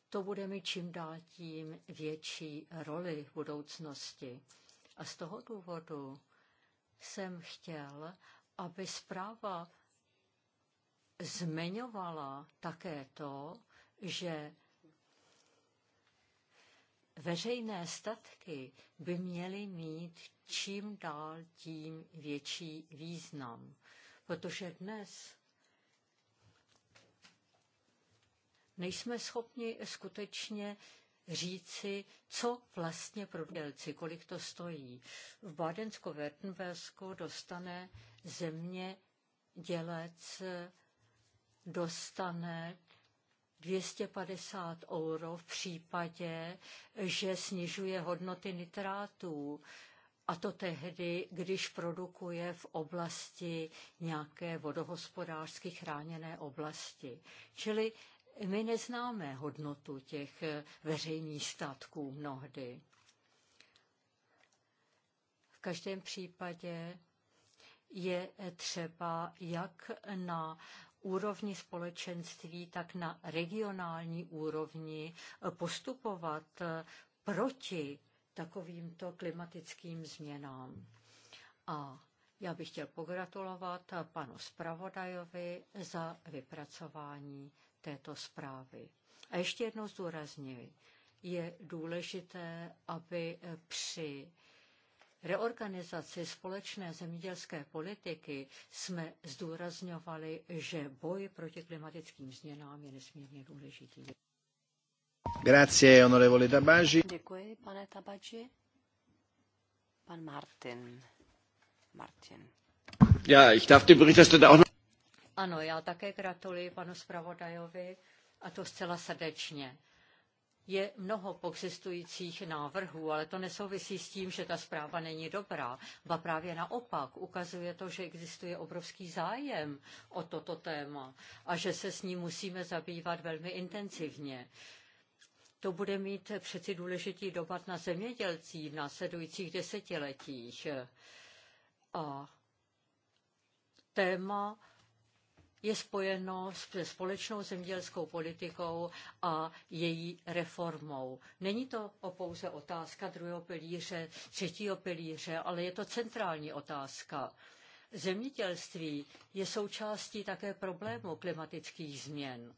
To bude mít čím dál tím větší roli v budoucnosti. A z toho důvodu jsem chtěl, aby zpráva zmiňovala také to, že Veřejné statky by měly mít čím dál tím větší význam, protože dnes nejsme schopni skutečně říci, co vlastně dělci, kolik to stojí. V Bádensko-Wertenbergsku dostane země dělec dostane 250 euro v případě, že snižuje hodnoty nitrátů. A to tehdy, když produkuje v oblasti nějaké vodohospodářsky chráněné oblasti. Čili my neznáme hodnotu těch eh, veřejných statků mnohdy. V každém případě je eh, třeba jak na úrovni společenství, tak na regionální úrovni eh, postupovat eh, proti takovýmto klimatickým změnám. A já bych chtěl pogratulovat eh, panu zpravodajovi za vypracování této zprávy. A ještě jednou zdůrazňuji, je důležité, aby při reorganizaci společné zemědělské politiky jsme zdůrazňovali, že boj proti klimatickým změnám je nesmírně důležitý. Grazie, onorevole Tabaji. Děkuji, pane Tabaji. Pan Martin. Martin. Já, ich darf dem Berichterstatter auch Ano, já také gratuluji panu zpravodajovi a to zcela srdečně je mnoho poexistujících návrhů, ale to nesouvisí s tím, že ta zpráva není dobrá. Ba právě naopak ukazuje to, že existuje obrovský zájem o toto téma a že se s ním musíme zabývat velmi intenzivně. To bude mít přeci důležitý dopad na zemědělcí v následujících desetiletích. A téma je spojeno se společnou zemědělskou politikou a její reformou. Není to pouze otázka druhého pilíře, třetího pilíře, ale je to centrální otázka. Zemědělství je součástí také problému klimatických změn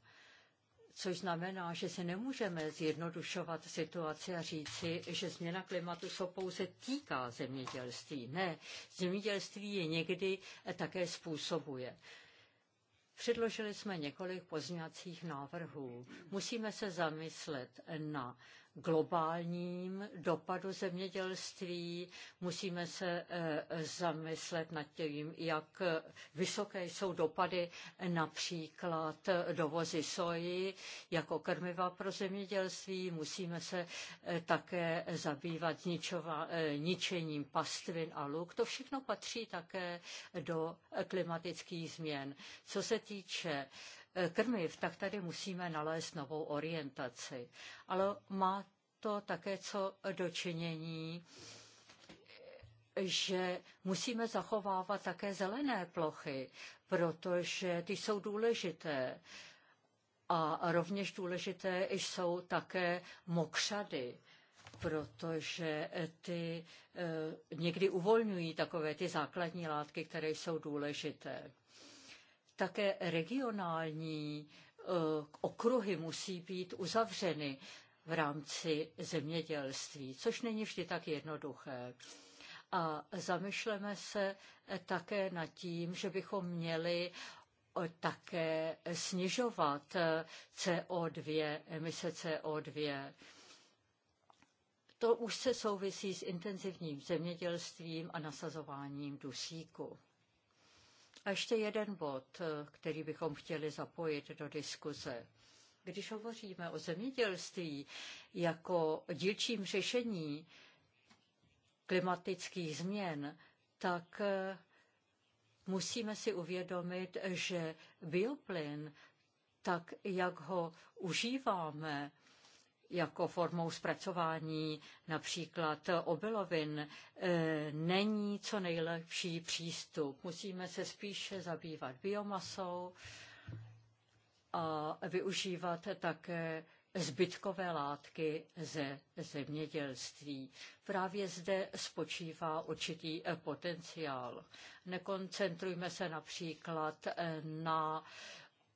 což znamená, že si nemůžeme zjednodušovat situaci a říci, že změna klimatu se pouze týká zemědělství. Ne, zemědělství je někdy také způsobuje. Předložili jsme několik pozměňovacích návrhů. Musíme se zamyslet na globálním dopadu zemědělství. Musíme se eh, zamyslet nad tím, jak vysoké jsou dopady například dovozy soji jako krmiva pro zemědělství. Musíme se eh, také zabývat zničova, eh, ničením pastvin a luk. To všechno patří také do klimatických změn. Co se týče krmiv, eh, tak tady musíme nalézt novou orientaci. Ale má to také co dočinění eh, že musíme zachovávat také zelené plochy, protože ty jsou důležité. A rovněž důležité jsou také mokřady, protože eh, ty někdy uvolňují takové ty základní látky, které jsou důležité. Také regionální eh, okruhy musí být uzavřeny v rámci zemědělství, což není vždy tak jednoduché. A zamyšleme se také nad tím, že bychom měli eh, také snižovat eh, CO2, emise CO2. To už se souvisí s intenzivním zemědělstvím a nasazováním dusíku. A ještě jeden bod, eh, který bychom chtěli zapojit do diskuze. Když hovoříme o zemědělství jako dílčím řešení klimatických změn, tak eh, musíme si uvědomit, že bioplyn, tak jak ho užíváme, jako formou zpracování například obilovin eh, není co nejlepší přístup. Musíme se spíše zabývat biomasou a využívat také zbytkové látky ze zemědělství. Právě zde spočívá určitý eh, potenciál. Nekoncentrujme se například eh, na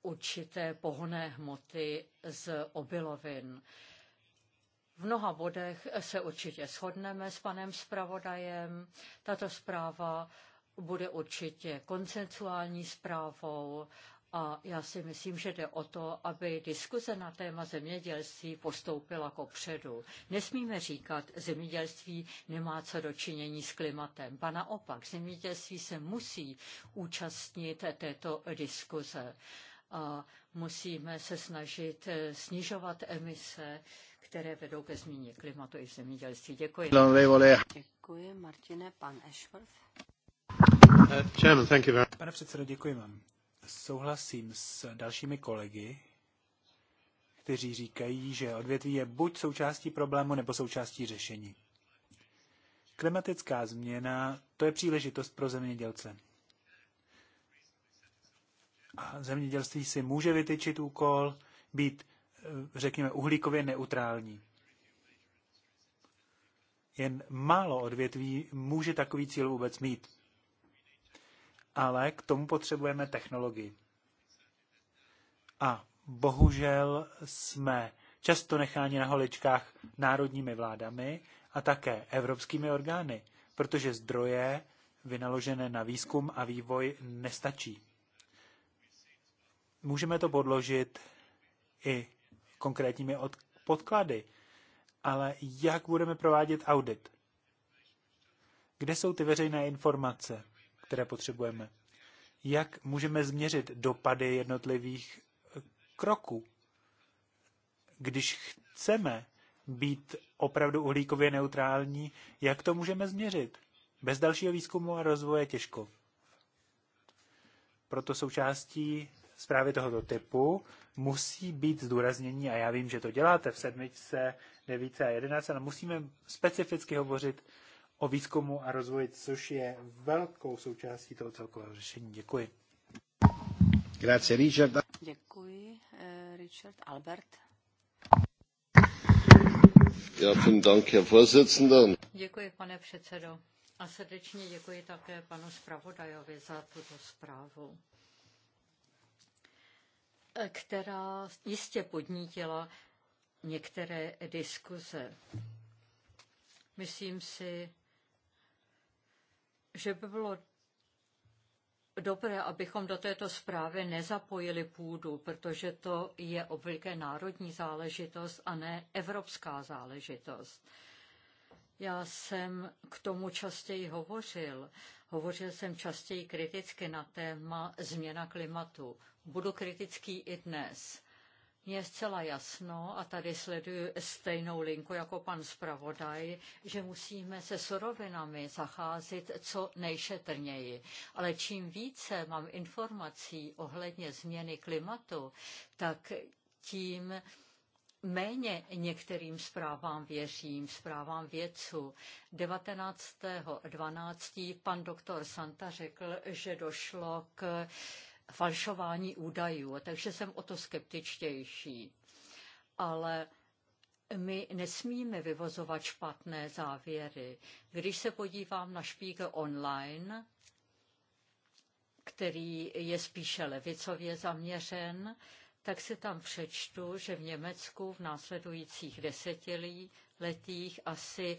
určité pohonné hmoty z obilovin. V mnoha bodech se určitě shodneme s panem zpravodajem. Tato zpráva bude určitě koncensuální zprávou a já si myslím, že jde o to, aby diskuze na téma zemědělství postoupila kopředu. Nesmíme říkat, zemědělství nemá co dočinění s klimatem. Ba naopak, zemědělství se musí účastnit této diskuze. A musíme se snažit snižovat emise které vedou ke změně klimatu i v zemědělství. Děkuji. Děkuji, Martine, pan Ashworth. Uh, Pane předsedo, děkuji vám. Souhlasím s dalšími kolegy, kteří říkají, že odvětví je buď součástí problému nebo součástí řešení. Klimatická změna to je příležitost pro zemědělce. A zemědělství si může vytyčit úkol, být řekněme, uhlíkově neutrální. Jen málo odvětví může takový cíl vůbec mít. Ale k tomu potřebujeme technologii. A bohužel jsme často necháni na holičkách národními vládami a také evropskými orgány, protože zdroje vynaložené na výzkum a vývoj nestačí. Můžeme to podložit i konkrétními od, podklady, ale jak budeme provádět audit? Kde jsou ty veřejné informace, které potřebujeme? Jak můžeme změřit dopady jednotlivých eh, kroků? Když chceme být opravdu uhlíkově neutrální, jak to můžeme změřit? Bez dalšího výzkumu a rozvoje těžko. Proto součástí zprávy tohoto typu musí být zdůraznění, a já vím, že to děláte v sedmičce, devíce a jedenáctce, ale musíme specificky hovořit o výzkumu a rozvoji, což je velkou součástí toho celkového řešení. Děkuji. Grazie, Richard. Děkuji, eh, Richard. Albert. Ja, vielen Dank, Herr Vorsitzender. Děkuji, pane předsedo. A srdečně děkuji také panu zpravodajovi za tuto zprávu která jistě podnítila některé diskuze. Myslím si, že by bylo dobré, abychom do této zprávy nezapojili půdu, protože to je obvykle národní záležitost a ne evropská záležitost. Já jsem k tomu častěji hovořil. Hovořil jsem častěji kriticky na téma změna klimatu. Budu kritický i dnes. Mně je zcela jasno, a tady sleduju stejnou linku jako pan zpravodaj, že musíme se surovinami zacházet co nejšetrněji. Ale čím více mám informací ohledně změny klimatu, tak tím méně některým zprávám věřím, zprávám vědců. 19.12. pan doktor Santa řekl, že došlo k falšování údajů, takže jsem o to skeptičtější. Ale my nesmíme vyvozovat špatné závěry. Když se podívám na Špígel online, který je spíše levicově zaměřen, tak si tam přečtu, že v Německu v následujících desetiletích asi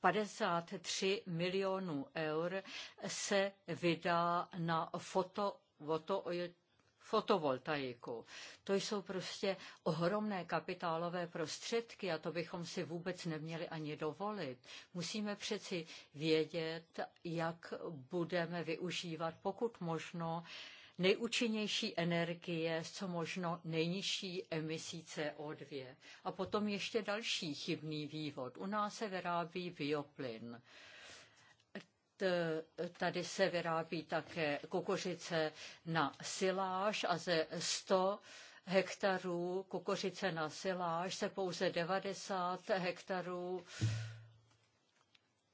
53 milionů eur se vydá na foto, foto fotovoltaiku. To jsou prostě ohromné kapitálové prostředky a to bychom si vůbec neměli ani dovolit. Musíme přeci vědět, jak budeme využívat pokud možno nejúčinnější energie s co možno nejnižší emisí CO2. A potom ještě další chybný vývod. U nás se vyrábí bioplyn tady se vyrábí také kukuřice na siláž a ze 100 hektarů kukuřice na siláž se pouze 90 hektarů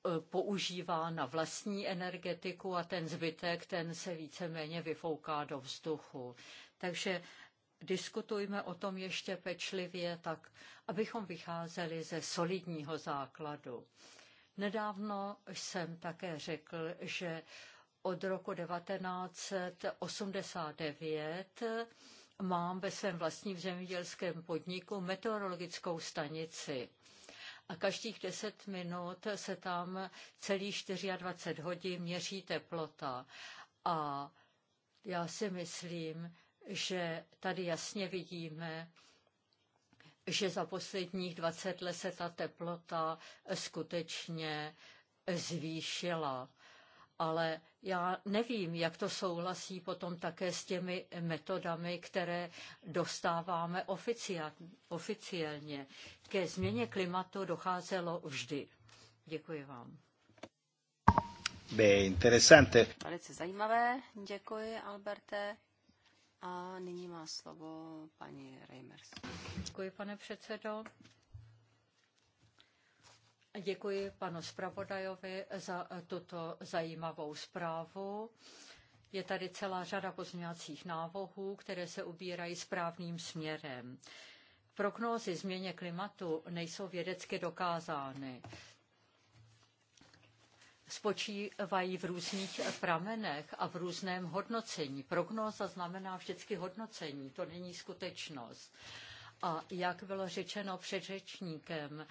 Eh, používá na vlastní energetiku a ten zbytek, ten se víceméně vyfouká do vzduchu. Takže diskutujme o tom ještě pečlivě, tak abychom vycházeli ze solidního základu. Nedávno jsem také řekl, že od roku 1989 mám ve svém vlastním zemědělském podniku meteorologickou stanici a každých 10 minut se tam celý 24 hodin měří teplota. A já si myslím, že tady jasně vidíme, že za posledních 20 let se ta teplota skutečně zvýšila ale já nevím, jak to souhlasí potom také s těmi metodami, které dostáváme oficiálně. Ke změně klimatu docházelo vždy. Děkuji vám. Be interessante. Velice zajímavé. Děkuji, Alberte. A nyní má slovo paní Reimers. Děkuji, pane předsedo. Děkuji panu zpravodajovi za eh, tuto zajímavou zprávu. Je tady celá řada pozměňovacích návrhů, které se ubírají správným směrem. Prognózy změně klimatu nejsou vědecky dokázány. Spočívají v různých pramenech a v různém hodnocení. Prognóza znamená vždycky hodnocení, to není skutečnost. A jak bylo řečeno předřečníkem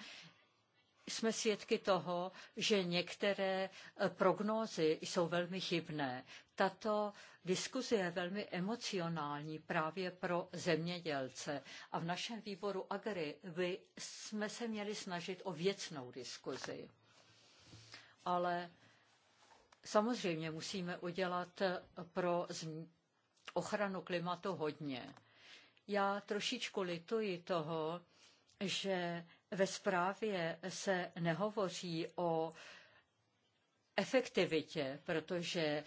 jsme svědky toho, že některé eh, prognózy jsou velmi chybné. Tato diskuze je velmi emocionální právě pro zemědělce a v našem výboru Agri by jsme se měli snažit o věcnou diskuzi. Ale samozřejmě musíme udělat eh, pro ochranu klimatu hodně. Já trošičku lituji toho, že ve zprávě se nehovoří o efektivitě, protože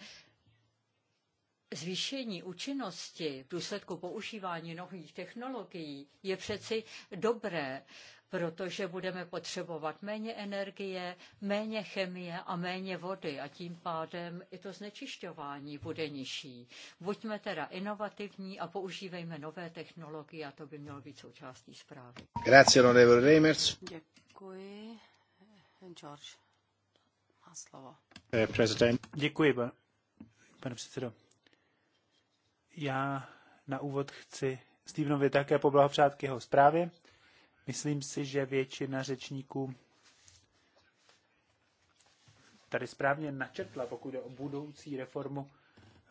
Zvýšení účinnosti v důsledku používání nových technologií je přeci dobré protože budeme potřebovat méně energie, méně chemie a méně vody a tím pádem i to znečišťování bude nižší. Buďme teda inovativní a používejme nové technologie a to by mělo být součástí zprávy. Grazie, Remers. Děkuji. George má slovo. Eh, president. Děkuji, pane předsedo. Já na úvod chci Stevenovi také poblahopřát k jeho zprávě Myslím si, že většina řečníků tady správně načrtla, pokud je o budoucí reformu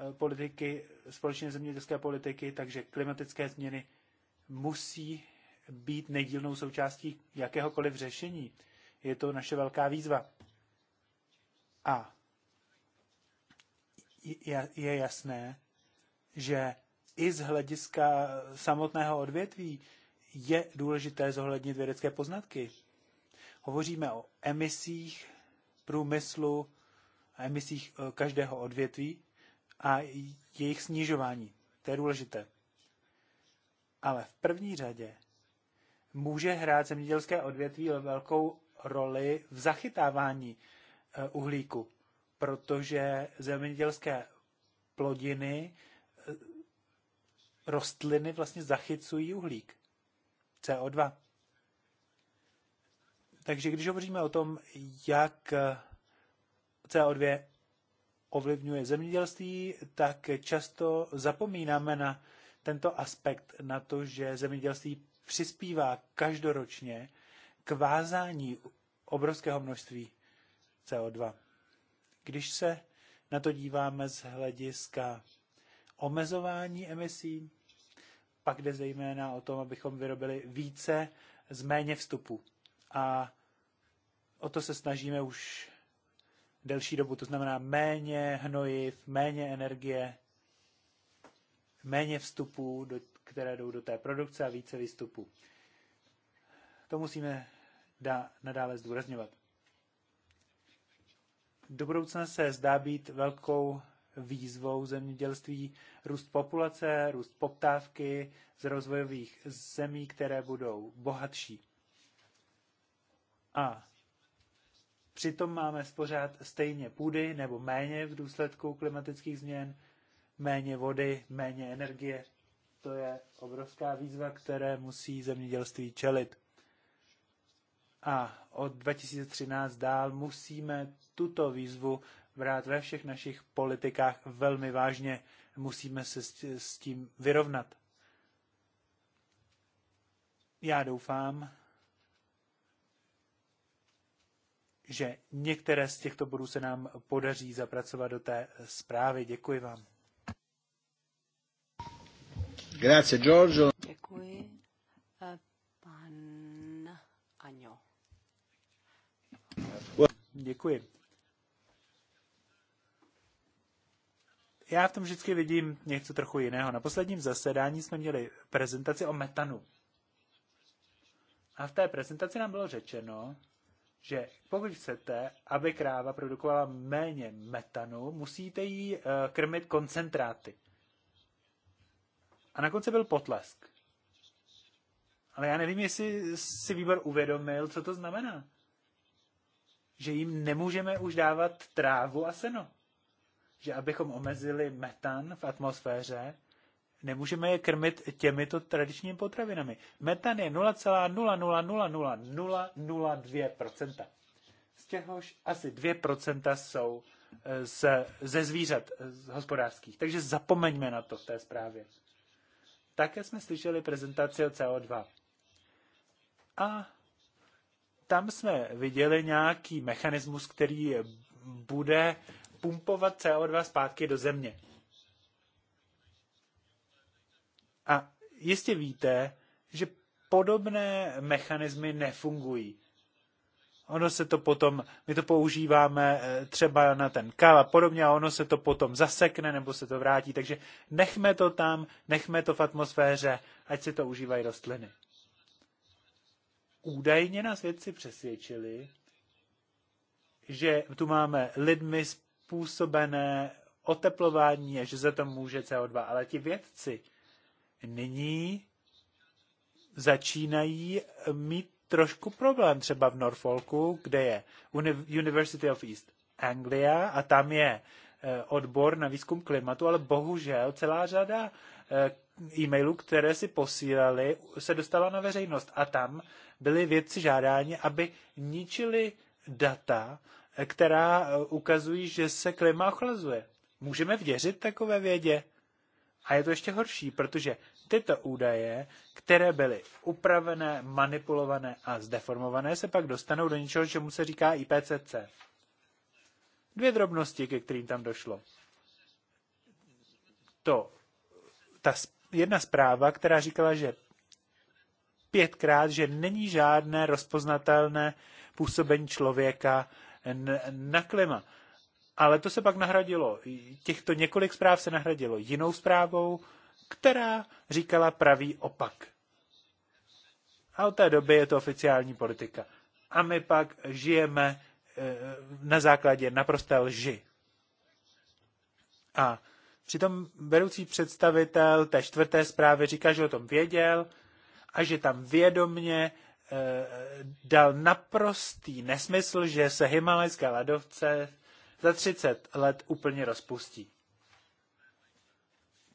eh, politiky, společně zemědělské politiky, takže klimatické změny musí být nedílnou součástí jakéhokoliv řešení. Je to naše velká výzva. A je jasné, že i z hlediska samotného odvětví je důležité zohlednit vědecké poznatky. Hovoříme o emisích průmyslu a emisích eh, každého odvětví a jejich snižování. To je důležité. Ale v první řadě může hrát zemědělské odvětví velkou roli v zachytávání eh, uhlíku, protože zemědělské plodiny, eh, rostliny vlastně zachycují uhlík. CO2. Takže když hovoříme o tom, jak CO2 ovlivňuje zemědělství, tak často zapomínáme na tento aspekt, na to, že zemědělství přispívá každoročně k vázání obrovského množství CO2. Když se na to díváme z hlediska omezování emisí, pak jde zejména o tom, abychom vyrobili více z méně vstupů. A o to se snažíme už delší dobu, to znamená méně hnojiv, méně energie, méně vstupů, do, které jdou do té produkce a více výstupů. To musíme dá, nadále zdůrazňovat. Do budoucna se zdá být velkou výzvou zemědělství růst populace, růst poptávky z rozvojových zemí, které budou bohatší. A přitom máme pořád stejně půdy nebo méně v důsledku klimatických změn, méně vody, méně energie. To je obrovská výzva, které musí zemědělství čelit. A od 2013 dál musíme tuto výzvu brát ve všech našich politikách velmi vážně. Musíme se s tím vyrovnat. Já doufám, že některé z těchto bodů se nám podaří zapracovat do té zprávy. Děkuji vám. Grazie, Giorgio. Děkuji. Eh, pan Aňo. Děkuji. já v tom vždycky vidím něco trochu jiného. Na posledním zasedání jsme měli prezentaci o metanu. A v té prezentaci nám bylo řečeno, že pokud chcete, aby kráva produkovala méně metanu, musíte jí eh, krmit koncentráty. A na konci byl potlesk. Ale já nevím, jestli si výbor uvědomil, co to znamená. Že jim nemůžeme už dávat trávu a seno že abychom omezili metan v atmosféře, nemůžeme je krmit těmito tradičními potravinami. Metan je 0,0000002%. Z čehož asi 2% jsou eh, z, ze zvířat eh, z hospodářských. Takže zapomeňme na to v té zprávě. Také jsme slyšeli prezentaci o CO2. A tam jsme viděli nějaký mechanismus, který bude pumpovat CO2 zpátky do země. A jistě víte, že podobné mechanismy nefungují. Ono se to potom, my to používáme eh, třeba na ten kal a podobně a ono se to potom zasekne nebo se to vrátí, takže nechme to tam, nechme to v atmosféře, ať si to užívají rostliny. Údajně nás vědci přesvědčili, že tu máme lidmi způsobené oteplování a že za to může CO2. Ale ti vědci nyní začínají mít trošku problém třeba v Norfolku, kde je University of East Anglia a tam je eh, odbor na výzkum klimatu, ale bohužel celá řada eh, e-mailů, které si posílali, se dostala na veřejnost a tam byli vědci žádáni, aby ničili data která eh, ukazují, že se klima ochlazuje. Můžeme věřit takové vědě? A je to ještě horší, protože tyto údaje, které byly upravené, manipulované a zdeformované, se pak dostanou do něčeho, čemu se říká IPCC. Dvě drobnosti, ke kterým tam došlo. To, ta jedna zpráva, která říkala, že pětkrát, že není žádné rozpoznatelné působení člověka na klima. Ale to se pak nahradilo, těchto několik zpráv se nahradilo jinou zprávou, která říkala pravý opak. A od té doby je to oficiální politika. A my pak žijeme e, na základě naprosté lži. A přitom vedoucí představitel té čtvrté zprávy říká, že o tom věděl a že tam vědomně Eh, dal naprostý nesmysl, že se himalajské ledovce za 30 let úplně rozpustí.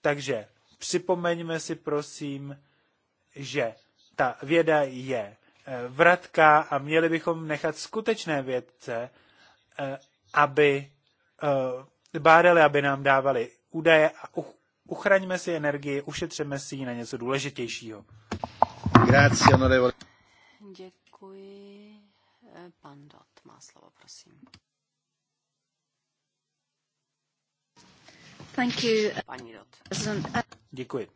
Takže připomeňme si prosím, že ta věda je eh, vratká a měli bychom nechat skutečné vědce, eh, aby bádali, aby nám dávali údaje a uchraňme si energii, ušetřeme si ji na něco důležitějšího. Grazie, onorevole. Děkuji. Eh, pan Dot má slovo, prosím. Thank you. Paní Dot. Děkuji.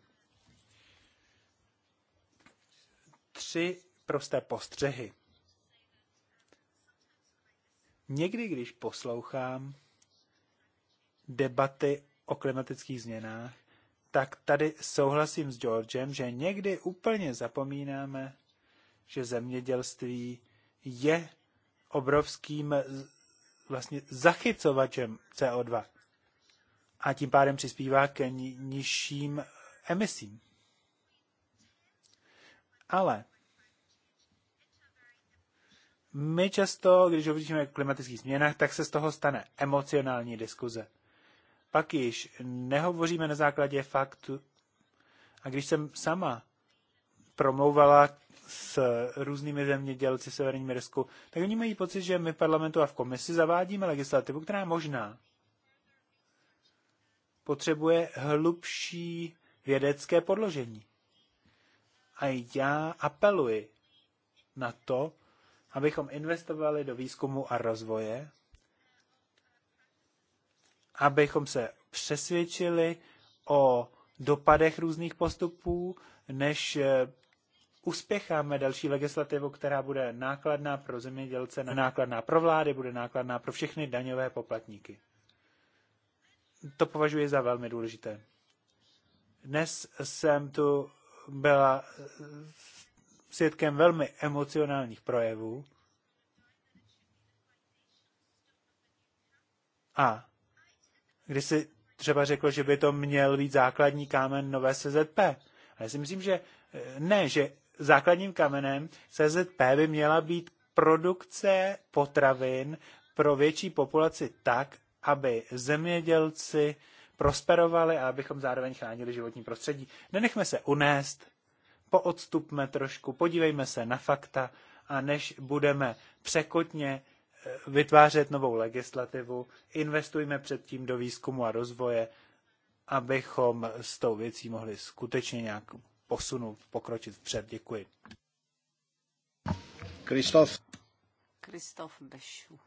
Tři prosté postřehy. Někdy, když poslouchám debaty o klimatických změnách, tak tady souhlasím s Georgem, že někdy úplně zapomínáme že zemědělství je obrovským vlastně zachycovačem CO2 a tím pádem přispívá k ni nižším emisím. Ale my často, když hovoříme o klimatických změnách, tak se z toho stane emocionální diskuze. Pak již nehovoříme na základě faktu. A když jsem sama promlouvala s různými zemědělci v Severním Irsku, tak oni mají pocit, že my v parlamentu a v komisi zavádíme legislativu, která možná potřebuje hlubší vědecké podložení. A já apeluji na to, abychom investovali do výzkumu a rozvoje, abychom se přesvědčili o dopadech různých postupů, než uspěcháme další legislativu, která bude nákladná pro zemědělce, nákladná pro vlády, bude nákladná pro všechny daňové poplatníky. To považuji za velmi důležité. Dnes jsem tu byla svědkem velmi emocionálních projevů a když si třeba řekl, že by to měl být základní kámen nové SZP. A já si myslím, že eh, ne, že základním kamenem CZP by měla být produkce potravin pro větší populaci tak, aby zemědělci prosperovali a abychom zároveň chránili životní prostředí. Nenechme se unést, poodstupme trošku, podívejme se na fakta a než budeme překotně eh, vytvářet novou legislativu, investujme předtím do výzkumu a rozvoje, abychom s tou věcí mohli skutečně nějak posunout, pokročit vpřed. Děkuji. Kristof. Kristof Bešu.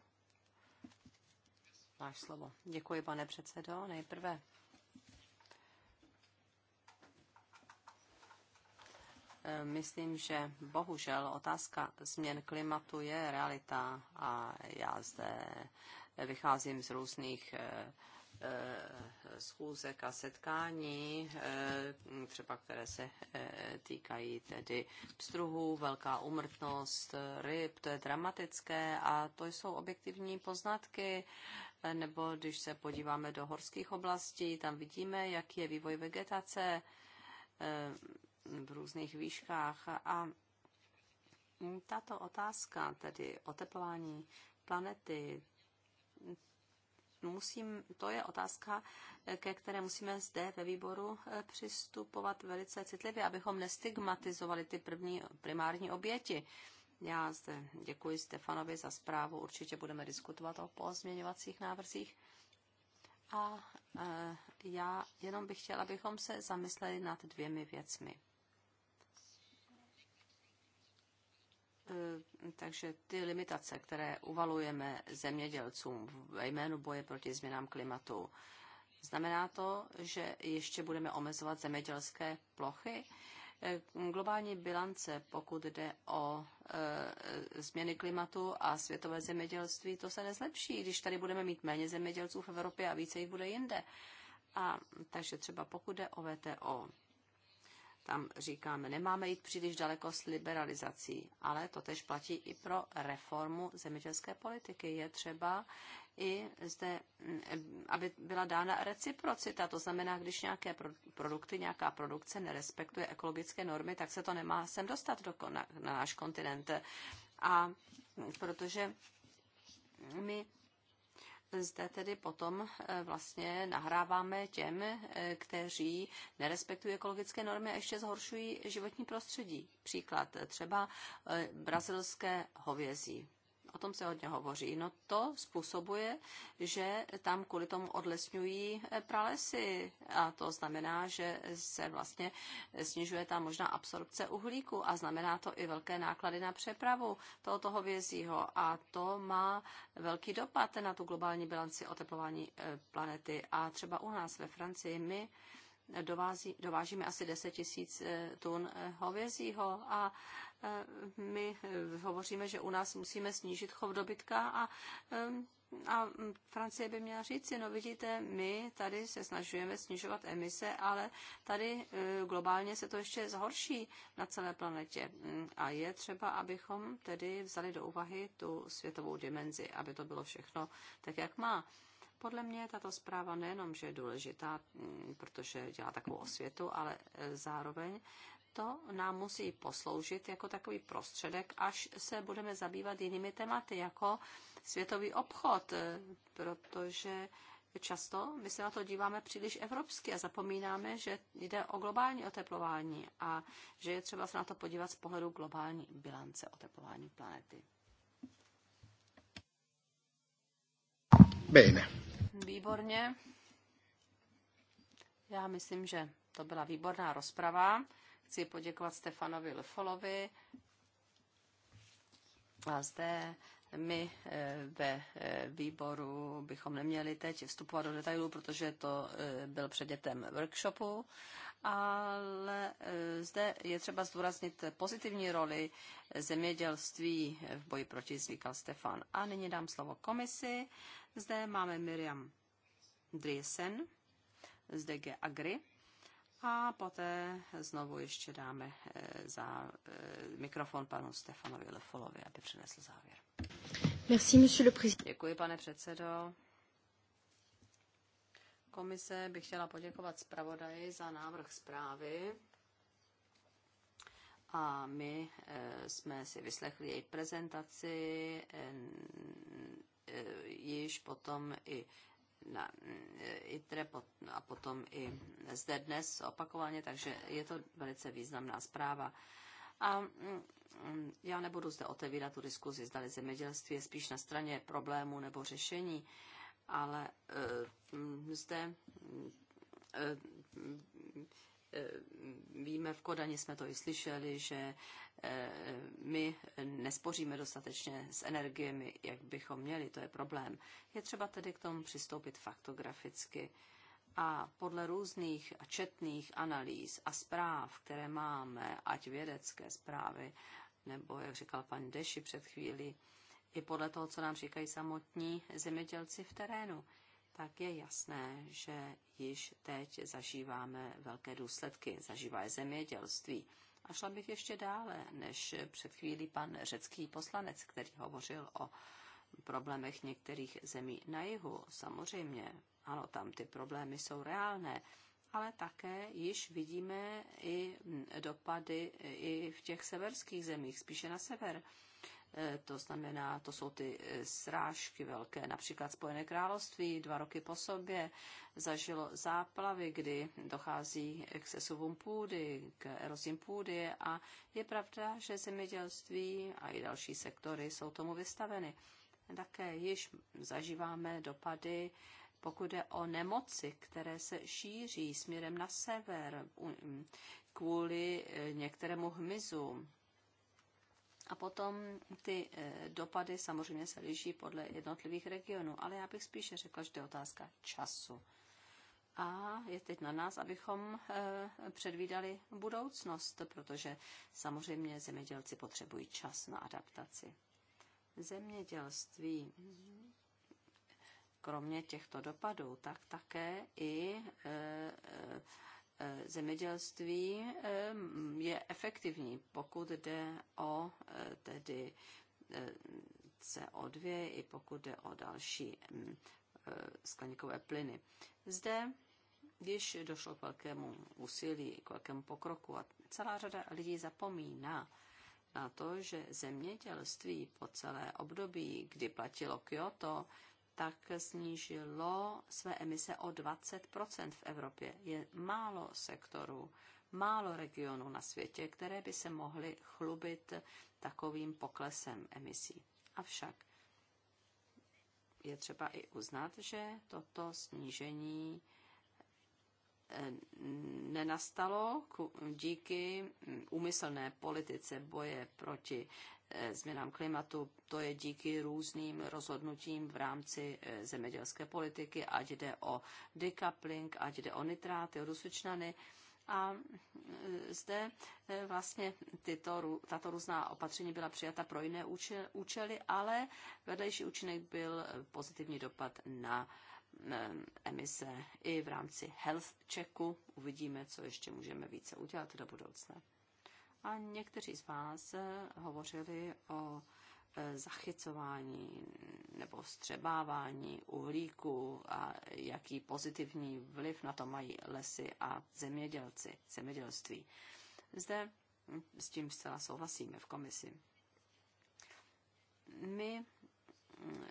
Máš slovo. Děkuji, pane předsedo. Nejprve eh, myslím, že bohužel otázka změn klimatu je realita a já zde vycházím z různých eh, Eh, schůzek a setkání, eh, třeba které se eh, týkají tedy pstruhů, velká umrtnost ryb, to je dramatické a to jsou objektivní poznatky, nebo když se podíváme do horských oblastí, tam vidíme, jaký je vývoj vegetace v různých výškách a tato otázka, tedy oteplování planety, No, musím, to je otázka, eh, ke které musíme zde ve výboru eh, přistupovat velice citlivě, abychom nestigmatizovali ty první primární oběti. Já zde děkuji Stefanovi za zprávu, určitě budeme diskutovat o pozměňovacích návrzích. A eh, já jenom bych chtěla, abychom se zamysleli nad dvěmi věcmi. Eh, takže ty limitace, které uvalujeme zemědělcům ve jménu boje proti změnám klimatu, znamená to, že ještě budeme omezovat zemědělské plochy? Eh, globální bilance, pokud jde o e, změny klimatu a světové zemědělství, to se nezlepší, když tady budeme mít méně zemědělců v Evropě a více jich bude jinde. A takže třeba pokud jde o VTO, tam říkáme, nemáme jít příliš daleko s liberalizací, ale to tež platí i pro reformu zemědělské politiky. Je třeba i zde, mm, aby byla dána reciprocita. To znamená, když nějaké produkty, nějaká produkce nerespektuje ekologické normy, tak se to nemá sem dostat do, na, na náš kontinent. A protože my zde tedy potom e, vlastně nahráváme těm, e, kteří nerespektují ekologické normy a ještě zhoršují životní prostředí. Příklad e, třeba brazilské hovězí o tom se hodně hovoří. No to způsobuje, že tam kvůli tomu odlesňují eh, pralesy a to znamená, že se vlastně snižuje ta možná absorpce uhlíku a znamená to i velké náklady na přepravu toho, toho vězího a to má velký dopad na tu globální bilanci oteplování eh, planety a třeba u nás ve Francii my dovází, dovážíme asi 10 tisíc eh, tun eh, hovězího a eh, my hovoříme, že u nás musíme snížit chov dobytka a a Francie by měla si, no vidíte, my tady se snažujeme snižovat emise, ale tady globálně se to ještě zhorší na celé planetě. Mm, a je třeba, abychom tedy vzali do úvahy tu světovou dimenzi, aby to bylo všechno tak, jak má. Podle mě tato zpráva nejenom, že je důležitá, mm, protože dělá takovou osvětu, ale e, zároveň to nám musí posloužit jako takový prostředek, až se budeme zabývat jinými tématy, jako světový obchod, e, protože často my se na to díváme příliš evropsky a zapomínáme, že jde o globální oteplování a že je třeba se na to podívat z pohledu globální bilance oteplování planety. Bene. Výborně. Já myslím, že to byla výborná rozprava. Chci poděkovat Stefanovi Lefolovi. A zde my eh, ve eh, výboru bychom neměli teď vstupovat do detailů, protože to eh, byl předmětem workshopu, ale zde je třeba zdůraznit pozitivní roli zemědělství v boji proti, říkal Stefan. A nyní dám slovo komisi zde máme Miriam Driesen z DG Agri a poté znovu ještě dáme eh, za eh, mikrofon panu Stefanovi Lefolovi, aby přinesl závěr. Merci, monsieur le président. Děkuji, pane předsedo. Komise bych chtěla poděkovat zpravodaji za návrh zprávy. A my eh, jsme si vyslechli její prezentaci Eh, již potom i na eh, ITRE a potom i zde dnes opakovaně, takže je to velice významná zpráva. A mm, mm, já nebudu zde otevírat tu diskuzi, zdali zemědělství je spíš na straně problémů nebo řešení, ale eh, mm, zde Eh, víme, v Kodani jsme to i slyšeli, že eh, my nespoříme dostatečně s energiemi, jak bychom měli, to je problém. Je třeba tedy k tomu přistoupit faktograficky. A podle různých a četných analýz a zpráv, které máme, ať vědecké zprávy, nebo jak říkal pan Deši před chvíli, i podle toho, co nám říkají samotní zemědělci v terénu, tak je jasné, že již teď zažíváme velké důsledky, zažívá je zemědělství. A šla bych ještě dále, než před chvílí pan řecký poslanec, který hovořil o problémech některých zemí na jihu. Samozřejmě, ano, tam ty problémy jsou reálné, ale také již vidíme i dopady i v těch severských zemích, spíše na sever. Eh, to znamená, to jsou ty eh, srážky velké. Například Spojené království dva roky po sobě zažilo záplavy, kdy dochází k sesuvům půdy, k erozím půdy a je pravda, že zemědělství a i další sektory jsou tomu vystaveny. Také již zažíváme dopady pokud jde o nemoci, které se šíří směrem na sever kvůli eh, některému hmyzu, a potom ty eh, dopady samozřejmě se liší podle jednotlivých regionů, ale já bych spíše řekla, že to je otázka času. A je teď na nás, abychom eh, předvídali budoucnost, protože samozřejmě zemědělci potřebují čas na adaptaci. Zemědělství, kromě těchto dopadů, tak také i eh, Eh, zemědělství eh, je efektivní, pokud jde o eh, tedy CO2 i pokud jde o další mm, skleníkové plyny. Zde když došlo k velkému úsilí, k velkému pokroku a celá řada lidí zapomíná na to, že zemědělství po celé období, kdy platilo Kyoto, tak snížilo své emise o 20 v Evropě. Je málo sektorů, málo regionů na světě, které by se mohly chlubit takovým poklesem emisí. Avšak je třeba i uznat, že toto snížení eh, nenastalo díky mm, úmyslné politice boje proti Eh, změnám klimatu. To je díky různým rozhodnutím v rámci eh, zemědělské politiky, ať jde o decoupling, ať jde o nitráty, o dusičnany. A eh, zde vlastně tyto, tato různá opatření byla přijata pro jiné účely, ale vedlejší účinek byl pozitivní dopad na emise i v rámci health checku. Uvidíme, co ještě můžeme více udělat do budoucna. A někteří z vás eh, hovořili o eh, zachycování nebo střebávání uhlíku a jaký pozitivní vliv na to mají lesy a zemědělci, zemědělství. Zde hm, s tím zcela souhlasíme v komisi. My hm,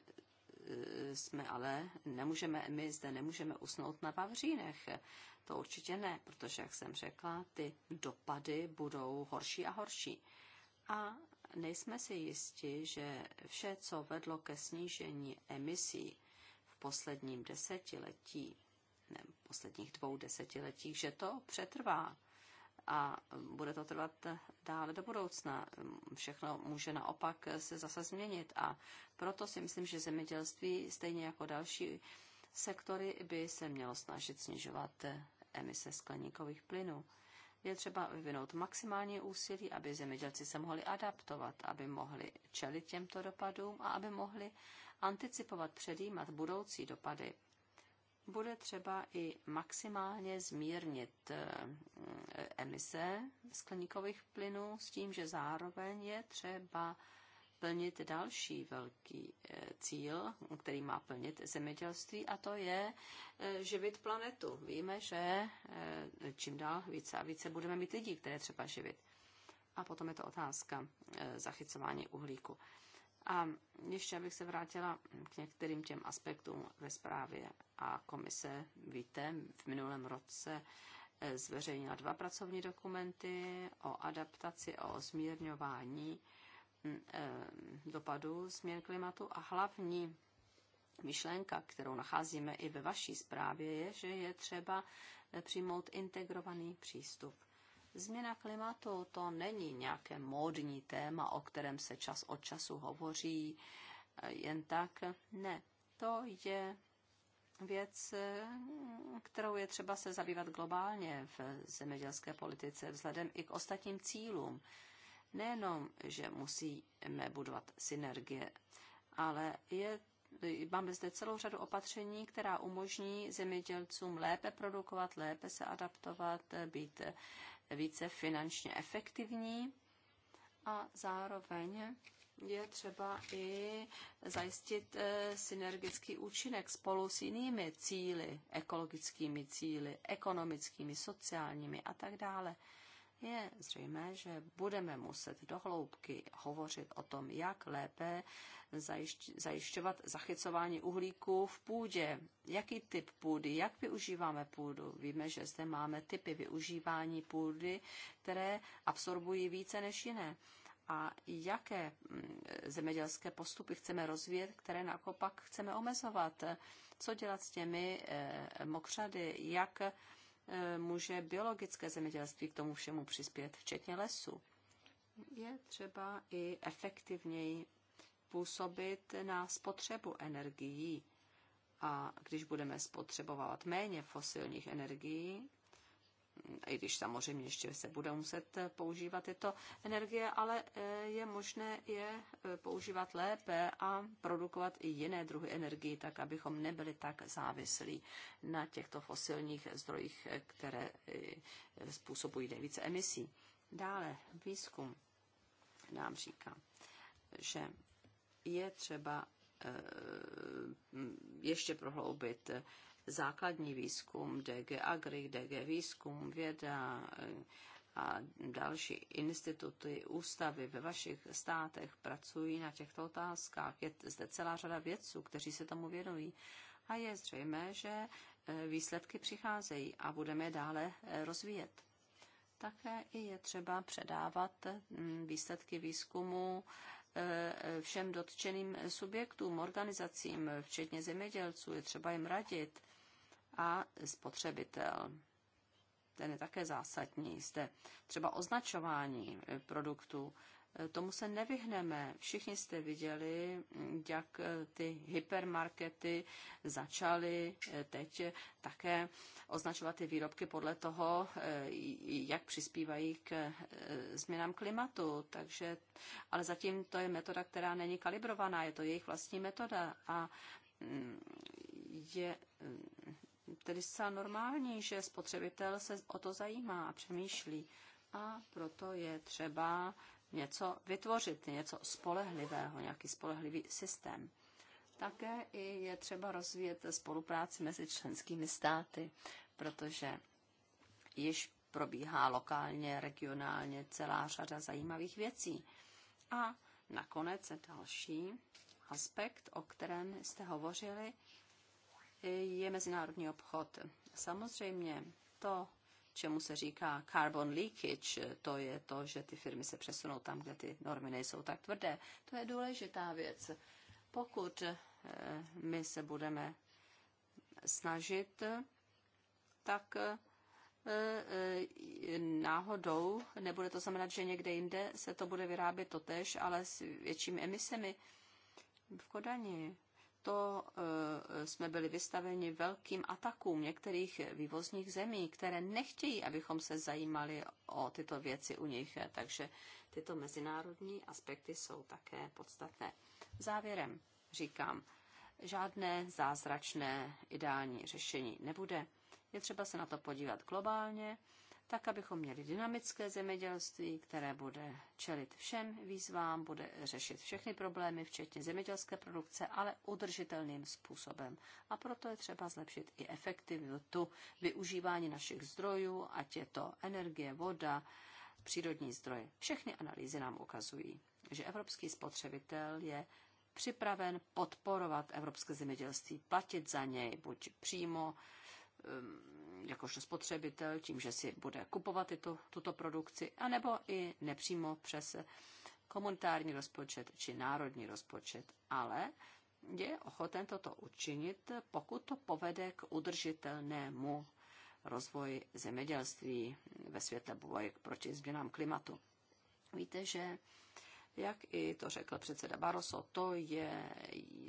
E, jsme ale nemůžeme, my zde nemůžeme usnout na Vavřínech. To určitě ne, protože, jak jsem řekla, ty dopady budou horší a horší. A nejsme si jisti, že vše, co vedlo ke snížení emisí v posledním desetiletí, ne, v posledních dvou desetiletích, že to přetrvá a bude to trvat dále do budoucna. Všechno může naopak se zase změnit a proto si myslím, že zemědělství, stejně jako další sektory, by se mělo snažit snižovat emise skleníkových plynů. Je třeba vyvinout maximální úsilí, aby zemědělci se mohli adaptovat, aby mohli čelit těmto dopadům a aby mohli anticipovat, předjímat budoucí dopady bude třeba i maximálně zmírnit eh, emise skleníkových plynů s tím, že zároveň je třeba plnit další velký eh, cíl, který má plnit zemědělství, a to je eh, živit planetu. Víme, že čím dál více a více budeme mít lidí, které třeba živit. A potom je to otázka zachycování uhlíku. A ještě abych se vrátila k některým těm aspektům ve zprávě. A komise, víte, v minulém roce eh, zveřejnila dva pracovní dokumenty o adaptaci, o zmírňování mm, eh, dopadů změn klimatu a hlavní myšlenka, kterou nacházíme i ve vaší zprávě, je, že je třeba eh, přijmout integrovaný přístup Změna klimatu to není nějaké módní téma, o kterém se čas od času hovoří eh, jen tak. Ne, to je věc, eh, kterou je třeba se zabývat globálně v zemědělské politice vzhledem i k ostatním cílům. Nejenom, že musíme budovat synergie, ale je máme zde celou řadu opatření, která umožní zemědělcům lépe produkovat, lépe se adaptovat, být více finančně efektivní a zároveň je třeba i zajistit eh, synergický účinek spolu s jinými cíly, ekologickými cíly, ekonomickými, sociálními a tak dále je zřejmé, že budeme muset dohloubky hovořit o tom, jak lépe zajišťovat zachycování uhlíku v půdě. Jaký typ půdy, jak využíváme půdu. Víme, že zde máme typy využívání půdy, které absorbují více než jiné. A jaké mm, zemědělské postupy chceme rozvíjet, které naopak chceme omezovat. Co dělat s těmi eh, mokřady, jak Eh, může biologické zemědělství k tomu všemu přispět, včetně lesu. Je třeba i efektivněji působit na spotřebu energií. A když budeme spotřebovat méně fosilních energií, i když samozřejmě ještě se bude muset používat tyto energie, ale e, je možné je e, používat lépe a produkovat i jiné druhy energii, tak abychom nebyli tak závislí na těchto fosilních zdrojích, e, které způsobují nejvíce emisí. Dále výzkum nám říká, že je třeba ještě prohloubit základní výzkum, DG Agri, DG Výzkum, Věda eh, a další instituty, ústavy ve vašich státech pracují na těchto otázkách. Je zde celá řada vědců, kteří se tomu věnují. A je zřejmé, že eh, výsledky přicházejí a budeme je dále eh, rozvíjet. Také je třeba předávat hm, výsledky výzkumu všem dotčeným subjektům, organizacím, včetně zemědělců. Je třeba jim radit a spotřebitel. Ten je také zásadní. Zde třeba označování eh, produktů. Eh, tomu se nevyhneme. Všichni jste viděli, mm, jak eh, ty hypermarkety začaly teď také označovat ty výrobky podle toho, jak přispívají k změnám klimatu. Takže, ale zatím to je metoda, která není kalibrovaná, je to jejich vlastní metoda a mm, je mm, tedy zcela normální, že spotřebitel se o to zajímá a přemýšlí. A proto je třeba něco vytvořit, něco spolehlivého, nějaký spolehlivý systém. Také i je třeba rozvíjet spolupráci mezi členskými státy, protože již probíhá lokálně, regionálně celá řada zajímavých věcí. A nakonec další aspekt, o kterém jste hovořili, je mezinárodní obchod. Samozřejmě to, čemu se říká carbon leakage, to je to, že ty firmy se přesunou tam, kde ty normy nejsou tak tvrdé. To je důležitá věc. Pokud eh, my se budeme snažit, tak eh, eh, náhodou, nebude to znamenat, že někde jinde se to bude vyrábět totež, ale s většími emisemi. V Kodani to eh, jsme byli vystaveni velkým atakům některých vývozních zemí, které nechtějí, abychom se zajímali o tyto věci u nich. Takže tyto mezinárodní aspekty jsou také podstatné. Závěrem říkám, žádné zázračné ideální řešení nebude. Je třeba se na to podívat globálně tak abychom měli dynamické zemědělství, které bude čelit všem výzvám, bude řešit všechny problémy, včetně zemědělské produkce, ale udržitelným způsobem. A proto je třeba zlepšit i efektivitu využívání našich zdrojů, ať je to energie, voda, přírodní zdroje. Všechny analýzy nám ukazují, že evropský spotřebitel je připraven podporovat evropské zemědělství, platit za něj buď přímo um, jakožto spotřebitel tím, že si bude kupovat tyto, tuto produkci, anebo i nepřímo přes komunitární rozpočet či národní rozpočet, ale je ochoten toto učinit, pokud to povede k udržitelnému rozvoji zemědělství ve světle boje proti změnám klimatu. Víte, že jak i to řekl předseda Barroso, to je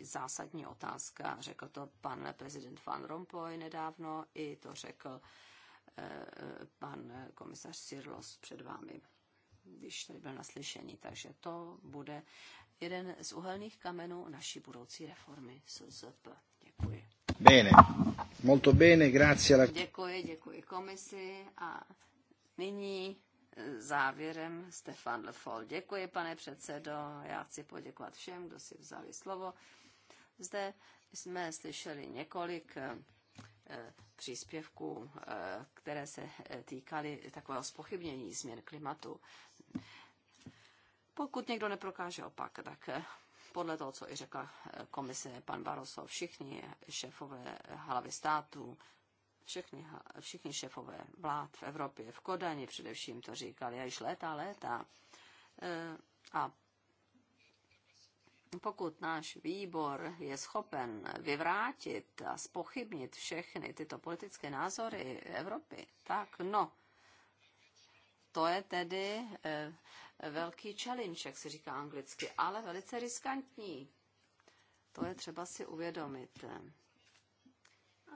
zásadní otázka. Řekl to pan prezident Van Rompuy nedávno, i to řekl eh, pan komisař Sirlos před vámi, když tady byl na slyšení. Takže to bude jeden z uhelných kamenů naší budoucí reformy SZP. Děkuji. Bene, molto bene, grazie. Děkuji, děkuji komisi a nyní Závěrem Stefan Lefol. Děkuji, pane předsedo. Já chci poděkovat všem, kdo si vzali slovo. Zde jsme slyšeli několik eh, příspěvků, eh, které se eh, týkaly takového spochybnění změn klimatu. Pokud někdo neprokáže opak, tak podle toho, co i řekla komise pan Baroso, všichni šéfové hlavy států všechny, všichni šefové vlád v Evropě, v Kodani především to říkali, a již léta, léta. E, a pokud náš výbor je schopen vyvrátit a spochybnit všechny tyto politické názory Evropy, tak no, to je tedy e, velký challenge, jak se říká anglicky, ale velice riskantní. To je třeba si uvědomit.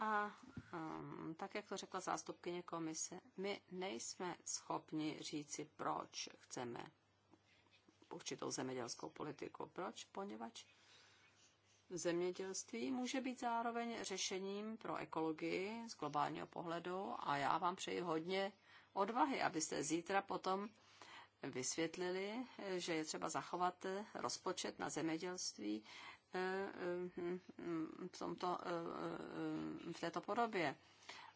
A um, tak, jak to řekla zástupkyně komise, my nejsme schopni říci, proč chceme určitou zemědělskou politiku. Proč? Poněvadž zemědělství může být zároveň řešením pro ekologii z globálního pohledu a já vám přeji hodně odvahy, abyste zítra potom vysvětlili, že je třeba zachovat rozpočet na zemědělství v, tomto, v této podobě.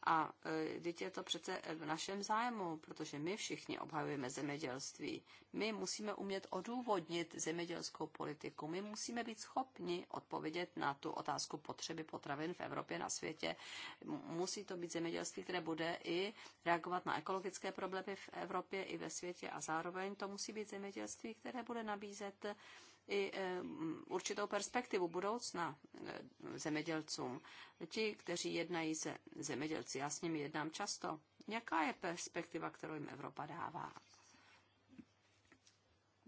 A teď je to přece v našem zájmu, protože my všichni obhajujeme zemědělství. My musíme umět odůvodnit zemědělskou politiku. My musíme být schopni odpovědět na tu otázku potřeby potravin v Evropě, na světě. Musí to být zemědělství, které bude i reagovat na ekologické problémy v Evropě i ve světě a zároveň to musí být zemědělství, které bude nabízet i eh, určitou perspektivu budoucna eh, zemědělcům. Ti, kteří jednají se zemědělci, já s nimi jednám často, jaká je perspektiva, kterou jim Evropa dává?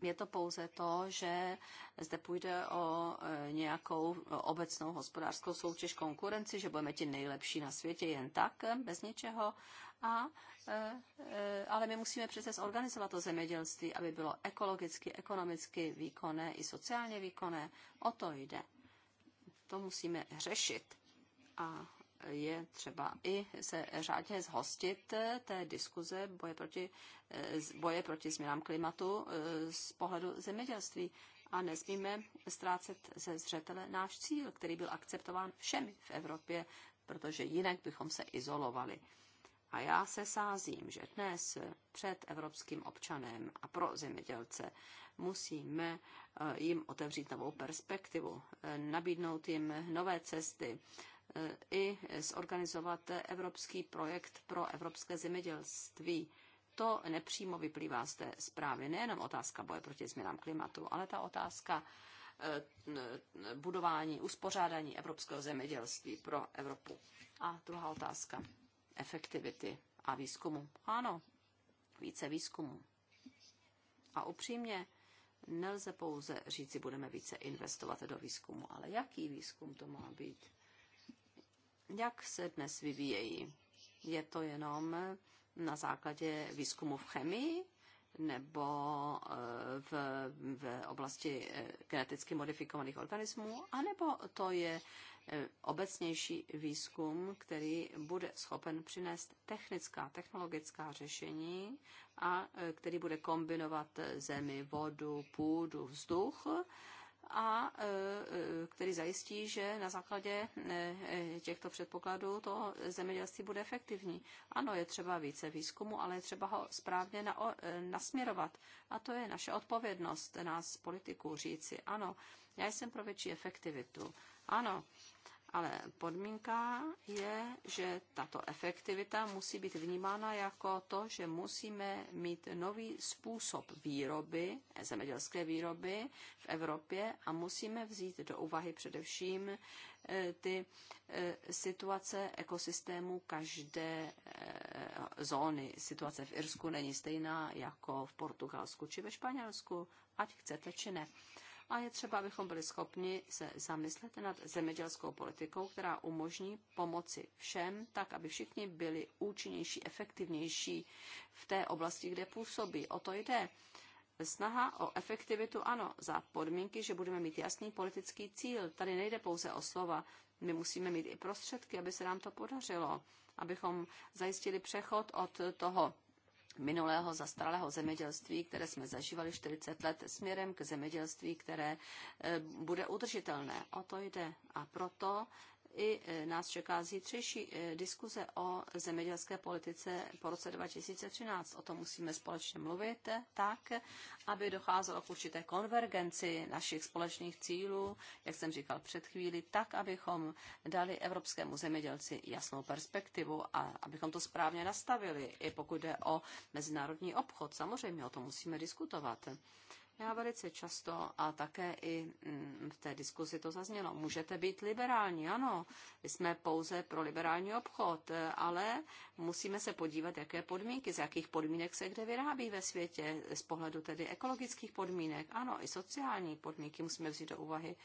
Je to pouze to, že zde půjde o eh, nějakou obecnou hospodářskou soutěž konkurenci, že budeme ti nejlepší na světě jen tak, bez ničeho. A, e, e, ale my musíme přece zorganizovat to zemědělství, aby bylo ekologicky, ekonomicky výkonné i sociálně výkonné. O to jde. To musíme řešit. A je třeba i se řádně zhostit e, té diskuze boje proti, boje proti změnám klimatu z pohledu zemědělství. A nesmíme ztrácet ze zřetele náš cíl, který byl akceptován všemi v Evropě, protože jinak bychom se izolovali. A já se sázím, že dnes před evropským občanem a pro zemědělce musíme eh, jim otevřít novou perspektivu, eh, nabídnout jim nové cesty, eh, i zorganizovat evropský projekt pro evropské zemědělství. To nepřímo vyplývá z té zprávy. Nejenom otázka boje proti změnám klimatu, ale ta otázka budování, uspořádání evropského zemědělství pro Evropu. A druhá otázka efektivity a výzkumu. Ano, více výzkumu. A upřímně, nelze pouze říci, budeme více investovat do výzkumu, ale jaký výzkum to má být? Jak se dnes vyvíjejí? Je to jenom na základě výzkumu v chemii nebo eh, v, v oblasti eh, geneticky modifikovaných organismů, anebo to je Eh, obecnější výzkum, který bude schopen přinést technická, technologická řešení a eh, který bude kombinovat eh, zemi, vodu, půdu, vzduch a který zajistí, že na základě těchto předpokladů to zemědělství bude efektivní. Ano, je třeba více výzkumu, ale je třeba ho správně nasměrovat. A to je naše odpovědnost nás politiků říci. Ano, já jsem pro větší efektivitu. Ano, ale podmínka je, že tato efektivita musí být vnímána jako to, že musíme mít nový způsob výroby, zemědělské výroby v Evropě a musíme vzít do úvahy především eh, ty eh, situace ekosystému každé eh, zóny. Situace v Irsku není stejná jako v Portugalsku či ve Španělsku, ať chcete či ne a je třeba, abychom byli schopni se zamyslet nad zemědělskou politikou, která umožní pomoci všem, tak aby všichni byli účinnější, efektivnější v té oblasti, kde působí. O to jde. Snaha o efektivitu ano, za podmínky, že budeme mít jasný politický cíl. Tady nejde pouze o slova. My musíme mít i prostředky, aby se nám to podařilo, abychom zajistili přechod od toho minulého zastaralého zemědělství, které jsme zažívali 40 let, směrem k zemědělství, které eh, bude udržitelné. O to jde. A proto i e, nás čeká zítřejší e, diskuze o zemědělské politice po roce 2013. O tom musíme společně mluvit tak, aby docházelo k určité konvergenci našich společných cílů, jak jsem říkal před chvíli, tak, abychom dali evropskému zemědělci jasnou perspektivu a abychom to správně nastavili, i pokud jde o mezinárodní obchod. Samozřejmě o tom musíme diskutovat. Já velice často a také i mm, v té diskuzi to zaznělo. Můžete být liberální, ano, my jsme pouze pro liberální obchod, ale musíme se podívat, jaké podmínky, z jakých podmínek se kde vyrábí ve světě, z pohledu tedy ekologických podmínek, ano, i sociální podmínky musíme vzít do úvahy.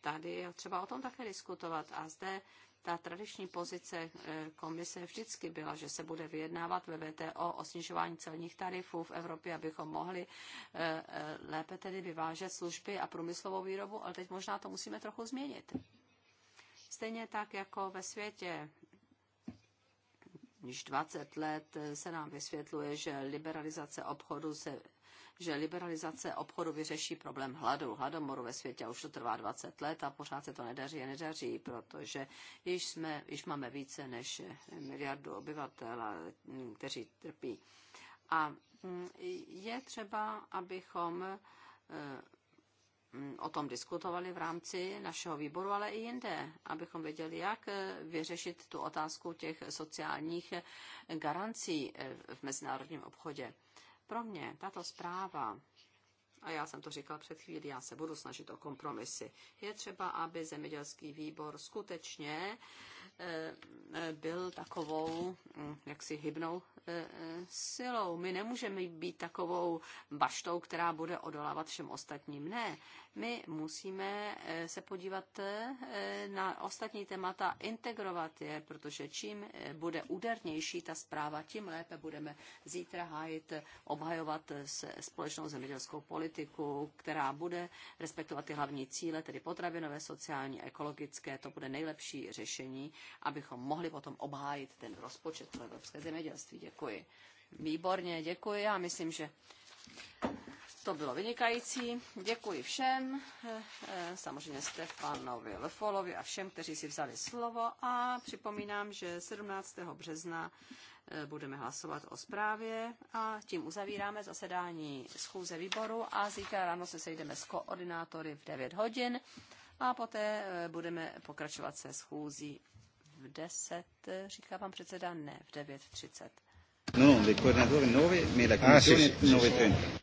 Tady je třeba o tom také diskutovat a zde ta tradiční pozice eh, komise vždycky byla, že se bude vyjednávat ve VTO o snižování celních tarifů v Evropě, abychom mohli eh, eh, lépe tedy vyvážet služby a průmyslovou výrobu, ale teď možná to musíme trochu změnit. Stejně tak jako ve světě již 20 let se nám vysvětluje, že liberalizace obchodu se že liberalizace obchodu vyřeší problém hladu, hladomoru ve světě a už to trvá 20 let a pořád se to nedaří a nedaří, protože již, jsme, již máme více než miliardu obyvatel, mm, kteří trpí. A mm, je třeba, abychom e, mm, o tom diskutovali v rámci našeho výboru, ale i jinde, abychom věděli, jak e, vyřešit tu otázku těch sociálních e, garancí v mezinárodním obchodě. Pro mě tato zpráva, a já jsem to říkal před chvílí, já se budu snažit o kompromisy, je třeba, aby zemědělský výbor skutečně eh, byl takovou mm, jaksi hybnou eh, eh, silou. My nemůžeme být takovou baštou, která bude odolávat všem ostatním. Ne, my musíme eh, se podívat na ostatní témata, integrovat je, protože čím bude údernější ta zpráva, tím lépe budeme zítra hájit, obhajovat se společnou zemědělskou politiku, která bude respektovat ty hlavní cíle, tedy potravinové, sociální, ekologické. To bude nejlepší řešení abychom mohli potom obhájit ten rozpočet pro evropské zemědělství. Děkuji. Výborně, děkuji. Já myslím, že to bylo vynikající. Děkuji všem, eh, eh, samozřejmě Stefanovi Lefolovi a všem, kteří si vzali slovo a připomínám, že 17. března eh, budeme hlasovat o zprávě a tím uzavíráme zasedání schůze výboru a zítra ráno se sejdeme s koordinátory v 9 hodin a poté budeme pokračovat se schůzí v 10, říká pan předseda, ne, v 9.30. No, no, del coordinatore 9, ma la commissione ah, sì, sì, 9.30. Sì, sì.